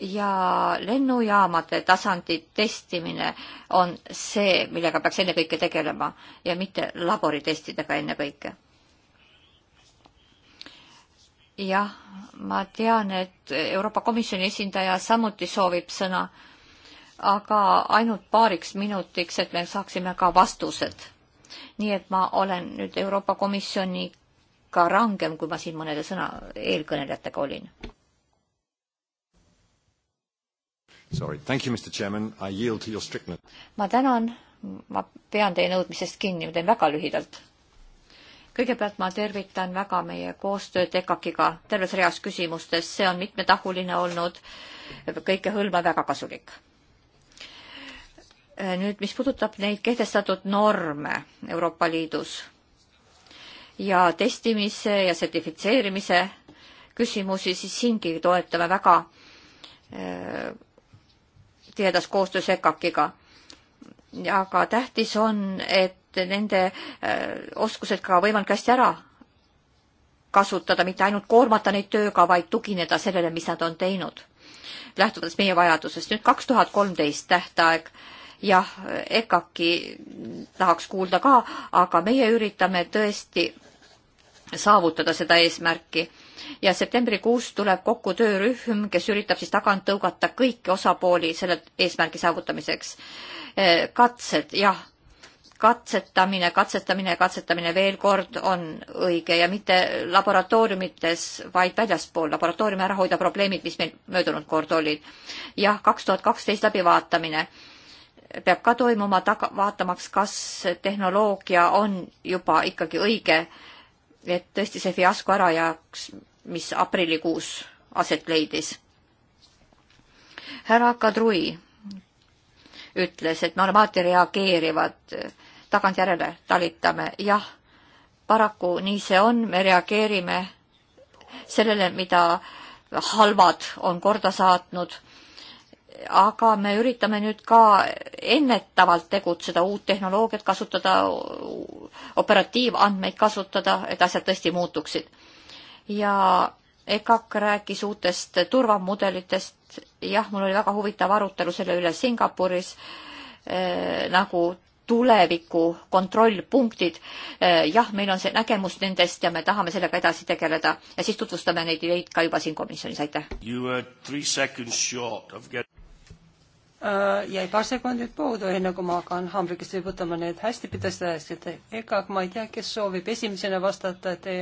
ja lennujaamade tasandi testimine on see, millega peaks ennekõike tegelema ja mitte laboritestidega ennekõike. jah, ma tean, et Euroopa Komisjoni esindaja samuti soovib sõna, aga ainult paariks minutiks, et me saaksime ka vastused. nii et ma olen nüüd Euroopa Komisjoniga rangem, kui ma siin mõnede sõna, eelkõnelejatega olin Sorry, thank you, Mr Chairman, I yield to your strictness. ma tänan, ma pean teie nõudmisest kinni, ma teen väga lühidalt. kõigepealt ma tervitan väga meie koostööd EKAK-iga terves reas küsimustes, see on mitmetahuline olnud, kõikehõlmav, väga kasulik nüüd, mis puudutab neid kehtestatud norme Euroopa Liidus ja testimise ja sertifitseerimise küsimusi, siis siingi toetame väga tihedas koostöös EKAK-iga. aga tähtis on, et nende äh, oskused ka võimalik hästi ära kasutada, mitte ainult koormata neid tööga, vaid tugineda sellele, mis nad on teinud, lähtudes meie vajadusest. nüüd kaks tuhat kolmteist tähtaeg, jah, EKAK-i tahaks kuulda ka, aga meie üritame tõesti saavutada seda eesmärki. ja septembrikuus tuleb kokku töörühm, kes üritab siis tagant tõugata kõiki osapooli selle eesmärgi saavutamiseks. E, katsed, jah, katsetamine, katsetamine, katsetamine veel kord on õige ja mitte laboratooriumites, vaid väljaspool laboratooriumi ära hoida probleemid, mis meil möödunud kord olid. jah, kaks tuhat kaksteist läbivaatamine peab ka toimuma taga, vaatamaks, kas tehnoloogia on juba ikkagi õige äh, et tõesti see fiasko ära jääks, mis aprillikuus aset leidis. härra Kadri ütles, et me oleme alati reageerivad, tagantjärele talitame, jah, paraku nii see on, me reageerime sellele, mida halvad on korda saatnud aga me üritame nüüd ka ennetavalt tegutseda, uut tehnoloogiat kasutada, operatiivandmeid kasutada, et asjad tõesti muutuksid. ja EKAK rääkis uutest turvamudelitest, jah, mul oli väga huvitav arutelu selle üle Singapuris eh, nagu tuleviku kontrollpunktid eh,. jah, meil on see nägemus nendest ja me tahame sellega edasi tegeleda ja siis tutvustame neid ideid ka juba siin komisjonis, aitäh. Äh, jäi paar sekundit puudu, enne kui ma hakkan hambrikesse võtama need hästi pidestajad, et ega ma ei tea, kes soovib esimesena vastata, te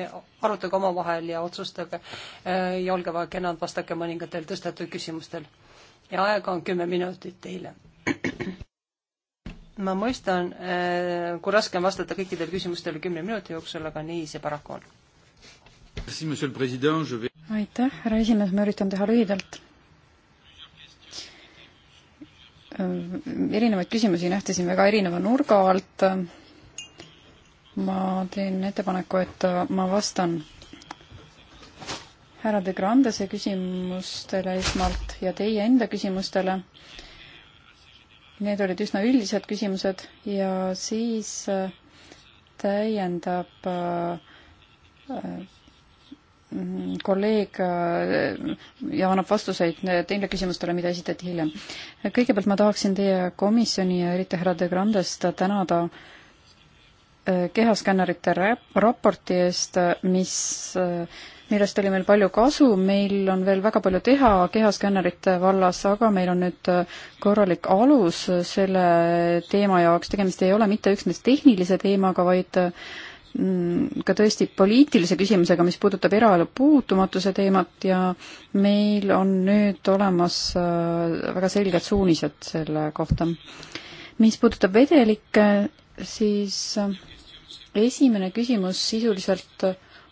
arutage omavahel ja otsustage äh, ja olge väga kenad, vastake mõningatel tõstetud küsimustel. ja aega on kümme minutit teile. ma mõistan, äh, kui raske on vastata kõikidele küsimustele kümne minuti jooksul, aga nii see paraku on. aitäh, härra esimees, ma üritan teha lühidalt erinevaid küsimusi nähti siin väga erineva nurga alt. ma teen ettepaneku, et ma vastan härra De Grandese küsimustele esmalt ja teie enda küsimustele. Need olid üsna üldised küsimused ja siis täiendab äh, äh, Mm, kolleeg äh, ja annab vastuseid teile küsimustele, mida esitati hiljem. kõigepealt ma tahaksin teie komisjoni ja eriti härra De Grandest tänada äh, kehaskännerite raporti eest, mis, äh, millest oli meil palju kasu, meil on veel väga palju teha kehaskännerite vallas, aga meil on nüüd korralik alus selle teema jaoks, tegemist ei ole mitte üksnes tehnilise teemaga, vaid äh, Mm, ka tõesti poliitilise küsimusega, mis puudutab eraelu puutumatuse teemat ja meil on nüüd olemas äh, väga selged suunised selle kohta. mis puudutab vedelikke, siis äh, esimene küsimus sisuliselt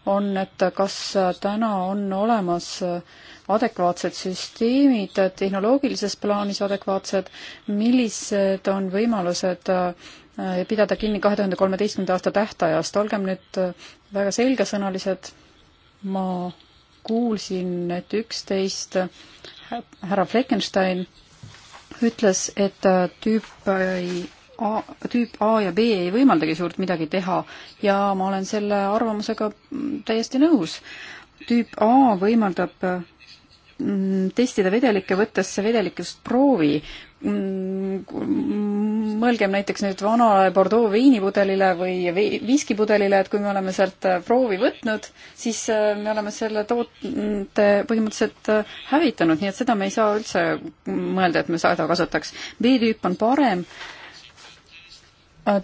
on, et kas täna on olemas äh, adekvaatsed süsteemid, tehnoloogilises plaanis adekvaatsed, millised on võimalused äh, pidada kinni kahe tuhande kolmeteistkümnenda aasta tähtajast, olgem nüüd äh, väga selgesõnalised, ma kuulsin, et üksteist äh, härra Fleckenstein ütles, et äh, tüüp ei A, tüüp A ja B ei võimaldagi suurt midagi teha ja ma olen selle arvamusega mm, täiesti nõus. tüüp A võimaldab mm, testida vedelikke, võttes vedelikust proovi, Mm, mõelgem näiteks nüüd vanale Bordeaux viinipudelile või viskipudelile, et kui me oleme sealt äh, proovi võtnud, siis äh, me oleme selle toote põhimõtteliselt äh, hävitanud, nii et seda me ei saa üldse mõelda, et me seda kasutaks. B-tüüp on parem.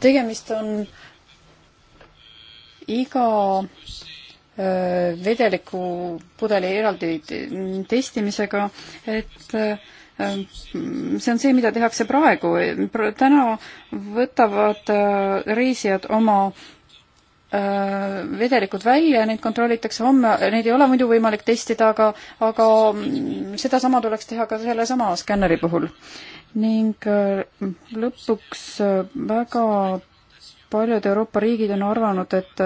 tegemist on iga vedelikupudeli eraldi testimisega, et äh, Ehm, see on see, mida tehakse praegu. täna võtavad äh, reisijad oma äh, vedelikud välja, neid kontrollitakse homme, neid ei ole muidu võimalik testida, aga, aga mm, sedasama tuleks teha ka sellesama skänneri puhul. ning äh, lõpuks väga paljud Euroopa riigid on arvanud, et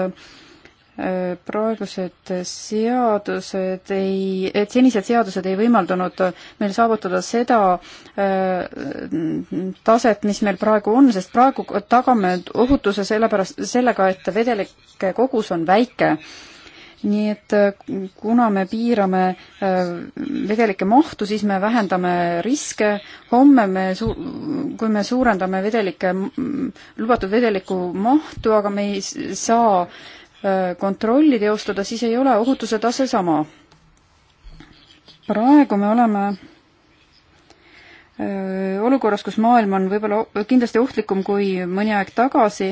praegused seadused ei, et senised seadused ei võimaldanud meil saavutada seda äh, taset, mis meil praegu on, sest praegu tagame ohutuse sellepärast, sellega, et vedelike kogus on väike. nii et äh, kuna me piirame äh, vedelike mahtu, siis me vähendame riske, homme me su-, kui me suurendame vedelike, lubatud vedeliku mahtu, aga me ei saa äh, Äh, kontrolli teostada, siis ei ole ohutuse tase sama. praegu me oleme äh, olukorras, kus maailm on võib-olla kindlasti ohtlikum kui mõni aeg tagasi.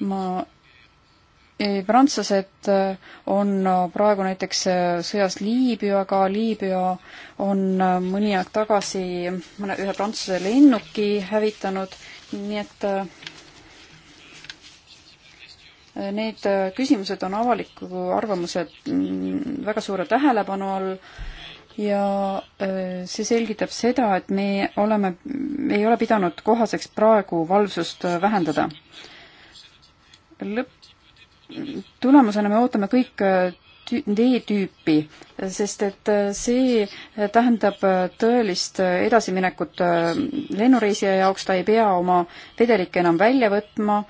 ma, e, prantslased äh, on praegu näiteks sõjas Liibüaga, Liibüa on mõni aeg tagasi mõne, ühe prantsuse lennuki hävitanud, nii et Need äh, küsimused on avaliku arvamuse mm, väga suure tähelepanu all ja äh, see selgitab seda, et me oleme, ei ole pidanud kohaseks praegu valvsust äh, vähendada. lõpp, tulemusena me ootame kõik D-tüüpi, sest et see tähendab tõelist edasiminekut lennureisija jaoks, ta ei pea oma vedelikke enam välja võtma,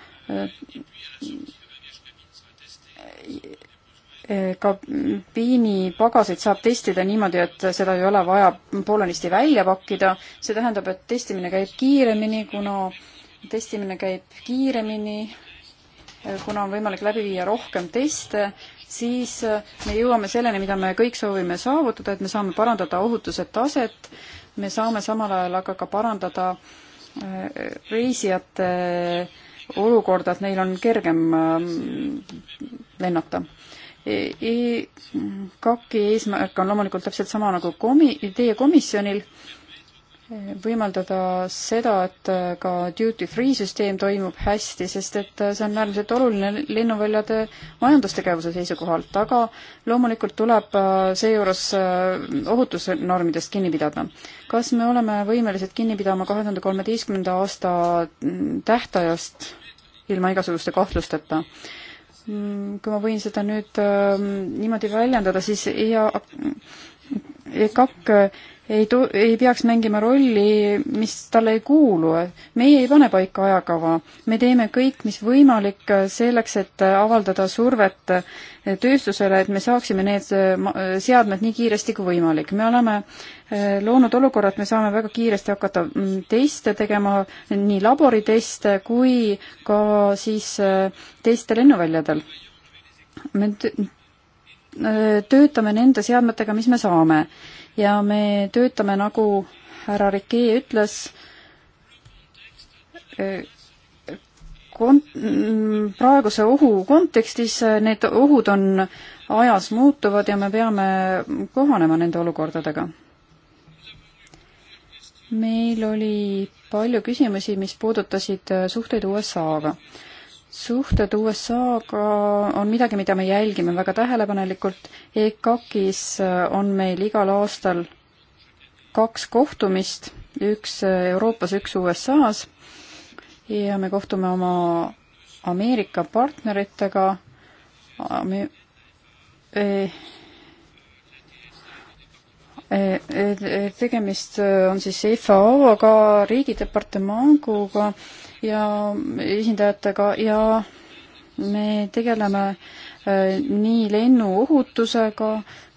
Äh, kabiini pagasit saab testida niimoodi, et seda ei ole vaja poolenisti välja pakkida, see tähendab, et testimine käib kiiremini, kuna testimine käib kiiremini, äh, kuna on võimalik läbi viia rohkem teste, siis äh, me jõuame selleni, mida me kõik soovime saavutada, et me saame parandada ohutuse taset, me saame samal ajal aga ka parandada reisijate äh, olukorda, et neil on kergem ähm, lennata e. E-KAK-i eesmärk on loomulikult täpselt sama nagu komi-, teie komisjonil võimaldada seda, et äh, ka duty-free süsteem toimub hästi, sest et äh, see on äärmiselt oluline lennuväljade majandustegevuse seisukohalt, aga loomulikult tuleb äh, seejuures ohutusnormidest kinni pidada. kas me oleme võimelised kinni pidama kahe tuhande kolmeteistkümnenda aasta mm, tähtajast ilma igasuguste kahtlusteta? Mm, kui ma võin seda nüüd ähm, niimoodi väljendada, siis ja EKAK ei to-, ei peaks mängima rolli, mis talle ei kuulu. meie ei pane paika ajakava. me teeme kõik, mis võimalik selleks, et avaldada survet tööstusele, et me saaksime need seadmed nii kiiresti kui võimalik. me oleme eh, loonud olukorra, et me saame väga kiiresti hakata mm, teste tegema, nii laboriteste kui ka siis eh, teste lennuväljadel me Äh, töötame nende seadmetega, mis me saame. ja me töötame, nagu härra Rikee ütles, äh, kont-, mm, praeguse ohu kontekstis äh, need ohud on ajas muutuvad ja me peame kohanema nende olukordadega. meil oli palju küsimusi, mis puudutasid suhteid USA-ga suhted USA-ga on midagi, mida me jälgime väga tähelepanelikult. EKAK-is äh, on meil igal aastal kaks kohtumist, üks äh, Euroopas, üks USA-s ja me kohtume oma Ameerika partneritega. me e- e- e- tegemist äh, on siis FAO-ga, riigidepartemanguga ja esindajatega ja me tegeleme äh, nii lennuohutusega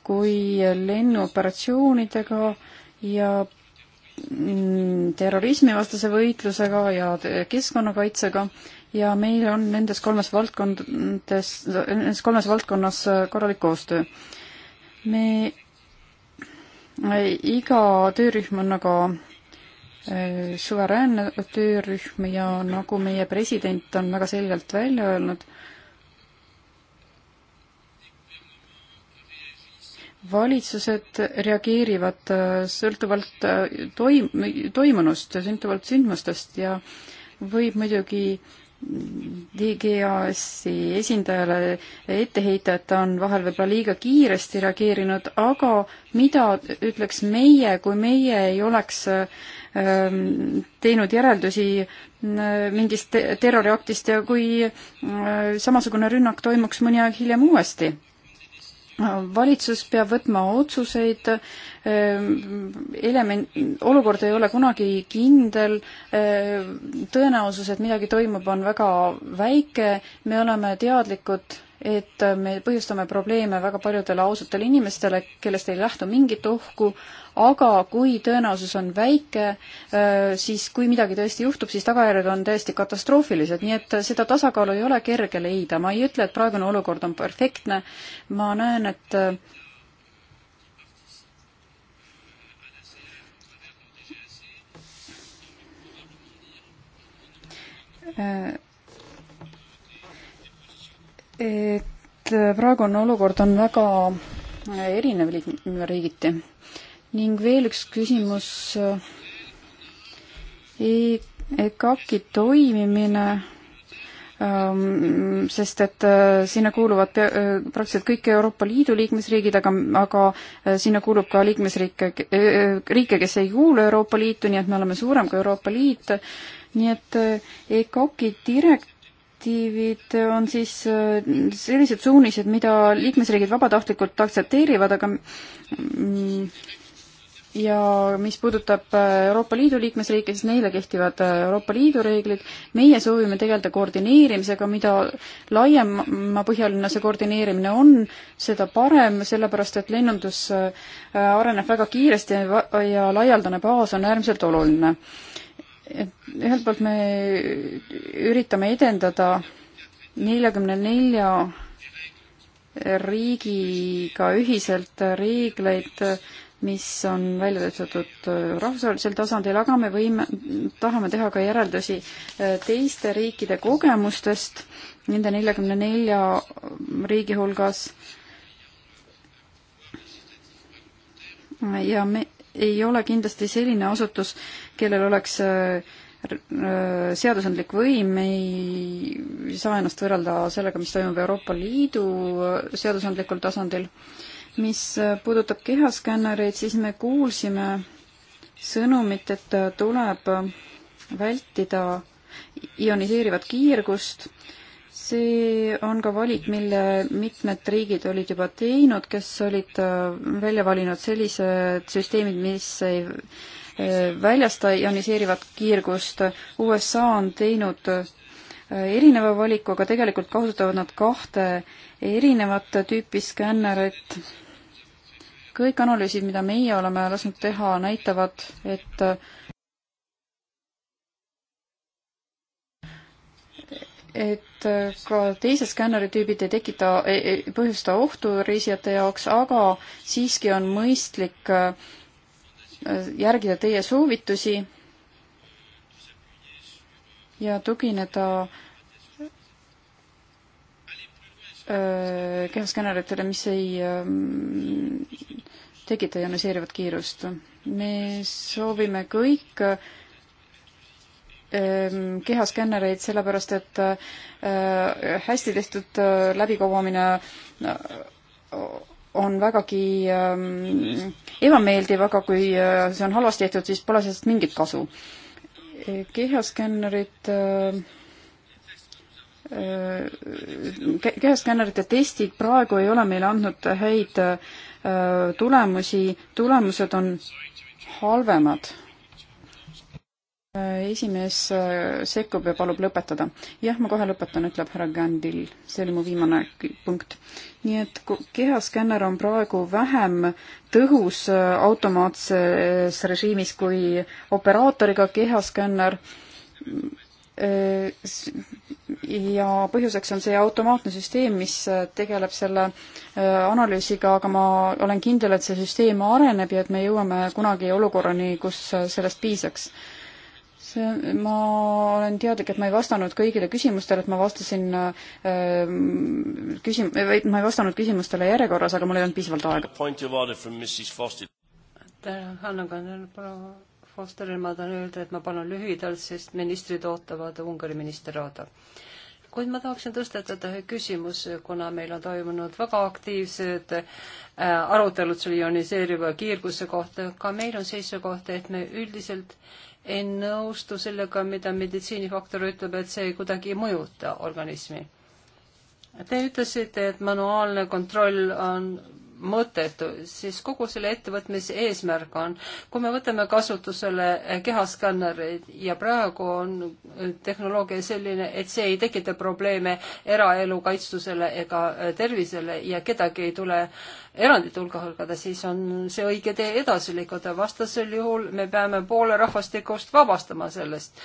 kui lennuoperatsioonidega ja mm, terrorismivastase võitlusega ja keskkonnakaitsega ja meil on nendes kolmes valdkondades, nendes kolmes valdkonnas äh, korralik koostöö. me, äh, iga töörühm on aga suveräänne töörühm ja nagu meie president on väga selgelt välja öelnud, valitsused reageerivad äh, sõltuvalt äh, toim-, toimunust, sõltuvalt sündmustest ja võib muidugi DGAS-i esindajale ette heita, et ta on vahel võib-olla liiga kiiresti reageerinud, aga mida ütleks meie, kui meie ei oleks äh, Ähm, teinud järeldusi äh, mingist terroriaktist ja kui äh, samasugune rünnak toimuks mõni aeg hiljem uuesti valitsus peab võtma otsuseid, ähm, element, olukord ei ole kunagi kindel, äh, tõenäosus, et midagi toimub, on väga väike, me oleme teadlikud et me põhjustame probleeme väga paljudele ausatele inimestele, kellest ei lähtu mingit ohku, aga kui tõenäosus on väike, äh, siis kui midagi tõesti juhtub, siis tagajärjed on täiesti katastroofilised, nii et seda tasakaalu ei ole kerge leida. ma ei ütle, et praegune olukord on perfektne, ma näen, et äh, et praegune olukord on väga erinev riigiti ning veel üks küsimus e. EKAK-i toimimine ähm, sest et äh, sinna kuuluvad äh, praktiliselt kõik Euroopa Liidu liikmesriigid, aga, aga äh, sinna kuulub ka liikmesriike, riike, kes ei kuulu Euroopa Liitu, nii et me oleme suurem kui Euroopa Liit. nii et EKOK-i direkt-, direktiivid äh, on siis äh, sellised suunised, mida liikmesriigid vabatahtlikult aktsepteerivad, aga mm, ja mis puudutab äh, Euroopa Liidu liikmesriike, siis neile kehtivad Euroopa Liidu reeglid. meie soovime tegeleda koordineerimisega, mida laiemapõhjaline see koordineerimine on, seda parem, sellepärast et lennundus areneb väga kiiresti ja laialdane baas on äärmiselt oluline ühelt poolt me üritame edendada neljakümne nelja riigiga ühiselt reegleid, mis on välja töötatud rahvusvahelisel tasandil, aga me võime, tahame teha ka järeldusi teiste riikide kogemustest nende neljakümne nelja riigi hulgas. ja me ei ole kindlasti selline asutus, kellel oleks äh, äh, seadusandlik võim ei saa ennast võrrelda sellega, mis toimub Euroopa Liidu äh, seadusandlikul tasandil. mis puudutab kehaskännereid, siis me kuulsime sõnumit, et tuleb vältida ioniseerivat kiirgust äh, see on ka valik, mille mitmed riigid olid juba teinud, kes olid äh, välja valinud sellised süsteemid, mis ei äh, väljasta ioniseerivat kiirgust. USA on teinud äh, erineva valiku, aga tegelikult kasutavad nad kahte erinevat tüüpi skännerit. kõik analüüsid, mida meie oleme lasknud teha, näitavad, et et äh, ka teised skänneritüübid ei tekita, ei põhjusta ohtu reisijate jaoks, aga siiski on mõistlik äh, järgida teie soovitusi ja tugineda äh, kehaskänneritele, mis ei ähm, tekita ioniseerivat kiirust. me soovime kõik äh, Ähm, kehaskännereid, sellepärast et äh, hästi tehtud äh, läbikogumine äh, on vägagi ähm, ebameeldiv, aga kui see on halvasti tehtud, siis pole sellest mingit kasu. kehaskännerid kehaskännerite testid praegu ei ole meile andnud häid tulemusi, tulemused on halvemad esimees äh, sekkub ja palub lõpetada. jah, ma kohe lõpetan, ütleb härra Gandil. see oli mu viimane punkt. nii et kehaskänner on praegu vähem tõhus äh, automaatses režiimis kui operaatoriga kehaskänner äh, ja põhjuseks on see automaatne süsteem, mis tegeleb selle analüüsiga, aga ma olen kindel, et see süsteem areneb ja et me jõuame kunagi olukorrani, kus sellest piisaks see on, ma olen teadlik, et ma ei vastanud kõigile küsimustele, et ma vastasin äh, küsim-, või ma ei vastanud küsimustele järjekorras, aga mul ei olnud piisavalt aega. Hannaga proua Fosteril ma tahan öelda, et ma palun lühidalt, sest ministrid ootavad, Ungari minister ootab. kuid ma tahaksin tõstatada ühe küsimuse, kuna meil on toimunud väga aktiivsed äh, arutelud selle ioniseeriva kiirguse kohta, ka meil on seisukoht, et me üldiselt äh, ei nõustu sellega, mida meditsiinifaktor ütleb, et see kuidagi ei mõjuta organismi. Te ütlesite, et manuaalne kontroll on mõttetu, siis kogu selle ettevõtmise eesmärk on, kui me võtame kasutusele kehaskännereid ja praegu on tehnoloogia selline, et see ei tekita probleeme eraelu kaitstusele ega tervisele ja kedagi ei tule erandite hulka hõlgada, siis on see õige tee edasi liikuda, vastasel juhul me peame poole rahvastikust vabastama sellest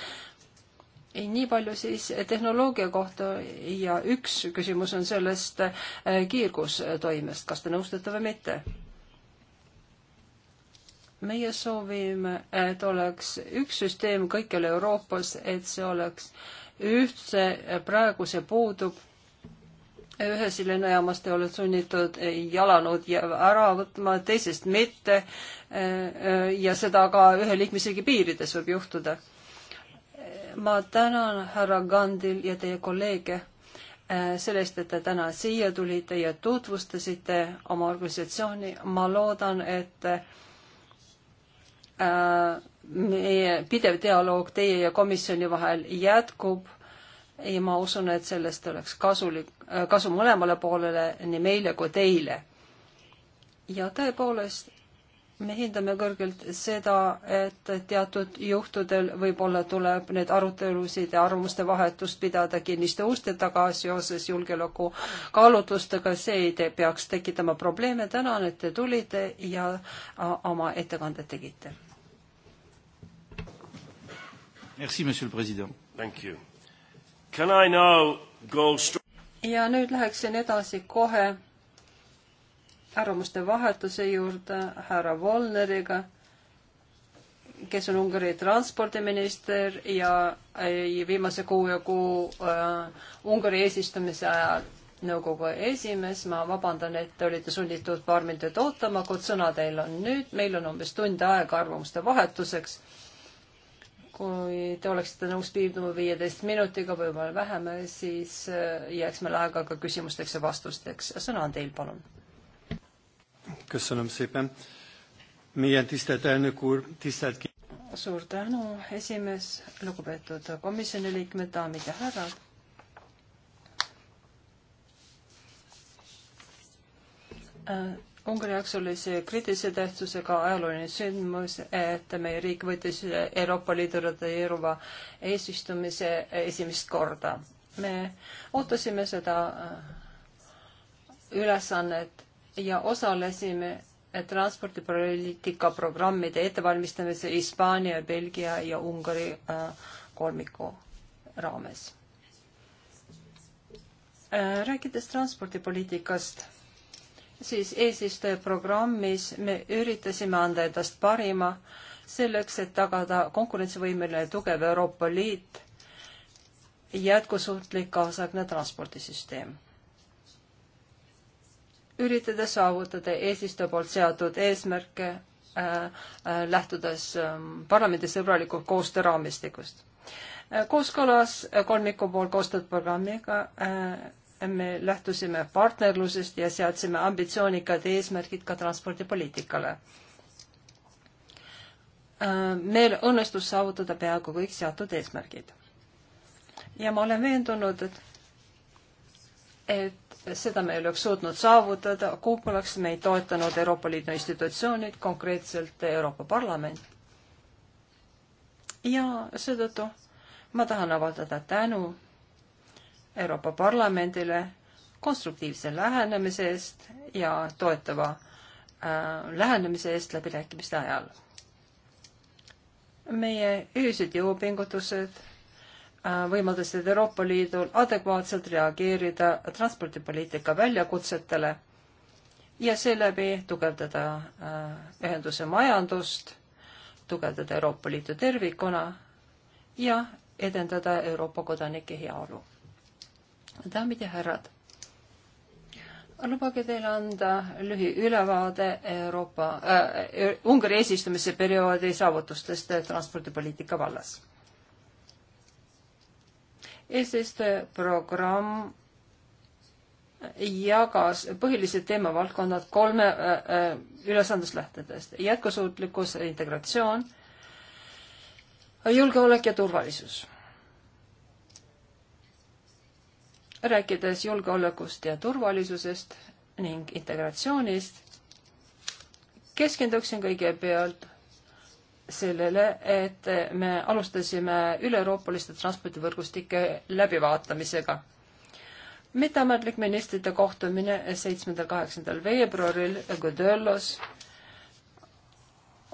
nii palju siis tehnoloogia kohta ja üks küsimus on sellest äh, kiirgustoimest, kas te nõustute või mitte? meie soovime, et oleks üks süsteem kõikjal Euroopas, et see oleks ühtse, praegu see puudub. ühes lennujaamast te olete sunnitud jalanõud ära võtma, teisest mitte. Äh, äh, ja seda ka ühe liikmesriigi piirides võib juhtuda ma tänan härra Gandil ja teie kolleege äh, sellest, et te täna siia tulite ja tutvustasite oma organisatsiooni. ma loodan, et äh, meie pidev dialoog teie ja komisjoni vahel jätkub ja ma usun, et sellest oleks kasulik, äh, kasu mõlemale poolele, nii meile kui teile. ja tõepoolest me hindame kõrgelt seda, et teatud juhtudel võib-olla tuleb neid arutelusid ja arvamuste vahetust pidada kinniste uste taga seoses julgeoleku kaalutlustega, see ei te, peaks tekitama probleeme. tänan, et te tulite ja oma ettekande tegite. Merci, monsieur le president. Thank you. Can I now go ja nüüd läheksin edasi kohe arvamuste vahetuse juurde härra Volneriga, kes on Ungari transpordiminister ja viimase kuu ja kuu äh, Ungari eesistumise ajal nõukogu esimees, ma vabandan, et te olite sunnitud paar minutit ootama, kuid sõna teil on nüüd, meil on umbes tund aega arvamuste vahetuseks. kui te oleksite nõus piirduma viieteist minutiga, võib-olla vähem, siis äh, jääks meil aega ka küsimusteks ja vastusteks. sõna on teil, palun Köszönöm szépen. Milyen tisztelt elnök úr, tisztelt ki... Suur tänu, esimees, lugupeetud komisjoni liikmed, daamid ja härrad. Äh, Ungari jaoks oli see kriitilise tähtsusega ajalooline sündmus, et meie riik võttis Euroopa Liidu roteeruva eesistumise esimest korda. me ootasime seda äh, ülesannet ja osalesime transpordipoliitika programmide ettevalmistamise Hispaania, Belgia ja Ungari äh, kolmiku raames. Äh, rääkides transpordipoliitikast, siis eesistuja programmis me üritasime anda endast parima selleks, et tagada konkurentsivõimeline ja tugev Euroopa Liit, jätkusuutlik kaasaegne transpordisüsteem üritada saavutada eesistuja poolt seatud eesmärke äh, äh, lähtudes ähm, äh, parlamendisõbraliku koostöö raamistikust. kooskõlas kolmiku poolt koostatud programmiga äh, me lähtusime partnerlusest ja seadsime ambitsioonikad eesmärgid ka transpordipoliitikale. Äh, meil õnnestus saavutada peaaegu kõik seatud eesmärgid. ja ma olen veendunud, et et seda me ei oleks suutnud saavutada, kui poleks meid toetanud Euroopa Liidu institutsioonid, konkreetselt Euroopa Parlament. ja seetõttu ma tahan avaldada tänu Euroopa Parlamendile konstruktiivse lähenemise eest ja toetava äh, lähenemise eest läbirääkimiste ajal. meie ühised jõupingutused Äh, võimaldasid Euroopa Liidul adekvaatselt reageerida transpordipoliitika väljakutsetele ja seeläbi tugevdada äh, ühenduse majandust, tugevdada Euroopa Liitu tervikuna ja edendada Euroopa kodanike heaolu. daamid ja härrad, lubage teile anda lühiülevaade Euroopa äh,, Ungari eesistumise perioodi saavutustest transpordipoliitika vallas eesistuja programm jagas põhilised teemavaldkonnad kolme äh, äh ülesanduslähtedest. jätkusuutlikkus, integratsioon, julgeolek ja turvalisus. rääkides julgeolekust ja turvalisusest ning integratsioonist, keskenduksin kõigepealt sellele, et me alustasime üle-euroopaliste transpordivõrgustike läbivaatamisega. mitteametlik ministrite kohtumine seitsmendal, kaheksandal veebruaril Gudellos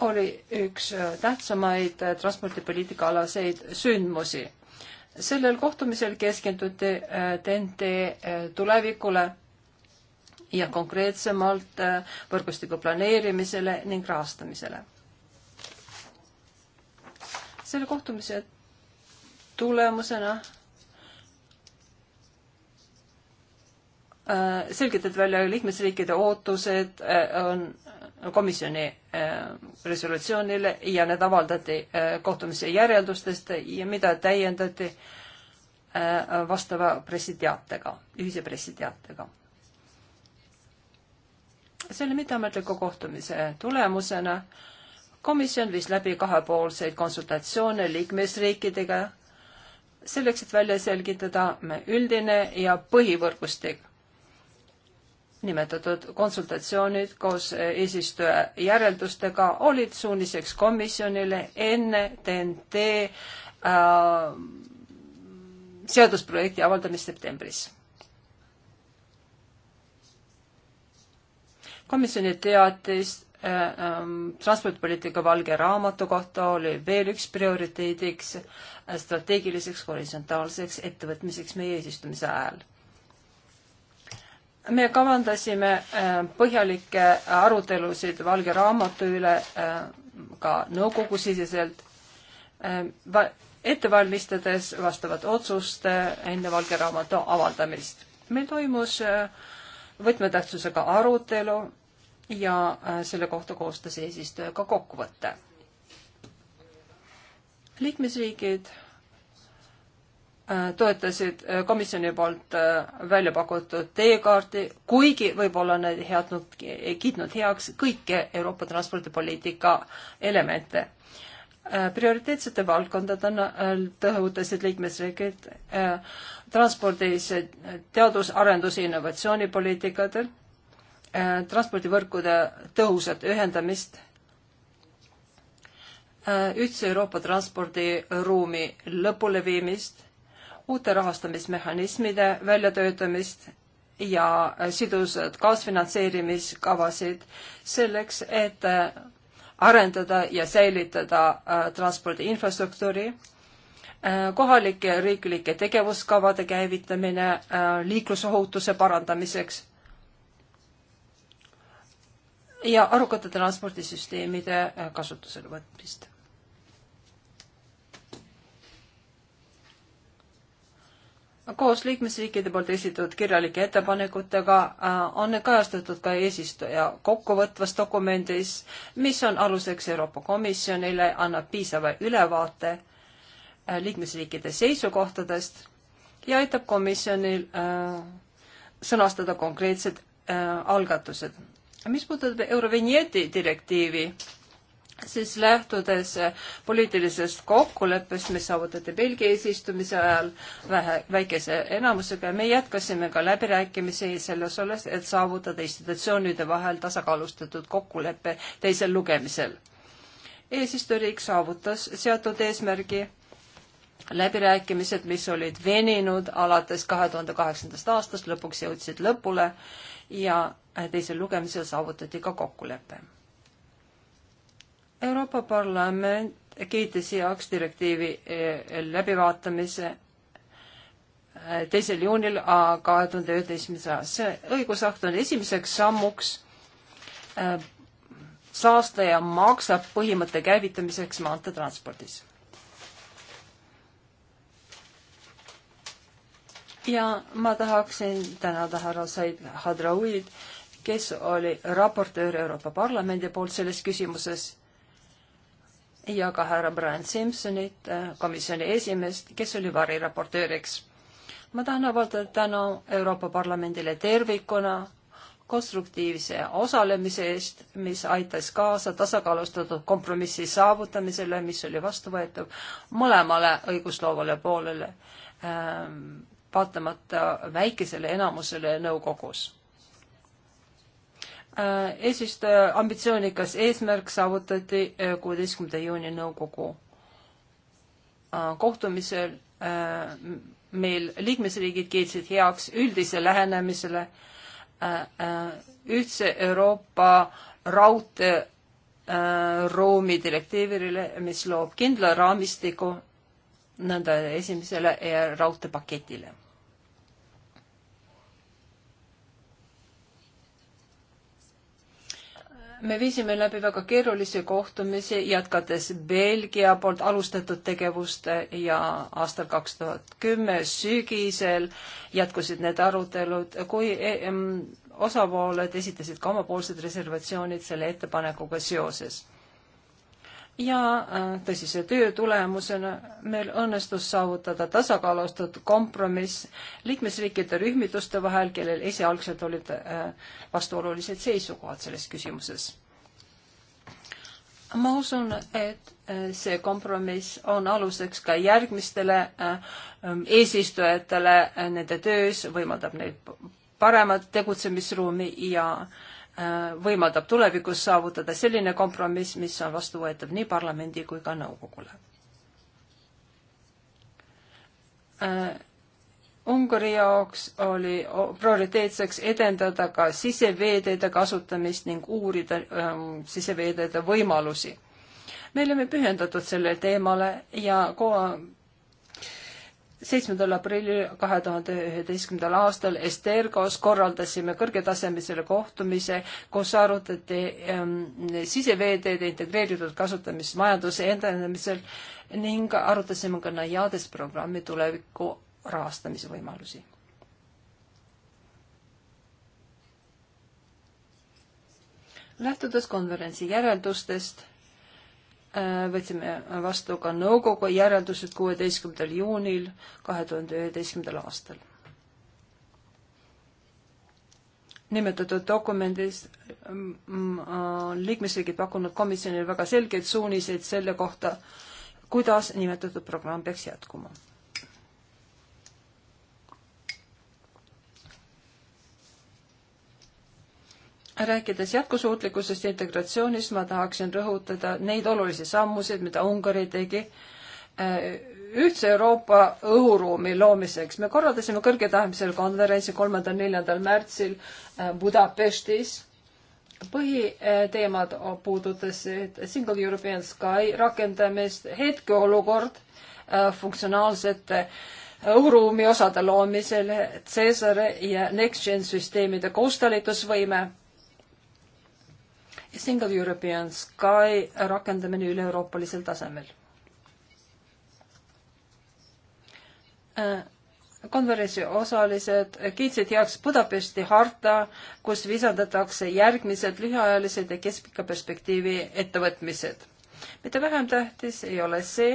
oli üks tähtsamaid transpordipoliitika alaseid sündmusi. sellel kohtumisel keskenduti TNT äh, äh, tulevikule ja konkreetsemalt äh, võrgustiku planeerimisele ning rahastamisele selle kohtumise tulemusena äh, selgitati välja liikmesriikide ootused äh, on komisjoni äh, resolutsioonile ja need avaldati kohtumise järeldustest ja mida täiendati vastava pressiteatega, ühise pressiteatega selle mitteametliku kohtumise tulemusena komisjon viis läbi kahepoolseid konsultatsioone liikmesriikidega selleks, et välja selgitada üldine ja põhivõrgustik. nimetatud konsultatsioonid koos eesistuja järeldustega olid suuniseks komisjonile enne TNT äh, seadusprojekti avaldamist septembris. komisjoni teatis Äh, ähm, transpordipoliitika valge raamatu kohta oli veel üks prioriteediks äh, strateegiliseks horisontaalseks ettevõtmiseks meie eesistumise ajal. me kavandasime äh, põhjalikke arutelusid valge raamatu üle ka nõukogusiseselt, ette valmistades vastavat otsust enne valge raamatu avaldamist. meil toimus võtmetähtsusega arutelu ja äh, selle kohta koostas eesistuja ka kokkuvõtte. liikmesriigid äh, toetasid äh, komisjoni poolt välja pakutud teekaarti, kuigi võib-olla need headnud, kiitnud heaks kõiki Euroopa transpordipoliitika elemente. prioriteetsete valdkondadena tõhutasid liikmesriigid transpordis teadus-arendus- ja innovatsioonipoliitikatel Äh, transpordivõrkude tõhusat ühendamist, äh, ühtse Euroopa transpordiruumi lõpuleviimist, uute rahastamismehhanismide väljatöötamist ja äh, sidusad kaasfinantseerimiskavasid selleks, et arendada ja säilitada transpordi infrastruktuuri, kohalike riiklike tegevuskavade käivitamine liiklusohutuse parandamiseks ja arukate transpordisüsteemide äh, kasutusele võtmist. koos liikmesriikide poolt esitatud kirjalike ettepanekutega äh, on need kajastatud ka eesistuja kokkuvõtvas dokumendis, mis on aluseks Euroopa Komisjonile, annab piisava ülevaate äh, liikmesriikide seisukohtadest ja aitab komisjonil äh, sõnastada konkreetsed äh, algatused mis puudutab Eurovinjeti direktiivi, siis lähtudes poliitilisest kokkuleppest, mis saavutati Belgia eesistumise ajal vähe, väikese enamusega, me jätkasime ka läbirääkimisi selles osas, et saavutada institutsioonide vahel tasakaalustatud kokkulepe teisel lugemisel. eesistujariik saavutas seatud eesmärgi läbirääkimised, mis olid veninud alates kahe tuhande kaheksandast aastast, lõpuks jõudsid lõpule ja Äh, teisel lugemisel saavutati ka kokkulepe. Euroopa Parlament kiitis heaks direktiivi äh, läbivaatamise äh, teisel juunil kahe tuhande üheteistkümnendal aastal. see õigusakt on esimeseks sammuks saastaja maksab põhimõtte käivitamiseks maanteetranspordis. ja ma tahaksin tänada härra Said Hadraouid kes oli raportöör Euroopa Parlamendi poolt selles küsimuses ja ka härra Brian Simpsonit, äh, komisjoni esimeest, kes oli variraportööriks. ma tahan avaldada tänu Euroopa Parlamendile tervikuna konstruktiivse osalemise eest, mis aitas kaasa tasakaalustatud kompromissi saavutamisele, mis oli vastuvõetav mõlemale õigusloovale poolele, ähm, vaatamata väikesele enamusele nõukogus Äh, eesistuja ambitsioonikas eesmärk saavutati äh, kuueteistkümnenda juuni nõukogu äh, kohtumisel meil liikmesriigid kiitsid heaks üldise lähenemisele ühtse Euroopa raudteeruumi direktiivile, mis loob kindla raamistiku nõnda esimesele raudteepaketile me viisime läbi väga keerulisi kohtumisi, jätkates Belgia poolt alustatud tegevust ja aastal kaks tuhat kümme sügisel jätkusid need arutelud, kui osapooled esitasid ka omapoolsed reservatsioonid selle ettepanekuga seoses ja äh, tõsise töö tulemusena meil õnnestus saavutada tasakaalustatud kompromiss liikmesriikide rühmituste vahel, kellel esialgselt olid äh, vastuolulised seisukohad selles küsimuses. ma usun, et äh, see kompromiss on aluseks ka järgmistele ähm, eesistujatele nende töös, võimaldab neil paremat tegutsemisruumi ja äh, Äh, võimaldab tulevikus saavutada selline kompromiss, mis on vastuvõetav nii parlamendi kui ka nõukogule. Äh, Ungari jaoks oli prioriteetseks edendada ka siseveeteede kasutamist ning uurida ähm, siseveeteede võimalusi. me olime pühendatud sellele teemale ja seitsmendal aprillil kahe tuhande üheteistkümnendal aastal Estergos korraldasime kõrgetasemelisele kohtumise, kus arutati ähm, siseveeteede integreeritud kasutamist majanduse edendamisel ning arutasime ka Najades programmi tuleviku rahastamise võimalusi. lähtudes konverentsi järeldustest Äh, võtsime vastu ka nõukogu järeldused kuueteistkümnendal juunil kahe tuhande üheteistkümnendal aastal. nimetatud dokumendis on mm, mm, äh, liikmesriigid pakkunud komisjonile väga selgeid suuniseid selle kohta, kuidas nimetatud programm peaks jätkuma rääkides jätkusuutlikkusest ja integratsioonist, ma tahaksin rõhutada neid olulisi sammusid, mida Ungari tegi äh, ühtse Euroopa õhuruumi loomiseks. me korraldasime kõrgetahemisel konverentsi kolmandal-neljandal märtsil äh, Budapestis. põhiteemad puudutasid Single European Sky rakendamist, hetkeolukord, äh, funktsionaalsete õhuruumi osade loomisel, Cesare ja NextGen süsteemide koostalitusvõime Single European Sky rakendamine üle-euroopalisel tasemel. Äh, konverentsi osalised kiitsid heaks Budapesti harta, kus visandatakse järgmised lühiajalised ja keskpika perspektiivi ettevõtmised. mitte vähem tähtis ei ole see,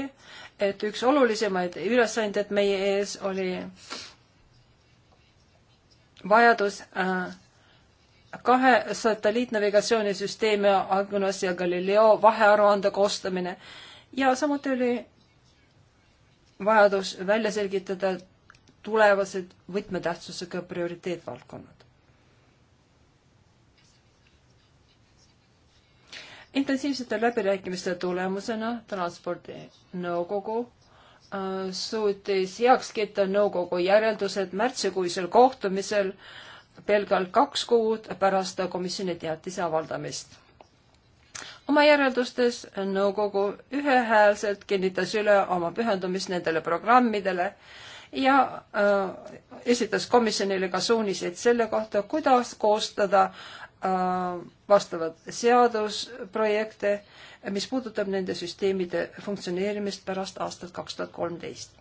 et üks olulisemaid ülesandeid meie ees oli vajadus äh, kahe satelliitnavigatsioonisüsteemi Agnos ja Galileo vahearuande koostamine ja samuti oli vajadus välja selgitada tulevased võtmetähtsusega prioriteetvaldkonnad. intensiivsete läbirääkimiste tulemusena Transpordinõukogu äh, suutis heaks kiita nõukogu järeldused märtsikuisel kohtumisel äh, pelgalt kaks kuud pärast komisjoni teatise avaldamist. oma järeldustes nõukogu ühehäälselt kinnitas üle oma pühendumist nendele programmidele ja äh, esitas komisjonile ka suuniseid selle kohta, kuidas koostada äh, vastavad seadusprojekte, mis puudutab nende süsteemide funktsioneerimist pärast aastat kaks tuhat kolmteist.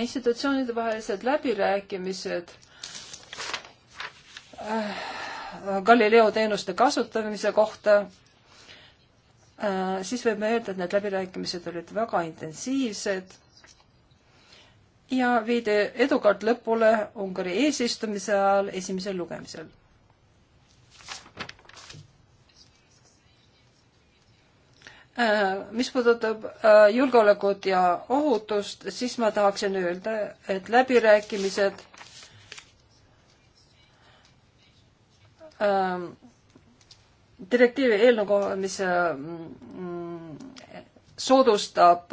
institutsioonide vahelised läbirääkimised äh, Galileo teenuste kasutamise kohta, äh, siis võime öelda, et need läbirääkimised olid väga intensiivsed ja viidi edukalt lõpule Ungari eesistumise ajal esimesel lugemisel Äh, mis puudutab äh, julgeolekut ja ohutust, siis ma tahaksin öelda, et läbirääkimised ähm, direktiivi eelnõuga, mis äh, mm, soodustab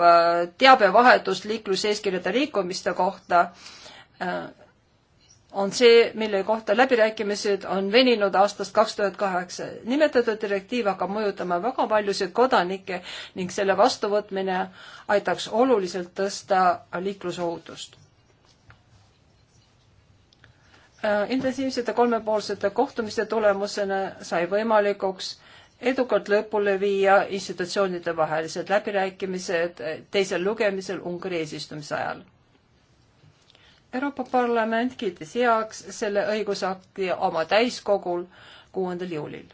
teabevahetust liikluseeskirjade rikkumiste kohta, on see, mille kohta läbirääkimised on veninud aastast kaks tuhat kaheksa. nimetatud direktiiv hakkab mõjutama väga paljusid kodanikke ning selle vastuvõtmine aitaks oluliselt tõsta liiklusohutust. Äh, intensiivsete kolmepoolsete kohtumiste tulemusena sai võimalikuks edukalt lõpule viia institutsioonide vahelised läbirääkimised teisel lugemisel Ungari eesistumise ajal Euroopa Parlament kiitis heaks selle õigusakti oma täiskogul kuuendal juulil.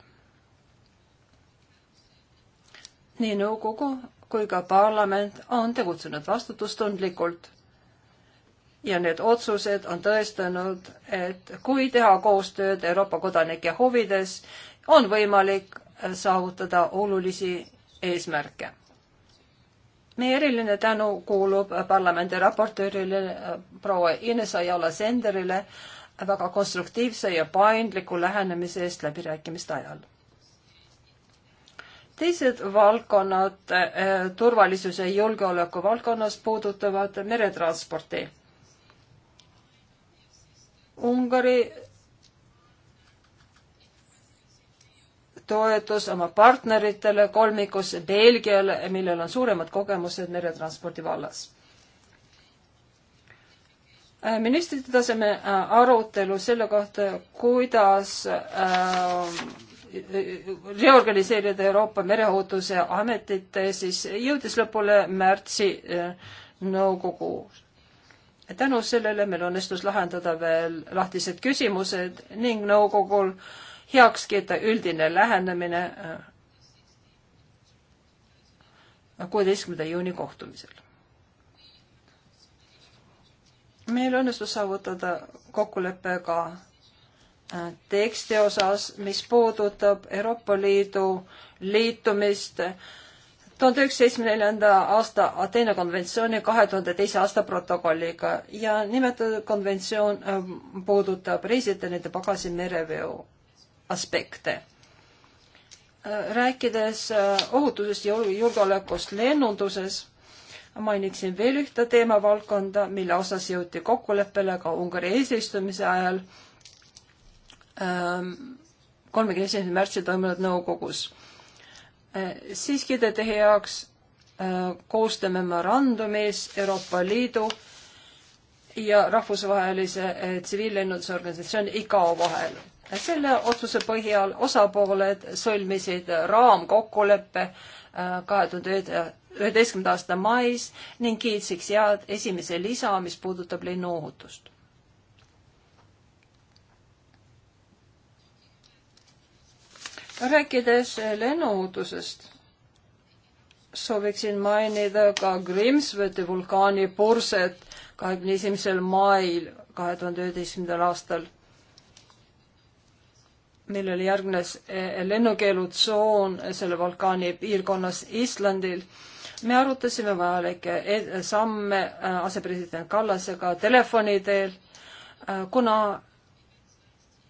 nii nõukogu kui ka parlament on tegutsenud vastutustundlikult ja need otsused on tõestanud, et kui teha koostööd Euroopa kodanike huvides, on võimalik saavutada olulisi eesmärke meie eriline tänu kuulub parlamendi raportöörile proua Ines Ajala-Senderile väga konstruktiivse ja paindliku lähenemise eest läbirääkimiste ajal. teised valdkonnad eh, turvalisuse ja julgeoleku valdkonnas puudutavad meretransporti. Ungari toetus oma partneritele kolmikus Belgiale, millel on suuremad kogemused meretranspordi vallas. Äh, ministrite taseme äh, arutelu selle kohta, kuidas äh, reorganiseerida Euroopa Mereohutuse Ametit, siis jõudis lõpule märtsi nõukogu. tänu sellele meil õnnestus lahendada veel lahtised küsimused ning nõukogul äh, heaks kiita üldine lähenemine äh, kuueteistkümnenda juuni kohtumisel. meil õnnestus saavutada kokkulepe ka äh, teksti osas, mis puudutab Euroopa Liidu liitumist tuhande üheksasaja seitsmekümne neljanda aasta Ateena konventsiooni kahe tuhande teise aasta protokolliga ja nimetatud konventsioon äh, puudutab reisijate, nende pagasi mereveo aspekte. Äh, rääkides äh, ohutusest ja julgeolekust lennunduses, mainiksin veel ühte teemavaldkonda, mille osas jõuti kokkuleppele ka Ungari eesistumise ajal ähm, kolmekümne esimesel märtsil toimunud nõukogus. Äh, siis kiideti heaks koostöömemorandumis Euroopa Liidu ja rahvusvahelise tsiviillennundusorganisatsiooni ICAO vahel selle otsuse põhjal osapooled sõlmisid raamkokkuleppe äh, kahe tuhande üheteistkümnenda aasta mais ning kiitsiks head esimese lisa, mis puudutab lennuohutust. rääkides lennuohutusest, sooviksin mainida ka Grimsvõti vulkaani purset kahekümne esimesel mail kahe tuhande üheteistkümnendal aastal millele järgnes eh, lennukeelutsoon selle vulkaani piirkonnas Islandil. me arutasime vajalikke eh, samme eh, asepresident Kallasega telefoni teel, kuna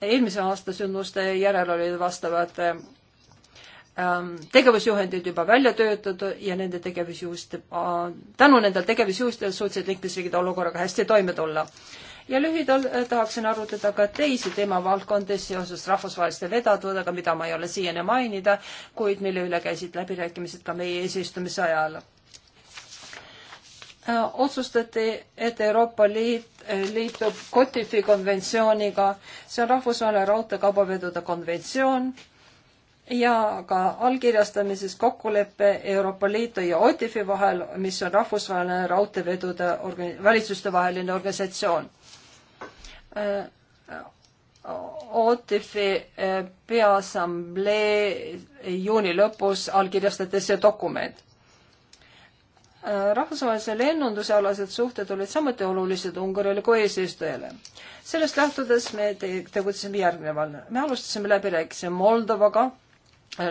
eelmise aasta sündmuste järel olid vastavad ähm, tegevusjuhendid juba välja töötatud ja nende tegevusjuhiste, äh, tänu nendele tegevusjuhistele suutsid liikmesriigid olukorraga hästi toime tulla ja lühidalt äh, tahaksin arutleda ka teisi teemavaldkondi seoses rahvusvaheliste vedadudega, mida ma ei ole siiani mainida, kuid mille üle käisid läbirääkimised ka meie eesistumise ajal. Äh, otsustati, et Euroopa Liit äh, liitub COTIF-i konventsiooniga, see on rahvusvaheline raudteekaubavedude konventsioon ja ka allkirjastamises kokkulepe Euroopa Liidu ja OTIF-i vahel, mis on rahvusvaheline raudteevedude organ-, valitsustevaheline organisatsioon. Äh, äh, OTF äh, Peaassamblee juuni lõpus allkirjastati see dokument rahvusvahelise lennunduse alased suhted olid samuti olulised Ungarile kui eesistujale. sellest lähtudes me tegutsesime järgneval. me alustasime läbirääkimisi Moldovaga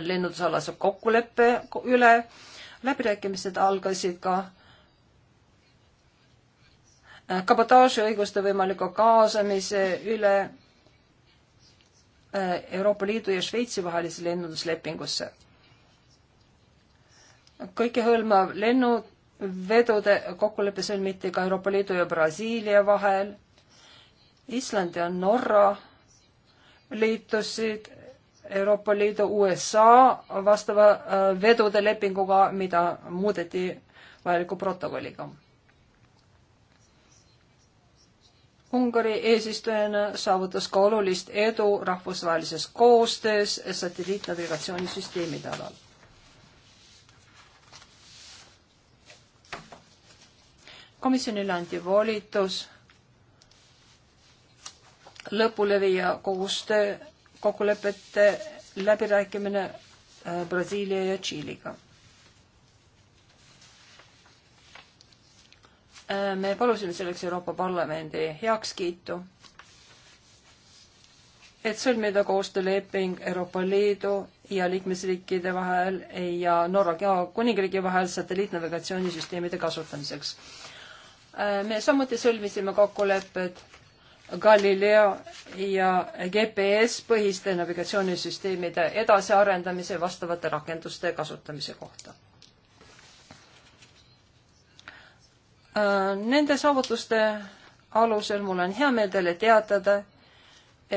lennundusalase kokkuleppe üle. läbirääkimised algasid ka kabotaažiõiguste võimaliku kaasamise üle äh, Euroopa Liidu ja Šveitsi vahelise lennunduslepingusse. kõikehõlmav lennuvedude kokkulepe sõlmiti ka Euroopa Liidu ja Brasiilia vahel. Island ja Norra liitusid Euroopa Liidu USA vastava äh, vedude lepinguga, mida muudeti vajaliku protokolliga Ungari eesistujana saavutas ka olulist edu rahvusvahelises koostöös satelliitnavigatsioonisüsteemide alal. komisjonile anti volitus lõpule viia koostöö kokkulepete läbirääkimine äh, Brasiilia ja Tšiiliga me palusime selleks Euroopa Parlamendi heakskiitu, et sõlmida koostööleping Euroopa Liidu ja liikmesriikide vahel ja Norra kuningriigi vahel satelliitnavigatsioonisüsteemide kasutamiseks. me samuti sõlmisime kokkulepped Galileo ja GPS põhiste navigatsioonisüsteemide edasiarendamise vastavate rakenduste kasutamise kohta Äh, nende saavutuste alusel mul on hea meel teile teatada,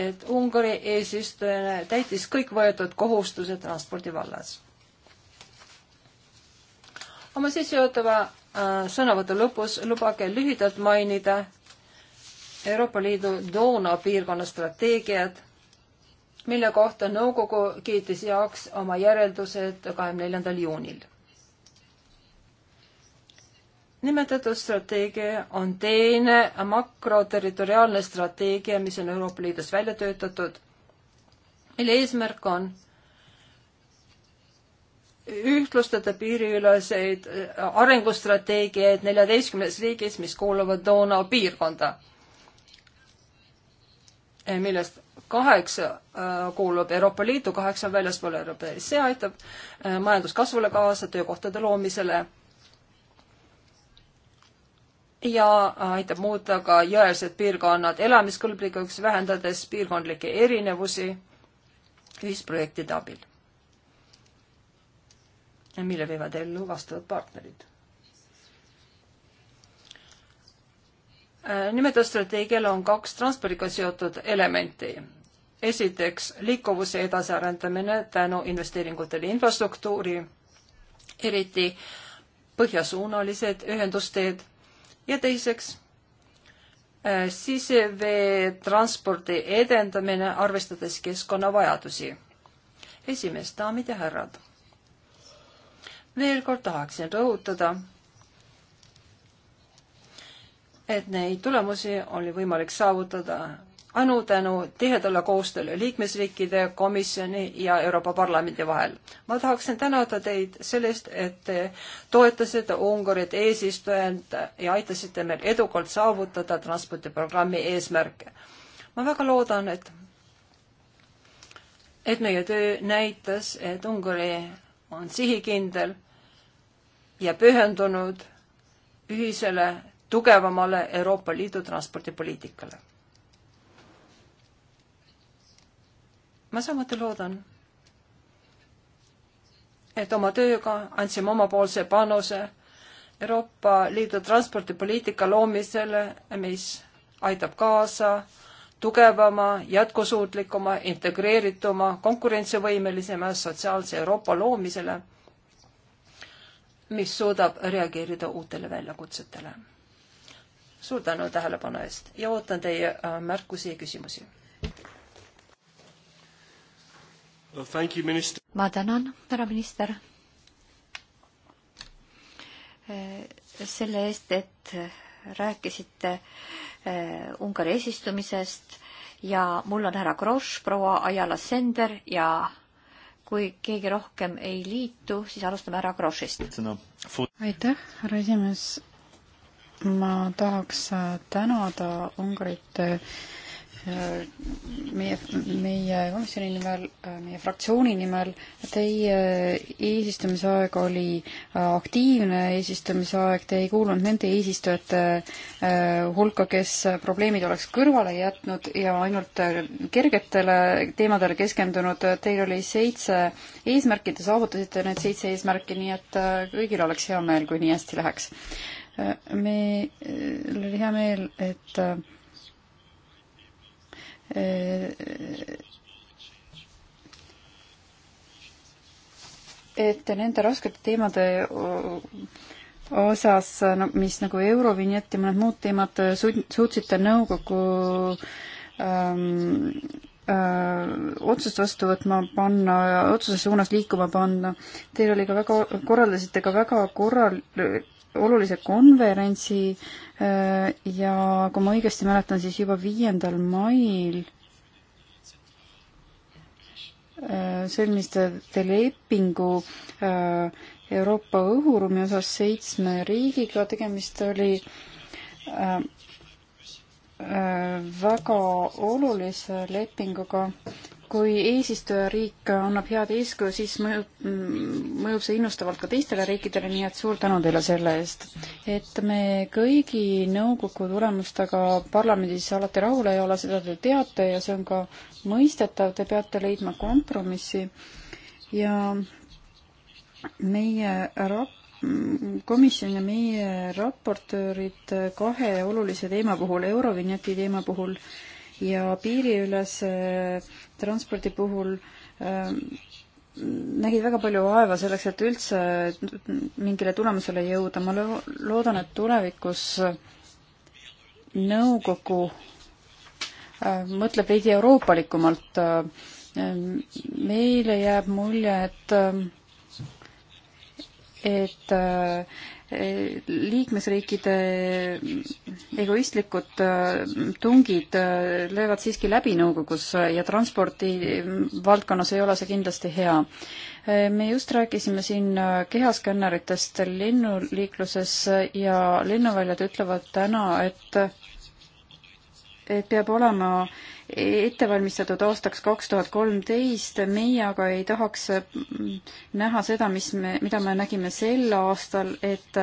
et Ungari eesistujana täitis kõik võetud kohustused transpordi vallas. oma sissejuhatava äh, sõnavõtu lõpus lubage lühidalt mainida Euroopa Liidu Doona piirkonna strateegiat, mille kohta nõukogu kiitis heaks oma järeldused kahekümne neljandal juunil nimetatud strateegia on teine makroterritoriaalne strateegia, mis on Euroopa Liidus välja töötatud, mille eesmärk on ühtlustada piiriüleseid äh, arengustrateegiaid neljateistkümnes riigis, mis kuuluvad Donau piirkonda, äh, millest kaheksa äh, kuulub Euroopa Liitu, kaheksa on väljaspool Euroopa Liitu. see aitab majanduskasvule kaasa, töökohtade loomisele ja aitab muuta ka jõelised piirkonnad elamiskõlblikuks, vähendades piirkondlikke erinevusi ühisprojektide abil, mille viivad ellu vastavad partnerid. nimetatud strateegial on kaks transpordiga seotud elementi. esiteks liikuvuse edasiarendamine tänu investeeringutele infrastruktuuri, eriti põhjasuunalised ühendusteed ja teiseks äh, siseveetranspordi edendamine, arvestades keskkonnavajadusi. esimees, daamid ja härrad. veel kord tahaksin rõhutada, et neid tulemusi oli võimalik saavutada ainu tänu tihedale koostööle liikmesriikide, komisjoni ja Euroopa Parlamendi vahel. ma tahaksin tänada teid sellest, et te toetasite Ungarit eesistujant ja aitasite meil edukalt saavutada transpordiprogrammi eesmärke. ma väga loodan, et, et meie töö näitas, et Ungari on sihikindel ja pühendunud ühisele tugevamale Euroopa Liidu transpordipoliitikale ma samuti loodan, et oma tööga andsime omapoolse panuse Euroopa Liidu transpordipoliitika loomisele, mis aitab kaasa tugevama, jätkusuutlikuma, integreerituma, konkurentsivõimelisema sotsiaalse Euroopa loomisele, mis suudab reageerida uutele väljakutsetele. suur tänu tähelepanu eest ja ootan teie äh, märkusi ja küsimusi ma tänan, härra minister, eh, selle eest, et rääkisite eh, Ungari eesistumisest ja mul on härra Grosch, proua Ajala Sender ja kui keegi rohkem ei liitu, siis alustame härra Groschist. aitäh, härra esimees. ma tahaks tänada Ungarit eh, meie, meie komisjoni nimel, meie fraktsiooni nimel. Teie eesistumisaeg oli äh, aktiivne eesistumisaeg, te ei kuulunud nende eesistujate äh, hulka, kes probleemid oleks kõrvale jätnud ja ainult äh, kergetele teemadele keskendunud. Teil oli seitse eesmärki, te saavutasite need seitse eesmärki, nii et kõigil oleks hea meel, kui nii hästi läheks. meil oli hea meel, et Äh, et nende raskete teemade äh, osas, no mis nagu Eurovinjett ja mõned muud teemad, äh, suutsite nõukogu ähm, otsust vastu võtma panna, otsuse suunas liikuma panna. Teil oli ka väga, korraldasite ka väga korral-, olulise konverentsi äh, ja kui ma õigesti mäletan, siis juba viiendal mail äh, sõlmiste lepingu äh, Euroopa õhuruumi osas seitsme riigiga, tegemist oli väga olulise lepinguga kui eesistujariik annab head eeskuju, siis mõjub, mõjub see innustavalt ka teistele riikidele, nii et suur tänu teile selle eest. et me kõigi nõukogu tulemustega parlamendis alati rahul ei ole, seda te teate ja see on ka mõistetav, te peate leidma kompromissi ja meie rap-, komisjon ja meie raportöörid kahe olulise teema puhul, Eurovinjeti teema puhul äh, ja piiriülese transpordi puhul ähm, nägid väga palju vaeva selleks, et üldse mingile tulemusele jõuda. ma loodan, et tulevikus nõukogu äh, mõtleb veidi euroopalikumalt. Äh, meile jääb mulje, et äh, et liikmesriikide egoistlikud äh, tungid äh, löövad siiski läbi nõukogus ja transpordi valdkonnas ei ole see kindlasti hea. Äh, me just rääkisime siin kehaskänneritest lennuliikluses ja lennuväljad ütlevad täna, et et peab olema ette valmistatud aastaks kaks tuhat kolmteist, meie aga ei tahaks mm, näha seda, mis me, mida me nägime sel aastal, et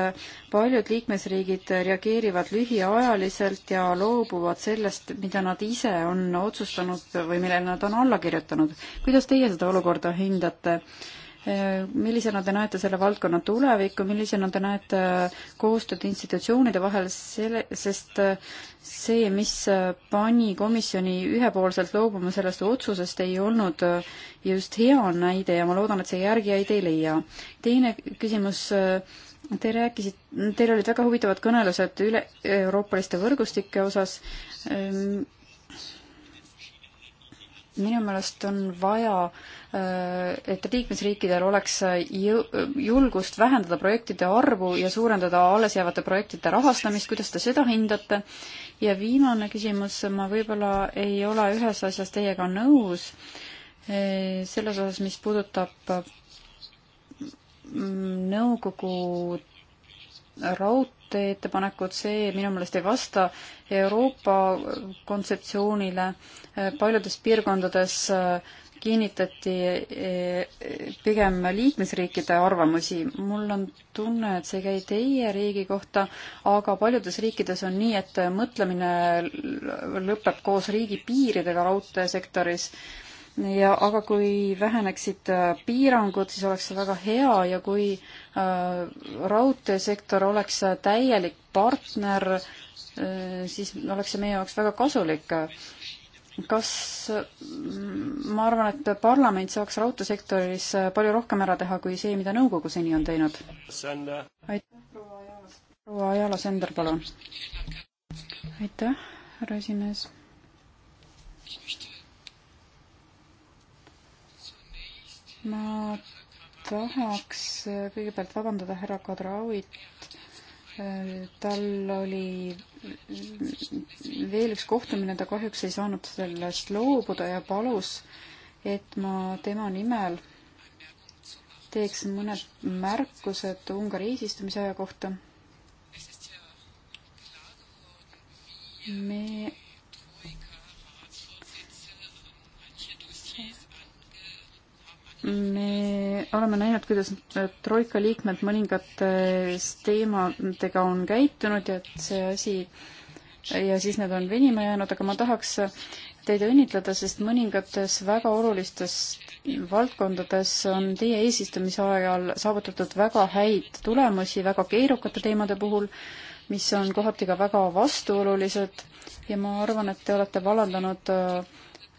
paljud liikmesriigid reageerivad lühiajaliselt ja loobuvad sellest, mida nad ise on otsustanud või millele nad on alla kirjutanud. kuidas teie seda olukorda hindate? millisena te näete selle valdkonna tulevikku, millisena te näete koostööd institutsioonide vahel, selle, sest äh, see, mis äh, pani komisjoni ühepoolselt loobuma sellest otsusest, ei olnud äh, just hea näide ja ma loodan, et see järgijaid ei leia. teine küsimus Te rääkisite, teil olid väga huvitavad kõnelused üle-euroopaliste võrgustike osas minu meelest on vaja, äh, et liikmesriikidel oleks äh, julgust vähendada projektide arvu ja suurendada allesjäävate projektide rahastamist, kuidas te seda hindate? ja viimane küsimus, ma võib-olla ei ole ühes asjas teiega nõus, äh, selles osas, mis puudutab nõukogu raud-, teie ettepanekut, see minu meelest ei vasta Euroopa kontseptsioonile. paljudes piirkondades äh, kinnitati äh, pigem liikmesriikide arvamusi. mul on tunne, et see ei käi teie riigi kohta, aga paljudes riikides on nii, et mõtlemine lõpeb koos riigi piiridega raudteesektoris ja aga kui väheneksid äh, piirangud, siis oleks see väga hea ja kui äh, raudteesektor oleks äh, täielik partner äh,, siis oleks see meie jaoks väga kasulik. kas, mm, ma arvan, et parlament saaks raudteesektoris äh, palju rohkem ära teha kui see, mida nõukogu seni on teinud. aitäh, proua Ajala, proua Ajala Sender, palun. aitäh, härra esimees. ma tahaks kõigepealt vabandada härra Kadravit. tal oli veel üks kohtumine, ta kahjuks ei saanud sellest loobuda ja palus, et ma tema nimel teeks mõned märkused Ungari eesistumise aja kohta. me me oleme näinud, kuidas äh, troika liikmed mõningates teemadega on käitunud ja et see asi ja siis need on venima jäänud, aga ma tahaks teid õnnitleda, sest mõningates väga olulistes valdkondades on teie eesistumise ajal saavutatud väga häid tulemusi väga keerukate teemade puhul, mis on kohati ka väga vastuolulised ja ma arvan, et te olete vallandanud äh,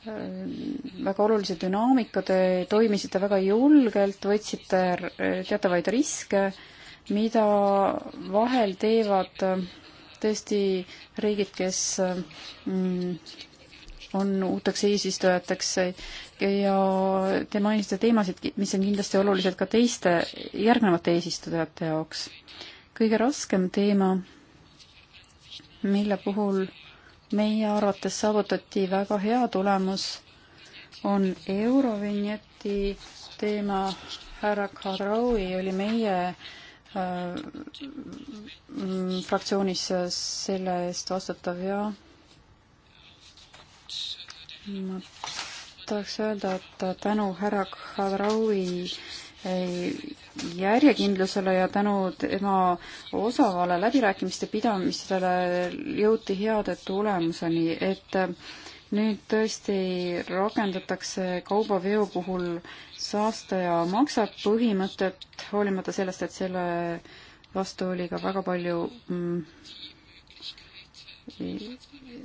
Äh, väga olulise dünaamika, te toimisite väga julgelt, võtsite teatavaid riske, mida vahel teevad äh, tõesti riigid, kes äh, on uuteks eesistujateks ja te mainisite teemasid, mis on kindlasti olulised ka teiste järgnevate eesistujate jaoks. kõige raskem teema, mille puhul meie arvates saavutati väga hea tulemus, on Eurovinjeti teema, härra Kadraui oli meie äh, fraktsioonis selle eest vastutav ja ma tahaks öelda, et tänu härra Kadraui äh, järjekindlusele ja tänu tema osavale läbirääkimiste pidamisele jõuti heade tulemuseni, et äh, nüüd tõesti rakendatakse kaubaveo puhul saastaja maksab põhimõtet, hoolimata sellest, et selle vastu oli ka väga palju mm,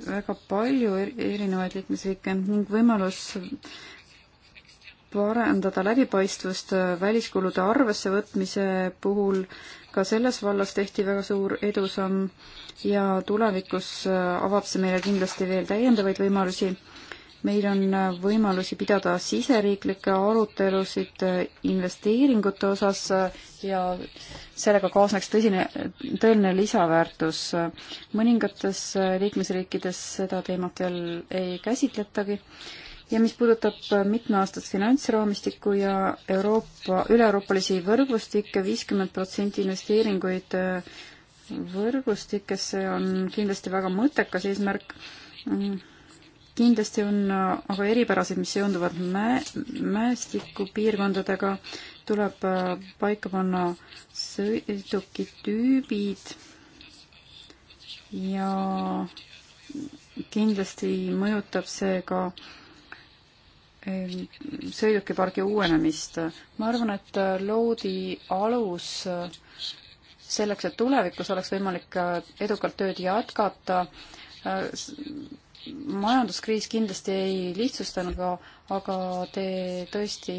väga palju erinevaid liikmesriike ning võimalus parandada läbipaistvust väliskulude arvessevõtmise puhul, ka selles vallas tehti väga suur edusamm ja tulevikus avab see meile kindlasti veel täiendavaid võimalusi. meil on võimalusi pidada siseriiklikke arutelusid investeeringute osas ja sellega kaasneks tõsine, tõeline lisaväärtus. mõningates liikmesriikides seda teemat veel ei käsitletagi ja mis puudutab äh, mitmeaastast finantsraamistikku ja Euroopa, üle-euroopalisi võrgustikke, viiskümmend protsenti investeeringuid äh, võrgustikesse on kindlasti väga mõttekas eesmärk. Mm, kindlasti on äh, aga eripärasid, mis seonduvad mäe, mäestikupiirkondadega, tuleb paika panna sõidukitüübid ja kindlasti mõjutab see ka äh, sõidukipargi uuenemist. ma arvan, et loodi alus selleks, et tulevikus oleks võimalik edukalt tööd jätkata, majanduskriis kindlasti ei lihtsustanud, aga te tõesti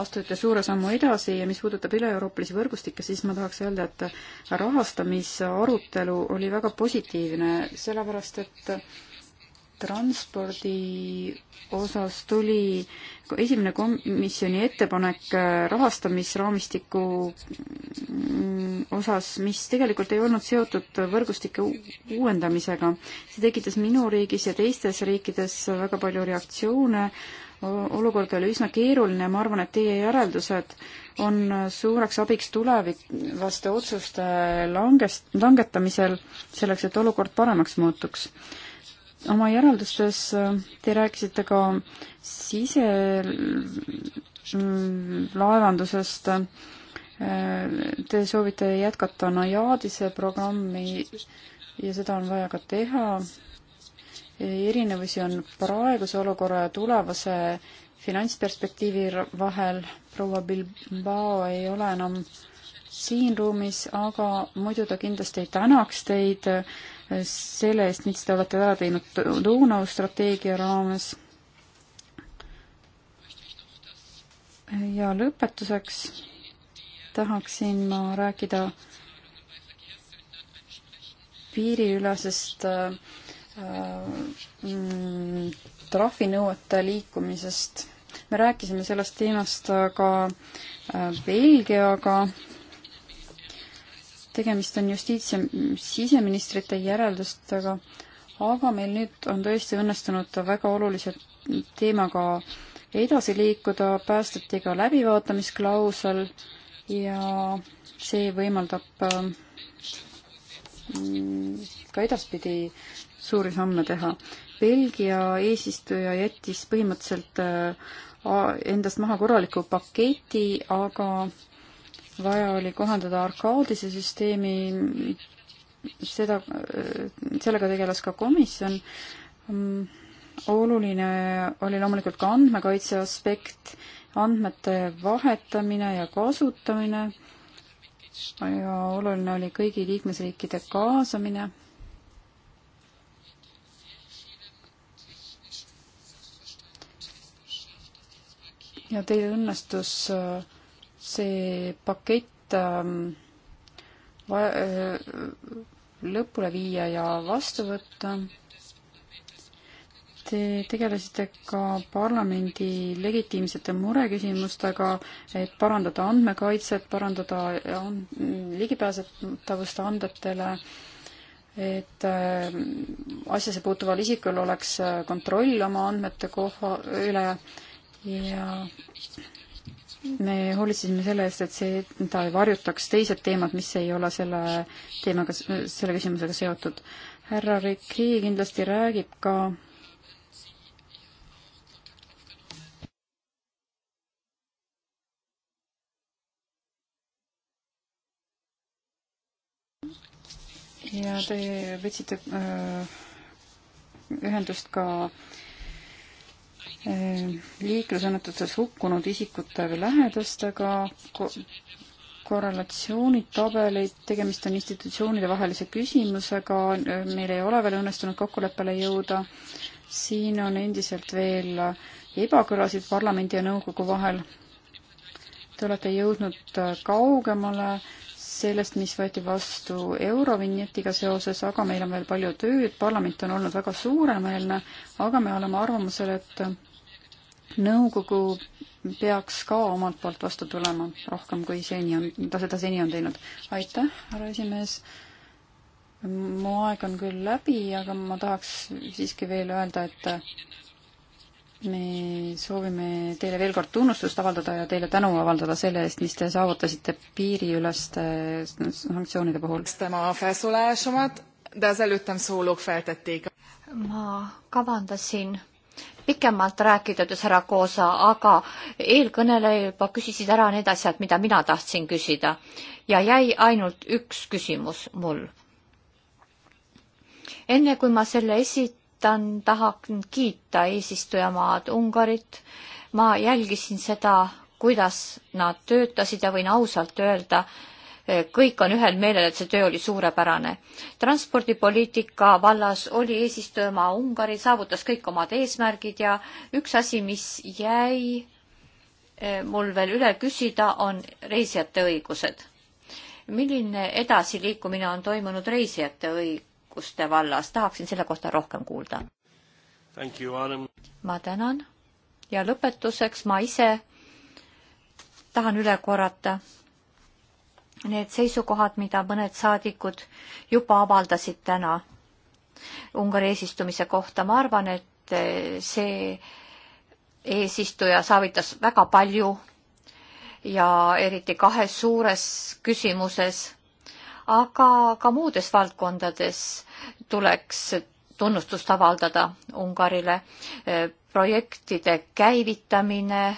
astute suure sammu edasi ja mis puudutab üle-euroopalisi võrgustikke, siis ma tahaks öelda, et rahastamisarutelu oli väga positiivne, sellepärast et äh, transpordi osas tuli esimene komisjoni ettepanek äh, rahastamisraamistiku mm, osas, mis tegelikult ei olnud seotud võrgustike uuendamisega. see tekitas minu riigis ja teistes riikides väga palju reaktsioone, olukord oli üsna keeruline ja ma arvan, et teie järeldused on äh, suureks abiks tulevaste otsuste langest-, langetamisel, selleks et olukord paremaks muutuks oma järeldustes äh, te rääkisite ka siselaevandusest. Mm, äh, te soovite jätkata Najadise programmi ja seda on vaja ka teha. erinevusi on praeguse olukorra ja tulevase finantsperspektiivi vahel. proua Bilbao ei ole enam siin ruumis, aga muidu ta kindlasti tänaks teid äh, selle eest, mis te olete ära teinud Donau strateegia raames. ja lõpetuseks tahaksin ma rääkida piiriülesest äh, mm, trahvinõuete liikumisest. me rääkisime sellest teemast ka äh, Belgiaga äh, tegemist on justiits- ja siseministrite järeldustega, aga meil nüüd on tõesti õnnestunud väga olulise teemaga edasi liikuda, päästeti ka läbivaatamisklausel ja see võimaldab ähm, ka edaspidi suuri samme teha. Belgia eesistuja jättis põhimõtteliselt äh, endast maha korraliku paketi, aga vaja oli kohandada arkaadise süsteemi, seda, sellega tegeles ka komisjon. oluline oli loomulikult ka andmekaitse aspekt, andmete vahetamine ja kasutamine ja oluline oli kõigi liikmesriikide kaasamine. ja teil õnnestus äh, see pakett ähm, äh, lõpule viia ja vastu võtta. Te tegelesite ka parlamendi legitiimsete mureküsimustega, et parandada andmekaitset, parandada ligipääsetavust andetele, et ähm, asjasse puutuval isikul oleks äh, kontroll oma andmete koha üle ja me hoolitsesime selle eest, et seda ei varjutaks teised teemad, mis ei ole selle teemaga, selle küsimusega seotud. härra Rikri kindlasti räägib ka ja te võtsite öö, äh, ühendust ka öö, liiklusõnnetuses hukkunud isikute või lähedastega ko korrelatsioonitabeleid, tegemist on institutsioonide vahelise küsimusega, meil ei ole veel õnnestunud kokkuleppele jõuda. siin on endiselt veel ebakõlasid parlamendi ja nõukogu vahel. Te olete jõudnud kaugemale sellest, mis võeti vastu Eurovinjetiga seoses, aga meil on veel palju tööd, parlament on olnud väga suuremeelne, aga me oleme arvamusel, et nõukogu peaks ka omalt poolt vastu tulema rohkem, kui seni on, ta seda seni on teinud. aitäh, härra esimees. mu aeg on küll läbi, aga ma tahaks siiski veel öelda, et me soovime teile veel kord tunnustust avaldada ja teile tänu avaldada selle eest, mis te saavutasite piiriüleste sanktsioonide puhul. ma kavandasin pikemalt rääkida, ütles härra Koosa, aga eelkõneleja juba küsisid ära need asjad, mida mina tahtsin küsida ja jäi ainult üks küsimus mul. enne kui ma selle esitan, tahan kiita eesistujamaad Ungarit. ma jälgisin seda, kuidas nad töötasid ja võin ausalt öelda, kõik on ühel meelel, et see töö oli suurepärane. transpordipoliitika vallas oli eesistujamaa Ungari, saavutas kõik omad eesmärgid ja üks asi, mis jäi eh, mul veel üle küsida, on reisijate õigused. milline edasiliikumine on toimunud reisijate õiguste vallas, tahaksin selle kohta rohkem kuulda. ma tänan ja lõpetuseks ma ise tahan üle korrata need seisukohad, mida mõned saadikud juba avaldasid täna Ungari eesistumise kohta, ma arvan, et eh, see eesistuja saavitas väga palju ja eriti kahes suures küsimuses, aga ka muudes valdkondades tuleks tunnustust avaldada Ungarile. Eh, projektide käivitamine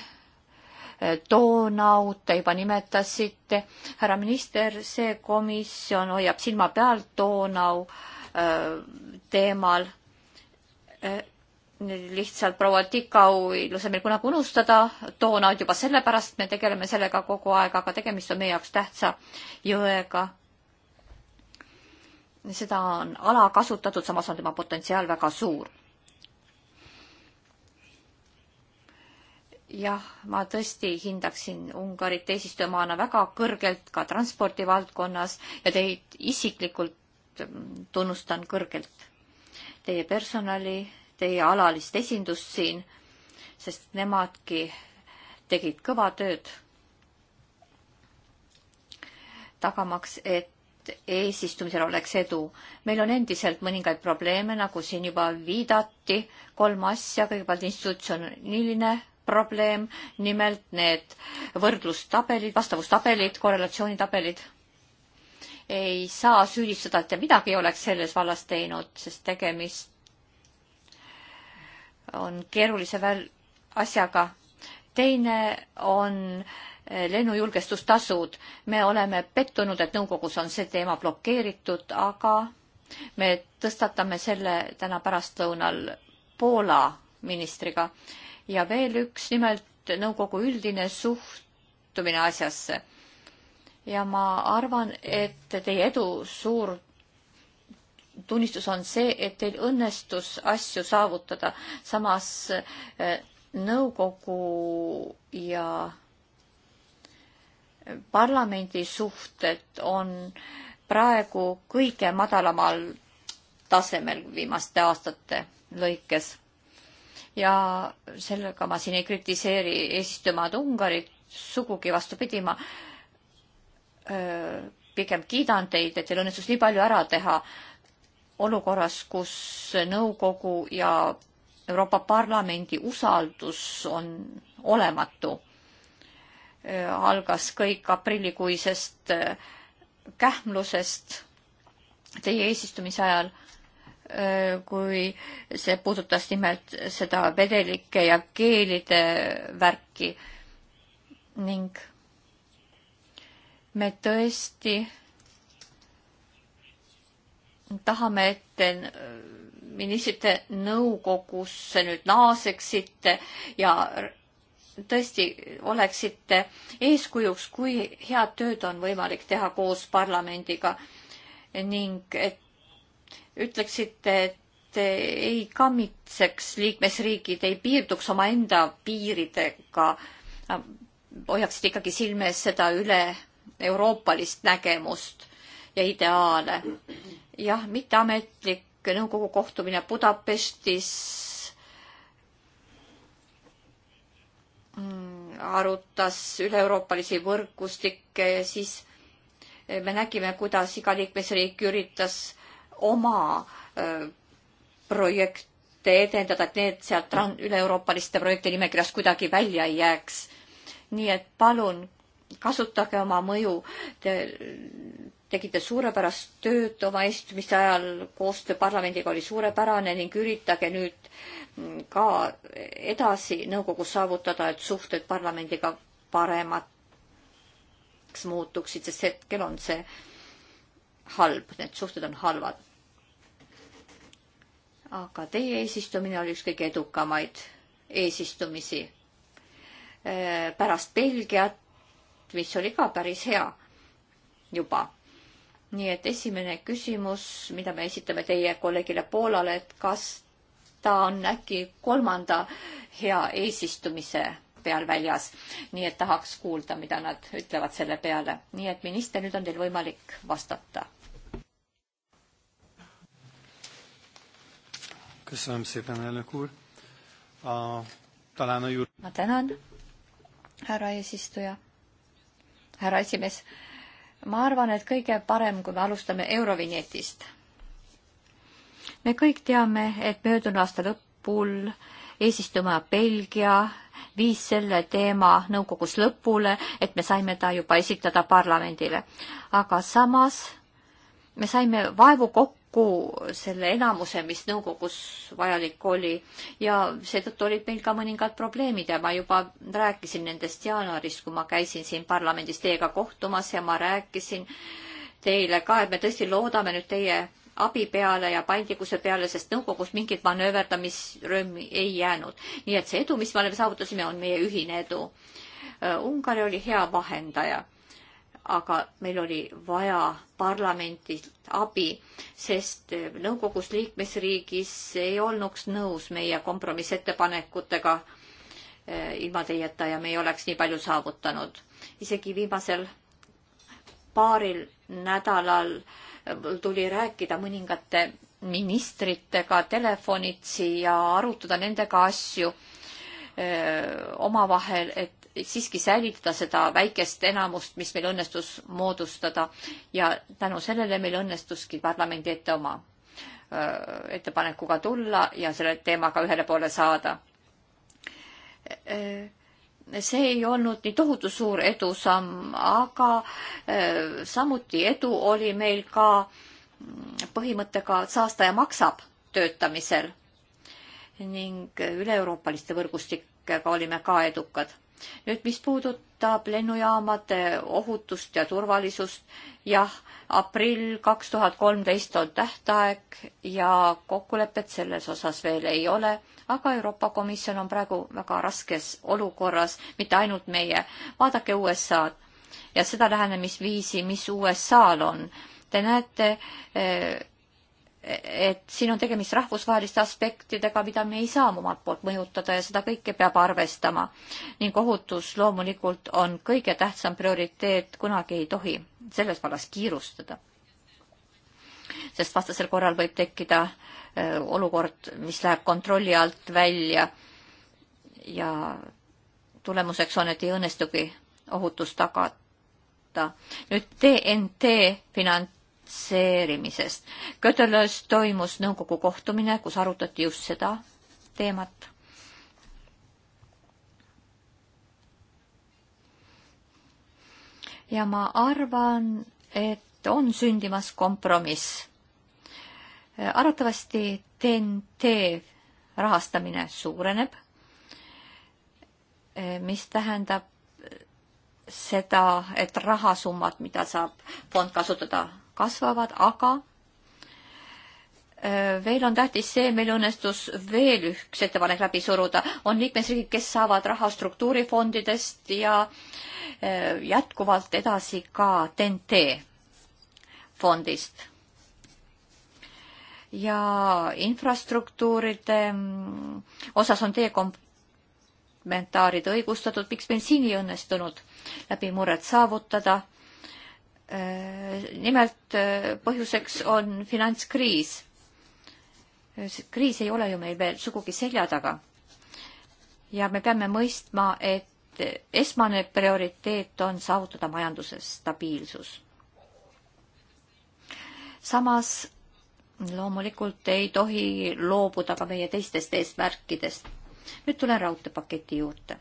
Donaut, eh, te juba nimetasite. härra minister, see komisjon hoiab silma peal Donau eh, teemal. Eh, lihtsalt proua Tikau ei lase meil kunagi unustada Donaud juba sellepärast, me tegeleme sellega kogu aeg, aga tegemist on meie jaoks tähtsa jõega. seda on alakasutatud, samas on tema potentsiaal väga suur jah, ma tõesti hindaksin Ungarit eesistujamaana väga kõrgelt ka transpordivaldkonnas ja teid isiklikult mm, tunnustan kõrgelt. Teie personali, teie alalist esindust siin, sest nemadki tegid kõva tööd tagamaks, et eesistumisel oleks edu. meil on endiselt mõningaid probleeme, nagu siin juba viidati, kolm asja, kõigepealt institutsiooniline probleem, nimelt need võrdlustabelid, vastavustabelid, korrelatsioonitabelid. ei saa süüdistada, et te midagi ei oleks selles vallas teinud, sest tegemist on keerulise väl-, asjaga. teine on eh, lennujulgestustasud. me oleme pettunud, et nõukogus on see teema blokeeritud, aga me tõstatame selle täna pärastlõunal Poola ministriga ja veel üks, nimelt nõukogu üldine suhtumine asjasse. ja ma arvan, et teie edu suur tunnistus on see, et teil õnnestus asju saavutada, samas eh, nõukogu ja parlamendi suhted on praegu kõige madalamal tasemel viimaste aastate lõikes ja sellega ma siin ei kritiseeri eesistumaad Ungarit, sugugi vastupidi, ma öö, pigem kiidan teid, et teil õnnestus nii palju ära teha olukorras, kus nõukogu ja Euroopa Parlamendi usaldus on olematu. algas kõik aprillikuisest kähmlusest teie eesistumise ajal Äh, kui see puudutas nimelt seda vedelike ja keelide värki ning me tõesti tahame, et ministrite nõukogusse nüüd naaseksite ja tõesti oleksite eeskujuks, kui head tööd on võimalik teha koos parlamendiga ning et ütleksite, et ei kammitseks liikmesriigid, ei piirduks omaenda piiridega, hoiaksid ikkagi silme ees seda üle-euroopalist nägemust ja ideaale. jah, mitteametlik nõukogu kohtumine Budapestis mm, arutas üle-euroopalisi võrgustikke ja siis me nägime, kuidas iga liikmesriik üritas oma projekte edendada, et need sealt üle-euroopaliste projekti nimekirjast kuidagi välja ei jääks. nii et palun kasutage oma mõju. Te tegite suurepärast tööd oma eesistumise ajal, koostöö parlamendiga oli suurepärane ning üritage nüüd ka edasi nõukogus saavutada, et suhted parlamendiga paremaks muutuksid, sest hetkel on see halb, need suhted on halvad aga teie eesistumine oli üks kõige edukamaid eesistumisi äh, pärast Belgiat, mis oli ka päris hea juba. nii et esimene küsimus, mida me esitame teie kolleegile Poolale, et kas ta on äkki kolmanda hea eesistumise peal väljas, nii et tahaks kuulda, mida nad ütlevad selle peale. nii et minister, nüüd on teil võimalik vastata Köszönöm szépen, elnök úr. A, talán a jur... Ma tänan, härra eesistuja, härra esimees. ma arvan, et kõige parem, kui me alustame Eurovinjetist. me kõik teame, et möödunud aasta lõpul eesistuma Belgia viis selle teema nõukogus lõpule, et me saime ta juba esitada parlamendile. aga samas me saime vaevu kokku kokku selle enamuse, mis nõukogus vajalik oli ja seetõttu olid meil ka mõningad probleemid ja ma juba rääkisin nendest jaanuaris, kui ma käisin siin parlamendis teiega kohtumas ja ma rääkisin teile ka, et me tõesti loodame nüüd teie abi peale ja paindlikkuse peale, sest nõukogus mingit manööverdamisrõõmi ei jäänud. nii et see edu, mis me oleme saavutasime, on meie ühine edu. Ungari oli hea vahendaja aga meil oli vaja parlamendilt abi, sest eh, nõukogus liikmesriigis ei olnuks nõus meie kompromissettepanekutega eh, ilma teieta ja me ei oleks nii palju saavutanud. isegi viimasel paaril nädalal eh, tuli rääkida mõningate ministritega telefonitsi ja arutada nendega asju omavahel, et siiski säilitada seda väikest enamust, mis meil õnnestus moodustada ja tänu sellele meil õnnestuski parlamendi ette oma ettepanekuga tulla ja selle teemaga ühele poole saada. see ei olnud nii tohutu suur edusamm, aga samuti edu oli meil ka mm, põhimõttega saastaja maksab töötamisel ning üle-euroopaliste võrgustikega olime ka edukad nüüd, mis puudutab lennujaamade ohutust ja turvalisust, jah, aprill kaks tuhat kolmteist on tähtaeg ja kokkulepet selles osas veel ei ole, aga Euroopa Komisjon on praegu väga raskes olukorras, mitte ainult meie. vaadake USA-d ja seda lähenemisviisi, mis USA-l on. Te näete eh, et siin on tegemist rahvusvaheliste aspektidega, mida me ei saa omalt poolt mõjutada ja seda kõike peab arvestama. ning ohutus loomulikult on kõige tähtsam prioriteet, kunagi ei tohi selles vallas kiirustada. sest vastasel korral võib tekkida äh, olukord, mis läheb kontrolli alt välja ja tulemuseks on, et ei õnnestugi ohutust tagada. nüüd TNT finants finantseerimisest. Götelöös toimus nõukogu kohtumine, kus arutati just seda teemat. ja ma arvan, et on sündimas kompromiss. arvatavasti TNT rahastamine suureneb, mis tähendab seda, et rahasummad, mida saab fond kasutada kasvavad, aga äh, veel on tähtis see, meil õnnestus veel üks ettepanek läbi suruda, on liikmesriigid, kes saavad raha struktuurifondidest ja äh, jätkuvalt edasi ka TNT fondist. ja infrastruktuuride mm, osas on teie kommentaarid õigustatud, miks meil siin ei õnnestunud läbi muret saavutada nimelt eh, põhjuseks on finantskriis. kriis ei ole ju meil veel sugugi selja taga. ja me peame mõistma, et esmane prioriteet on saavutada majanduses stabiilsus. samas loomulikult ei tohi loobuda ka meie teistest eesmärkidest. nüüd tulen raudteepaketi juurde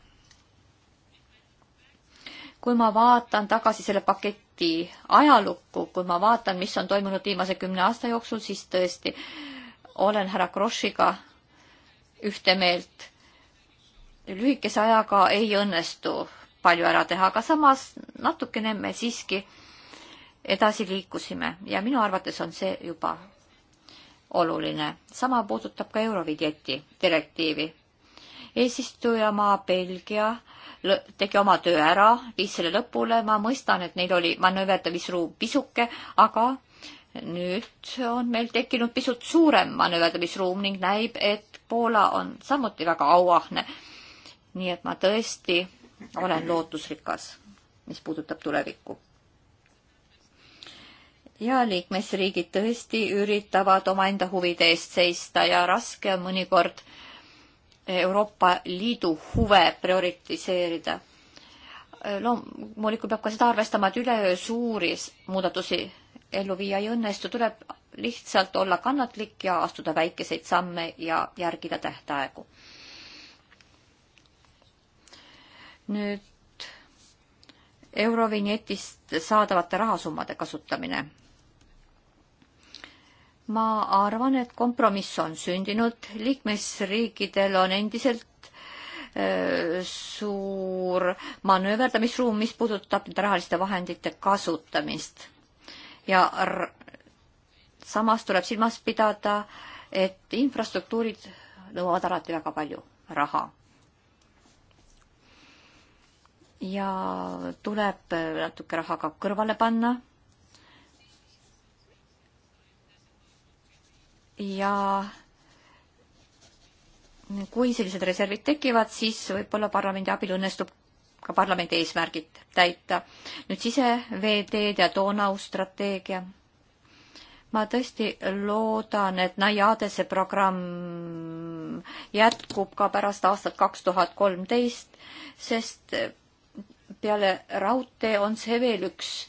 kui ma vaatan tagasi selle paketi ajalukku, kui ma vaatan, mis on toimunud viimase kümne aasta jooksul, siis tõesti olen härra Krossiga ühte meelt. lühikese ajaga ei õnnestu palju ära teha, aga samas natukene me siiski edasi liikusime ja minu arvates on see juba oluline. sama puudutab ka Eurovidjeti direktiivi. eesistujamaa Belgia äh, tegi oma töö ära, viis selle lõpule, ma mõistan, et neil oli manööverdamisruum pisuke, aga nüüd on meil tekkinud pisut suurem manööverdamisruum ning näib, et Poola on samuti väga auahne. nii et ma tõesti olen lootusrikas, mis puudutab tulevikku ja liikmesriigid tõesti üritavad omaenda huvide eest seista ja raske on mõnikord Euroopa Liidu huve prioritiseerida. loomulikult peab ka seda arvestama, et üleöö suuri muudatusi ellu viia ei õnnestu, tuleb lihtsalt olla kannatlik ja astuda väikeseid samme ja järgida tähtaegu. nüüd Eurovinjetist saadavate rahasummade kasutamine ma arvan, et kompromiss on sündinud, liikmesriikidel on endiselt öö, äh, suur manööverdamisruum, mis puudutab nende rahaliste vahendite kasutamist ja. ja samas tuleb silmas pidada, et infrastruktuurid nõuavad alati väga palju raha. ja tuleb natuke raha ka kõrvale panna ja kui sellised reservid tekivad, siis võib-olla parlamendi abil õnnestub ka parlamendi eesmärgid täita. nüüd siseveeteed ja Donau strateegia. ma tõesti loodan, et Naiade see programm jätkub ka pärast aastat kaks tuhat kolmteist, sest peale raudtee on see veel üks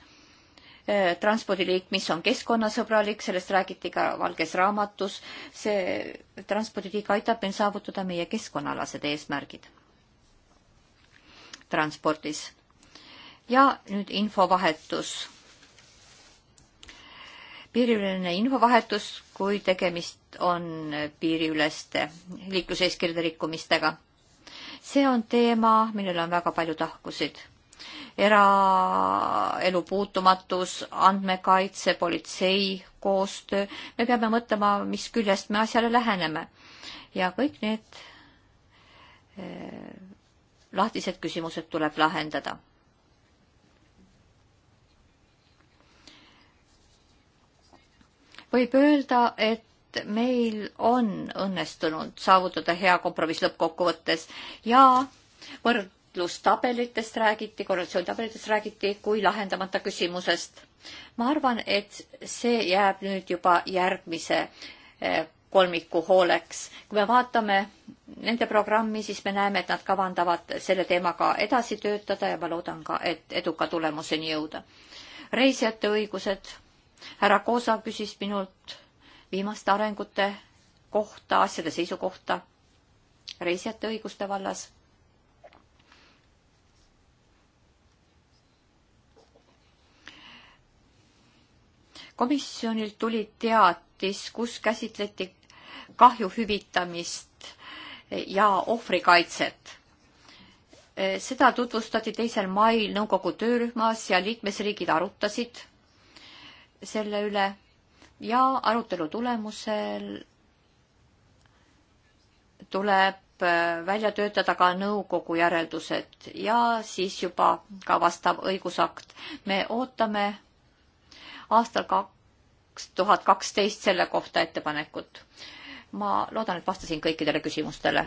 Äh, transpordiliik, mis on keskkonnasõbralik, sellest räägiti ka Valges Raamatus. see transpordiliik aitab meil saavutada meie keskkonnaalased eesmärgid transpordis. ja nüüd infovahetus. piiriüline infovahetus, kui tegemist on piiriüleste liikluseeskirjade rikkumistega. see on teema, millel on väga palju tahkusid eraelu puutumatus, andmekaitse, politsei koostöö, me peame mõtlema, mis küljest me asjale läheneme. ja kõik need eh, lahtised küsimused tuleb lahendada. võib öelda, et meil on õnnestunud saavutada hea kompromiss lõppkokkuvõttes ja võrd-, võrdlustabelitest räägiti, korrelatsioonitabelitest räägiti kui lahendamata küsimusest. ma arvan, et see jääb nüüd juba järgmise eh, kolmiku hooleks. kui me vaatame nende programmi, siis me näeme, et nad kavandavad selle teemaga edasi töötada ja ma loodan ka, et eduka tulemuseni jõuda. reisijate õigused. härra Koosa küsis minult viimaste arengute kohta, asjade seisukohta reisijate õiguste vallas komisjonilt tuli teatis, kus käsitleti kahju hüvitamist ja ohvrikaitset. seda tutvustati teisel mail nõukogu töörühmas ja liikmesriigid arutasid selle üle ja arutelu tulemusel tuleb äh, välja töötada ka nõukogu järeldused ja siis juba ka vastav õigusakt. me ootame aastal kaks tuhat kaksteist selle kohta ettepanekut. ma loodan, et vastasin kõikidele küsimustele.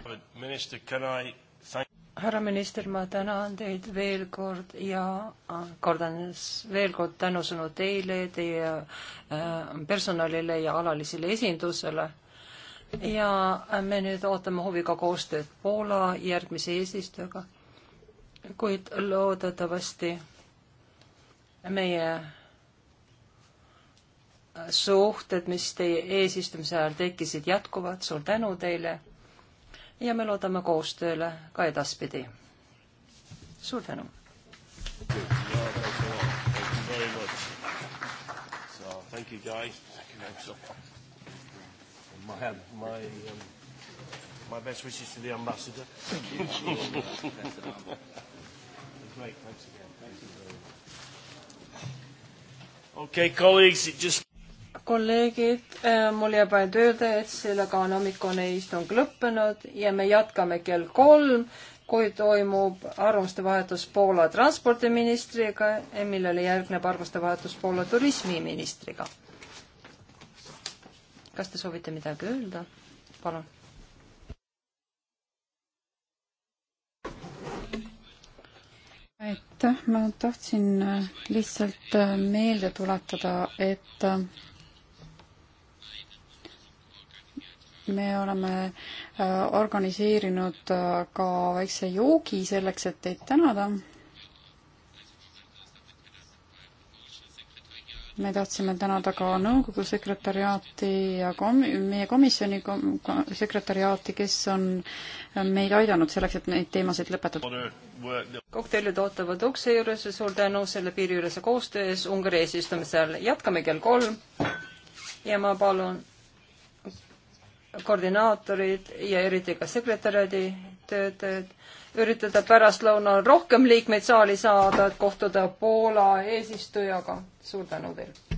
härra minister, ma tänan teid veel kord ja kordan veel kord tänusõnu teile, teie äh, personalile ja alalisele esindusele ja me nüüd ootame huviga koostööd Poola järgmise eesistujaga, kuid loodetavasti meie suhted, mis teie eesistumise ajal tekkisid, jätkuvad. suur tänu teile ja me loodame koostööle ka edaspidi. suur tänu. Thank you, Guy. Thank you, Axel. My, my, um, my best wishes to the ambassador. Thank you. Great. Thanks again. Thank you very much. Okay, colleagues, it just kolleegid, äh, mul jääb ainult öelda, et sellega on hommikune istung lõppenud ja me jätkame kell kolm, kui toimub arvamuste vahetus Poola transpordiministriga, millele järgneb arvamuste vahetus Poola turismiministriga. kas te soovite midagi öelda? palun. aitäh, ma tahtsin lihtsalt meelde tuletada, et me oleme äh, organiseerinud äh, ka väikse joogi selleks, et teid tänada. me tahtsime tänada ka nõukogu sekretäriaati ja kom-, meie komisjoni kom-, sekretäriaati, kes on meid aidanud selleks, et neid teemasid lõpetada. kokteilid ootavad ukse juures ja suur tänu selle piiriülese koostöö ees Ungari eesistumisel. jätkame kell kolm ja ma palun koordinaatorid ja eriti ka sekretäriadi töötajad, üritada pärastlõunal rohkem liikmeid saali saada, et kohtuda Poola eesistujaga. suur tänu teile!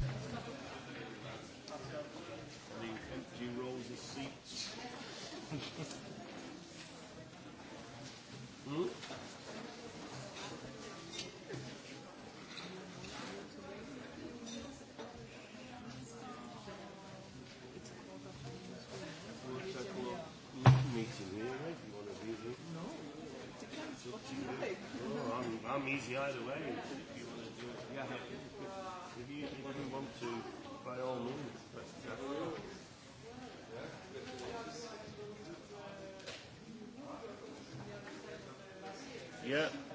Yeah.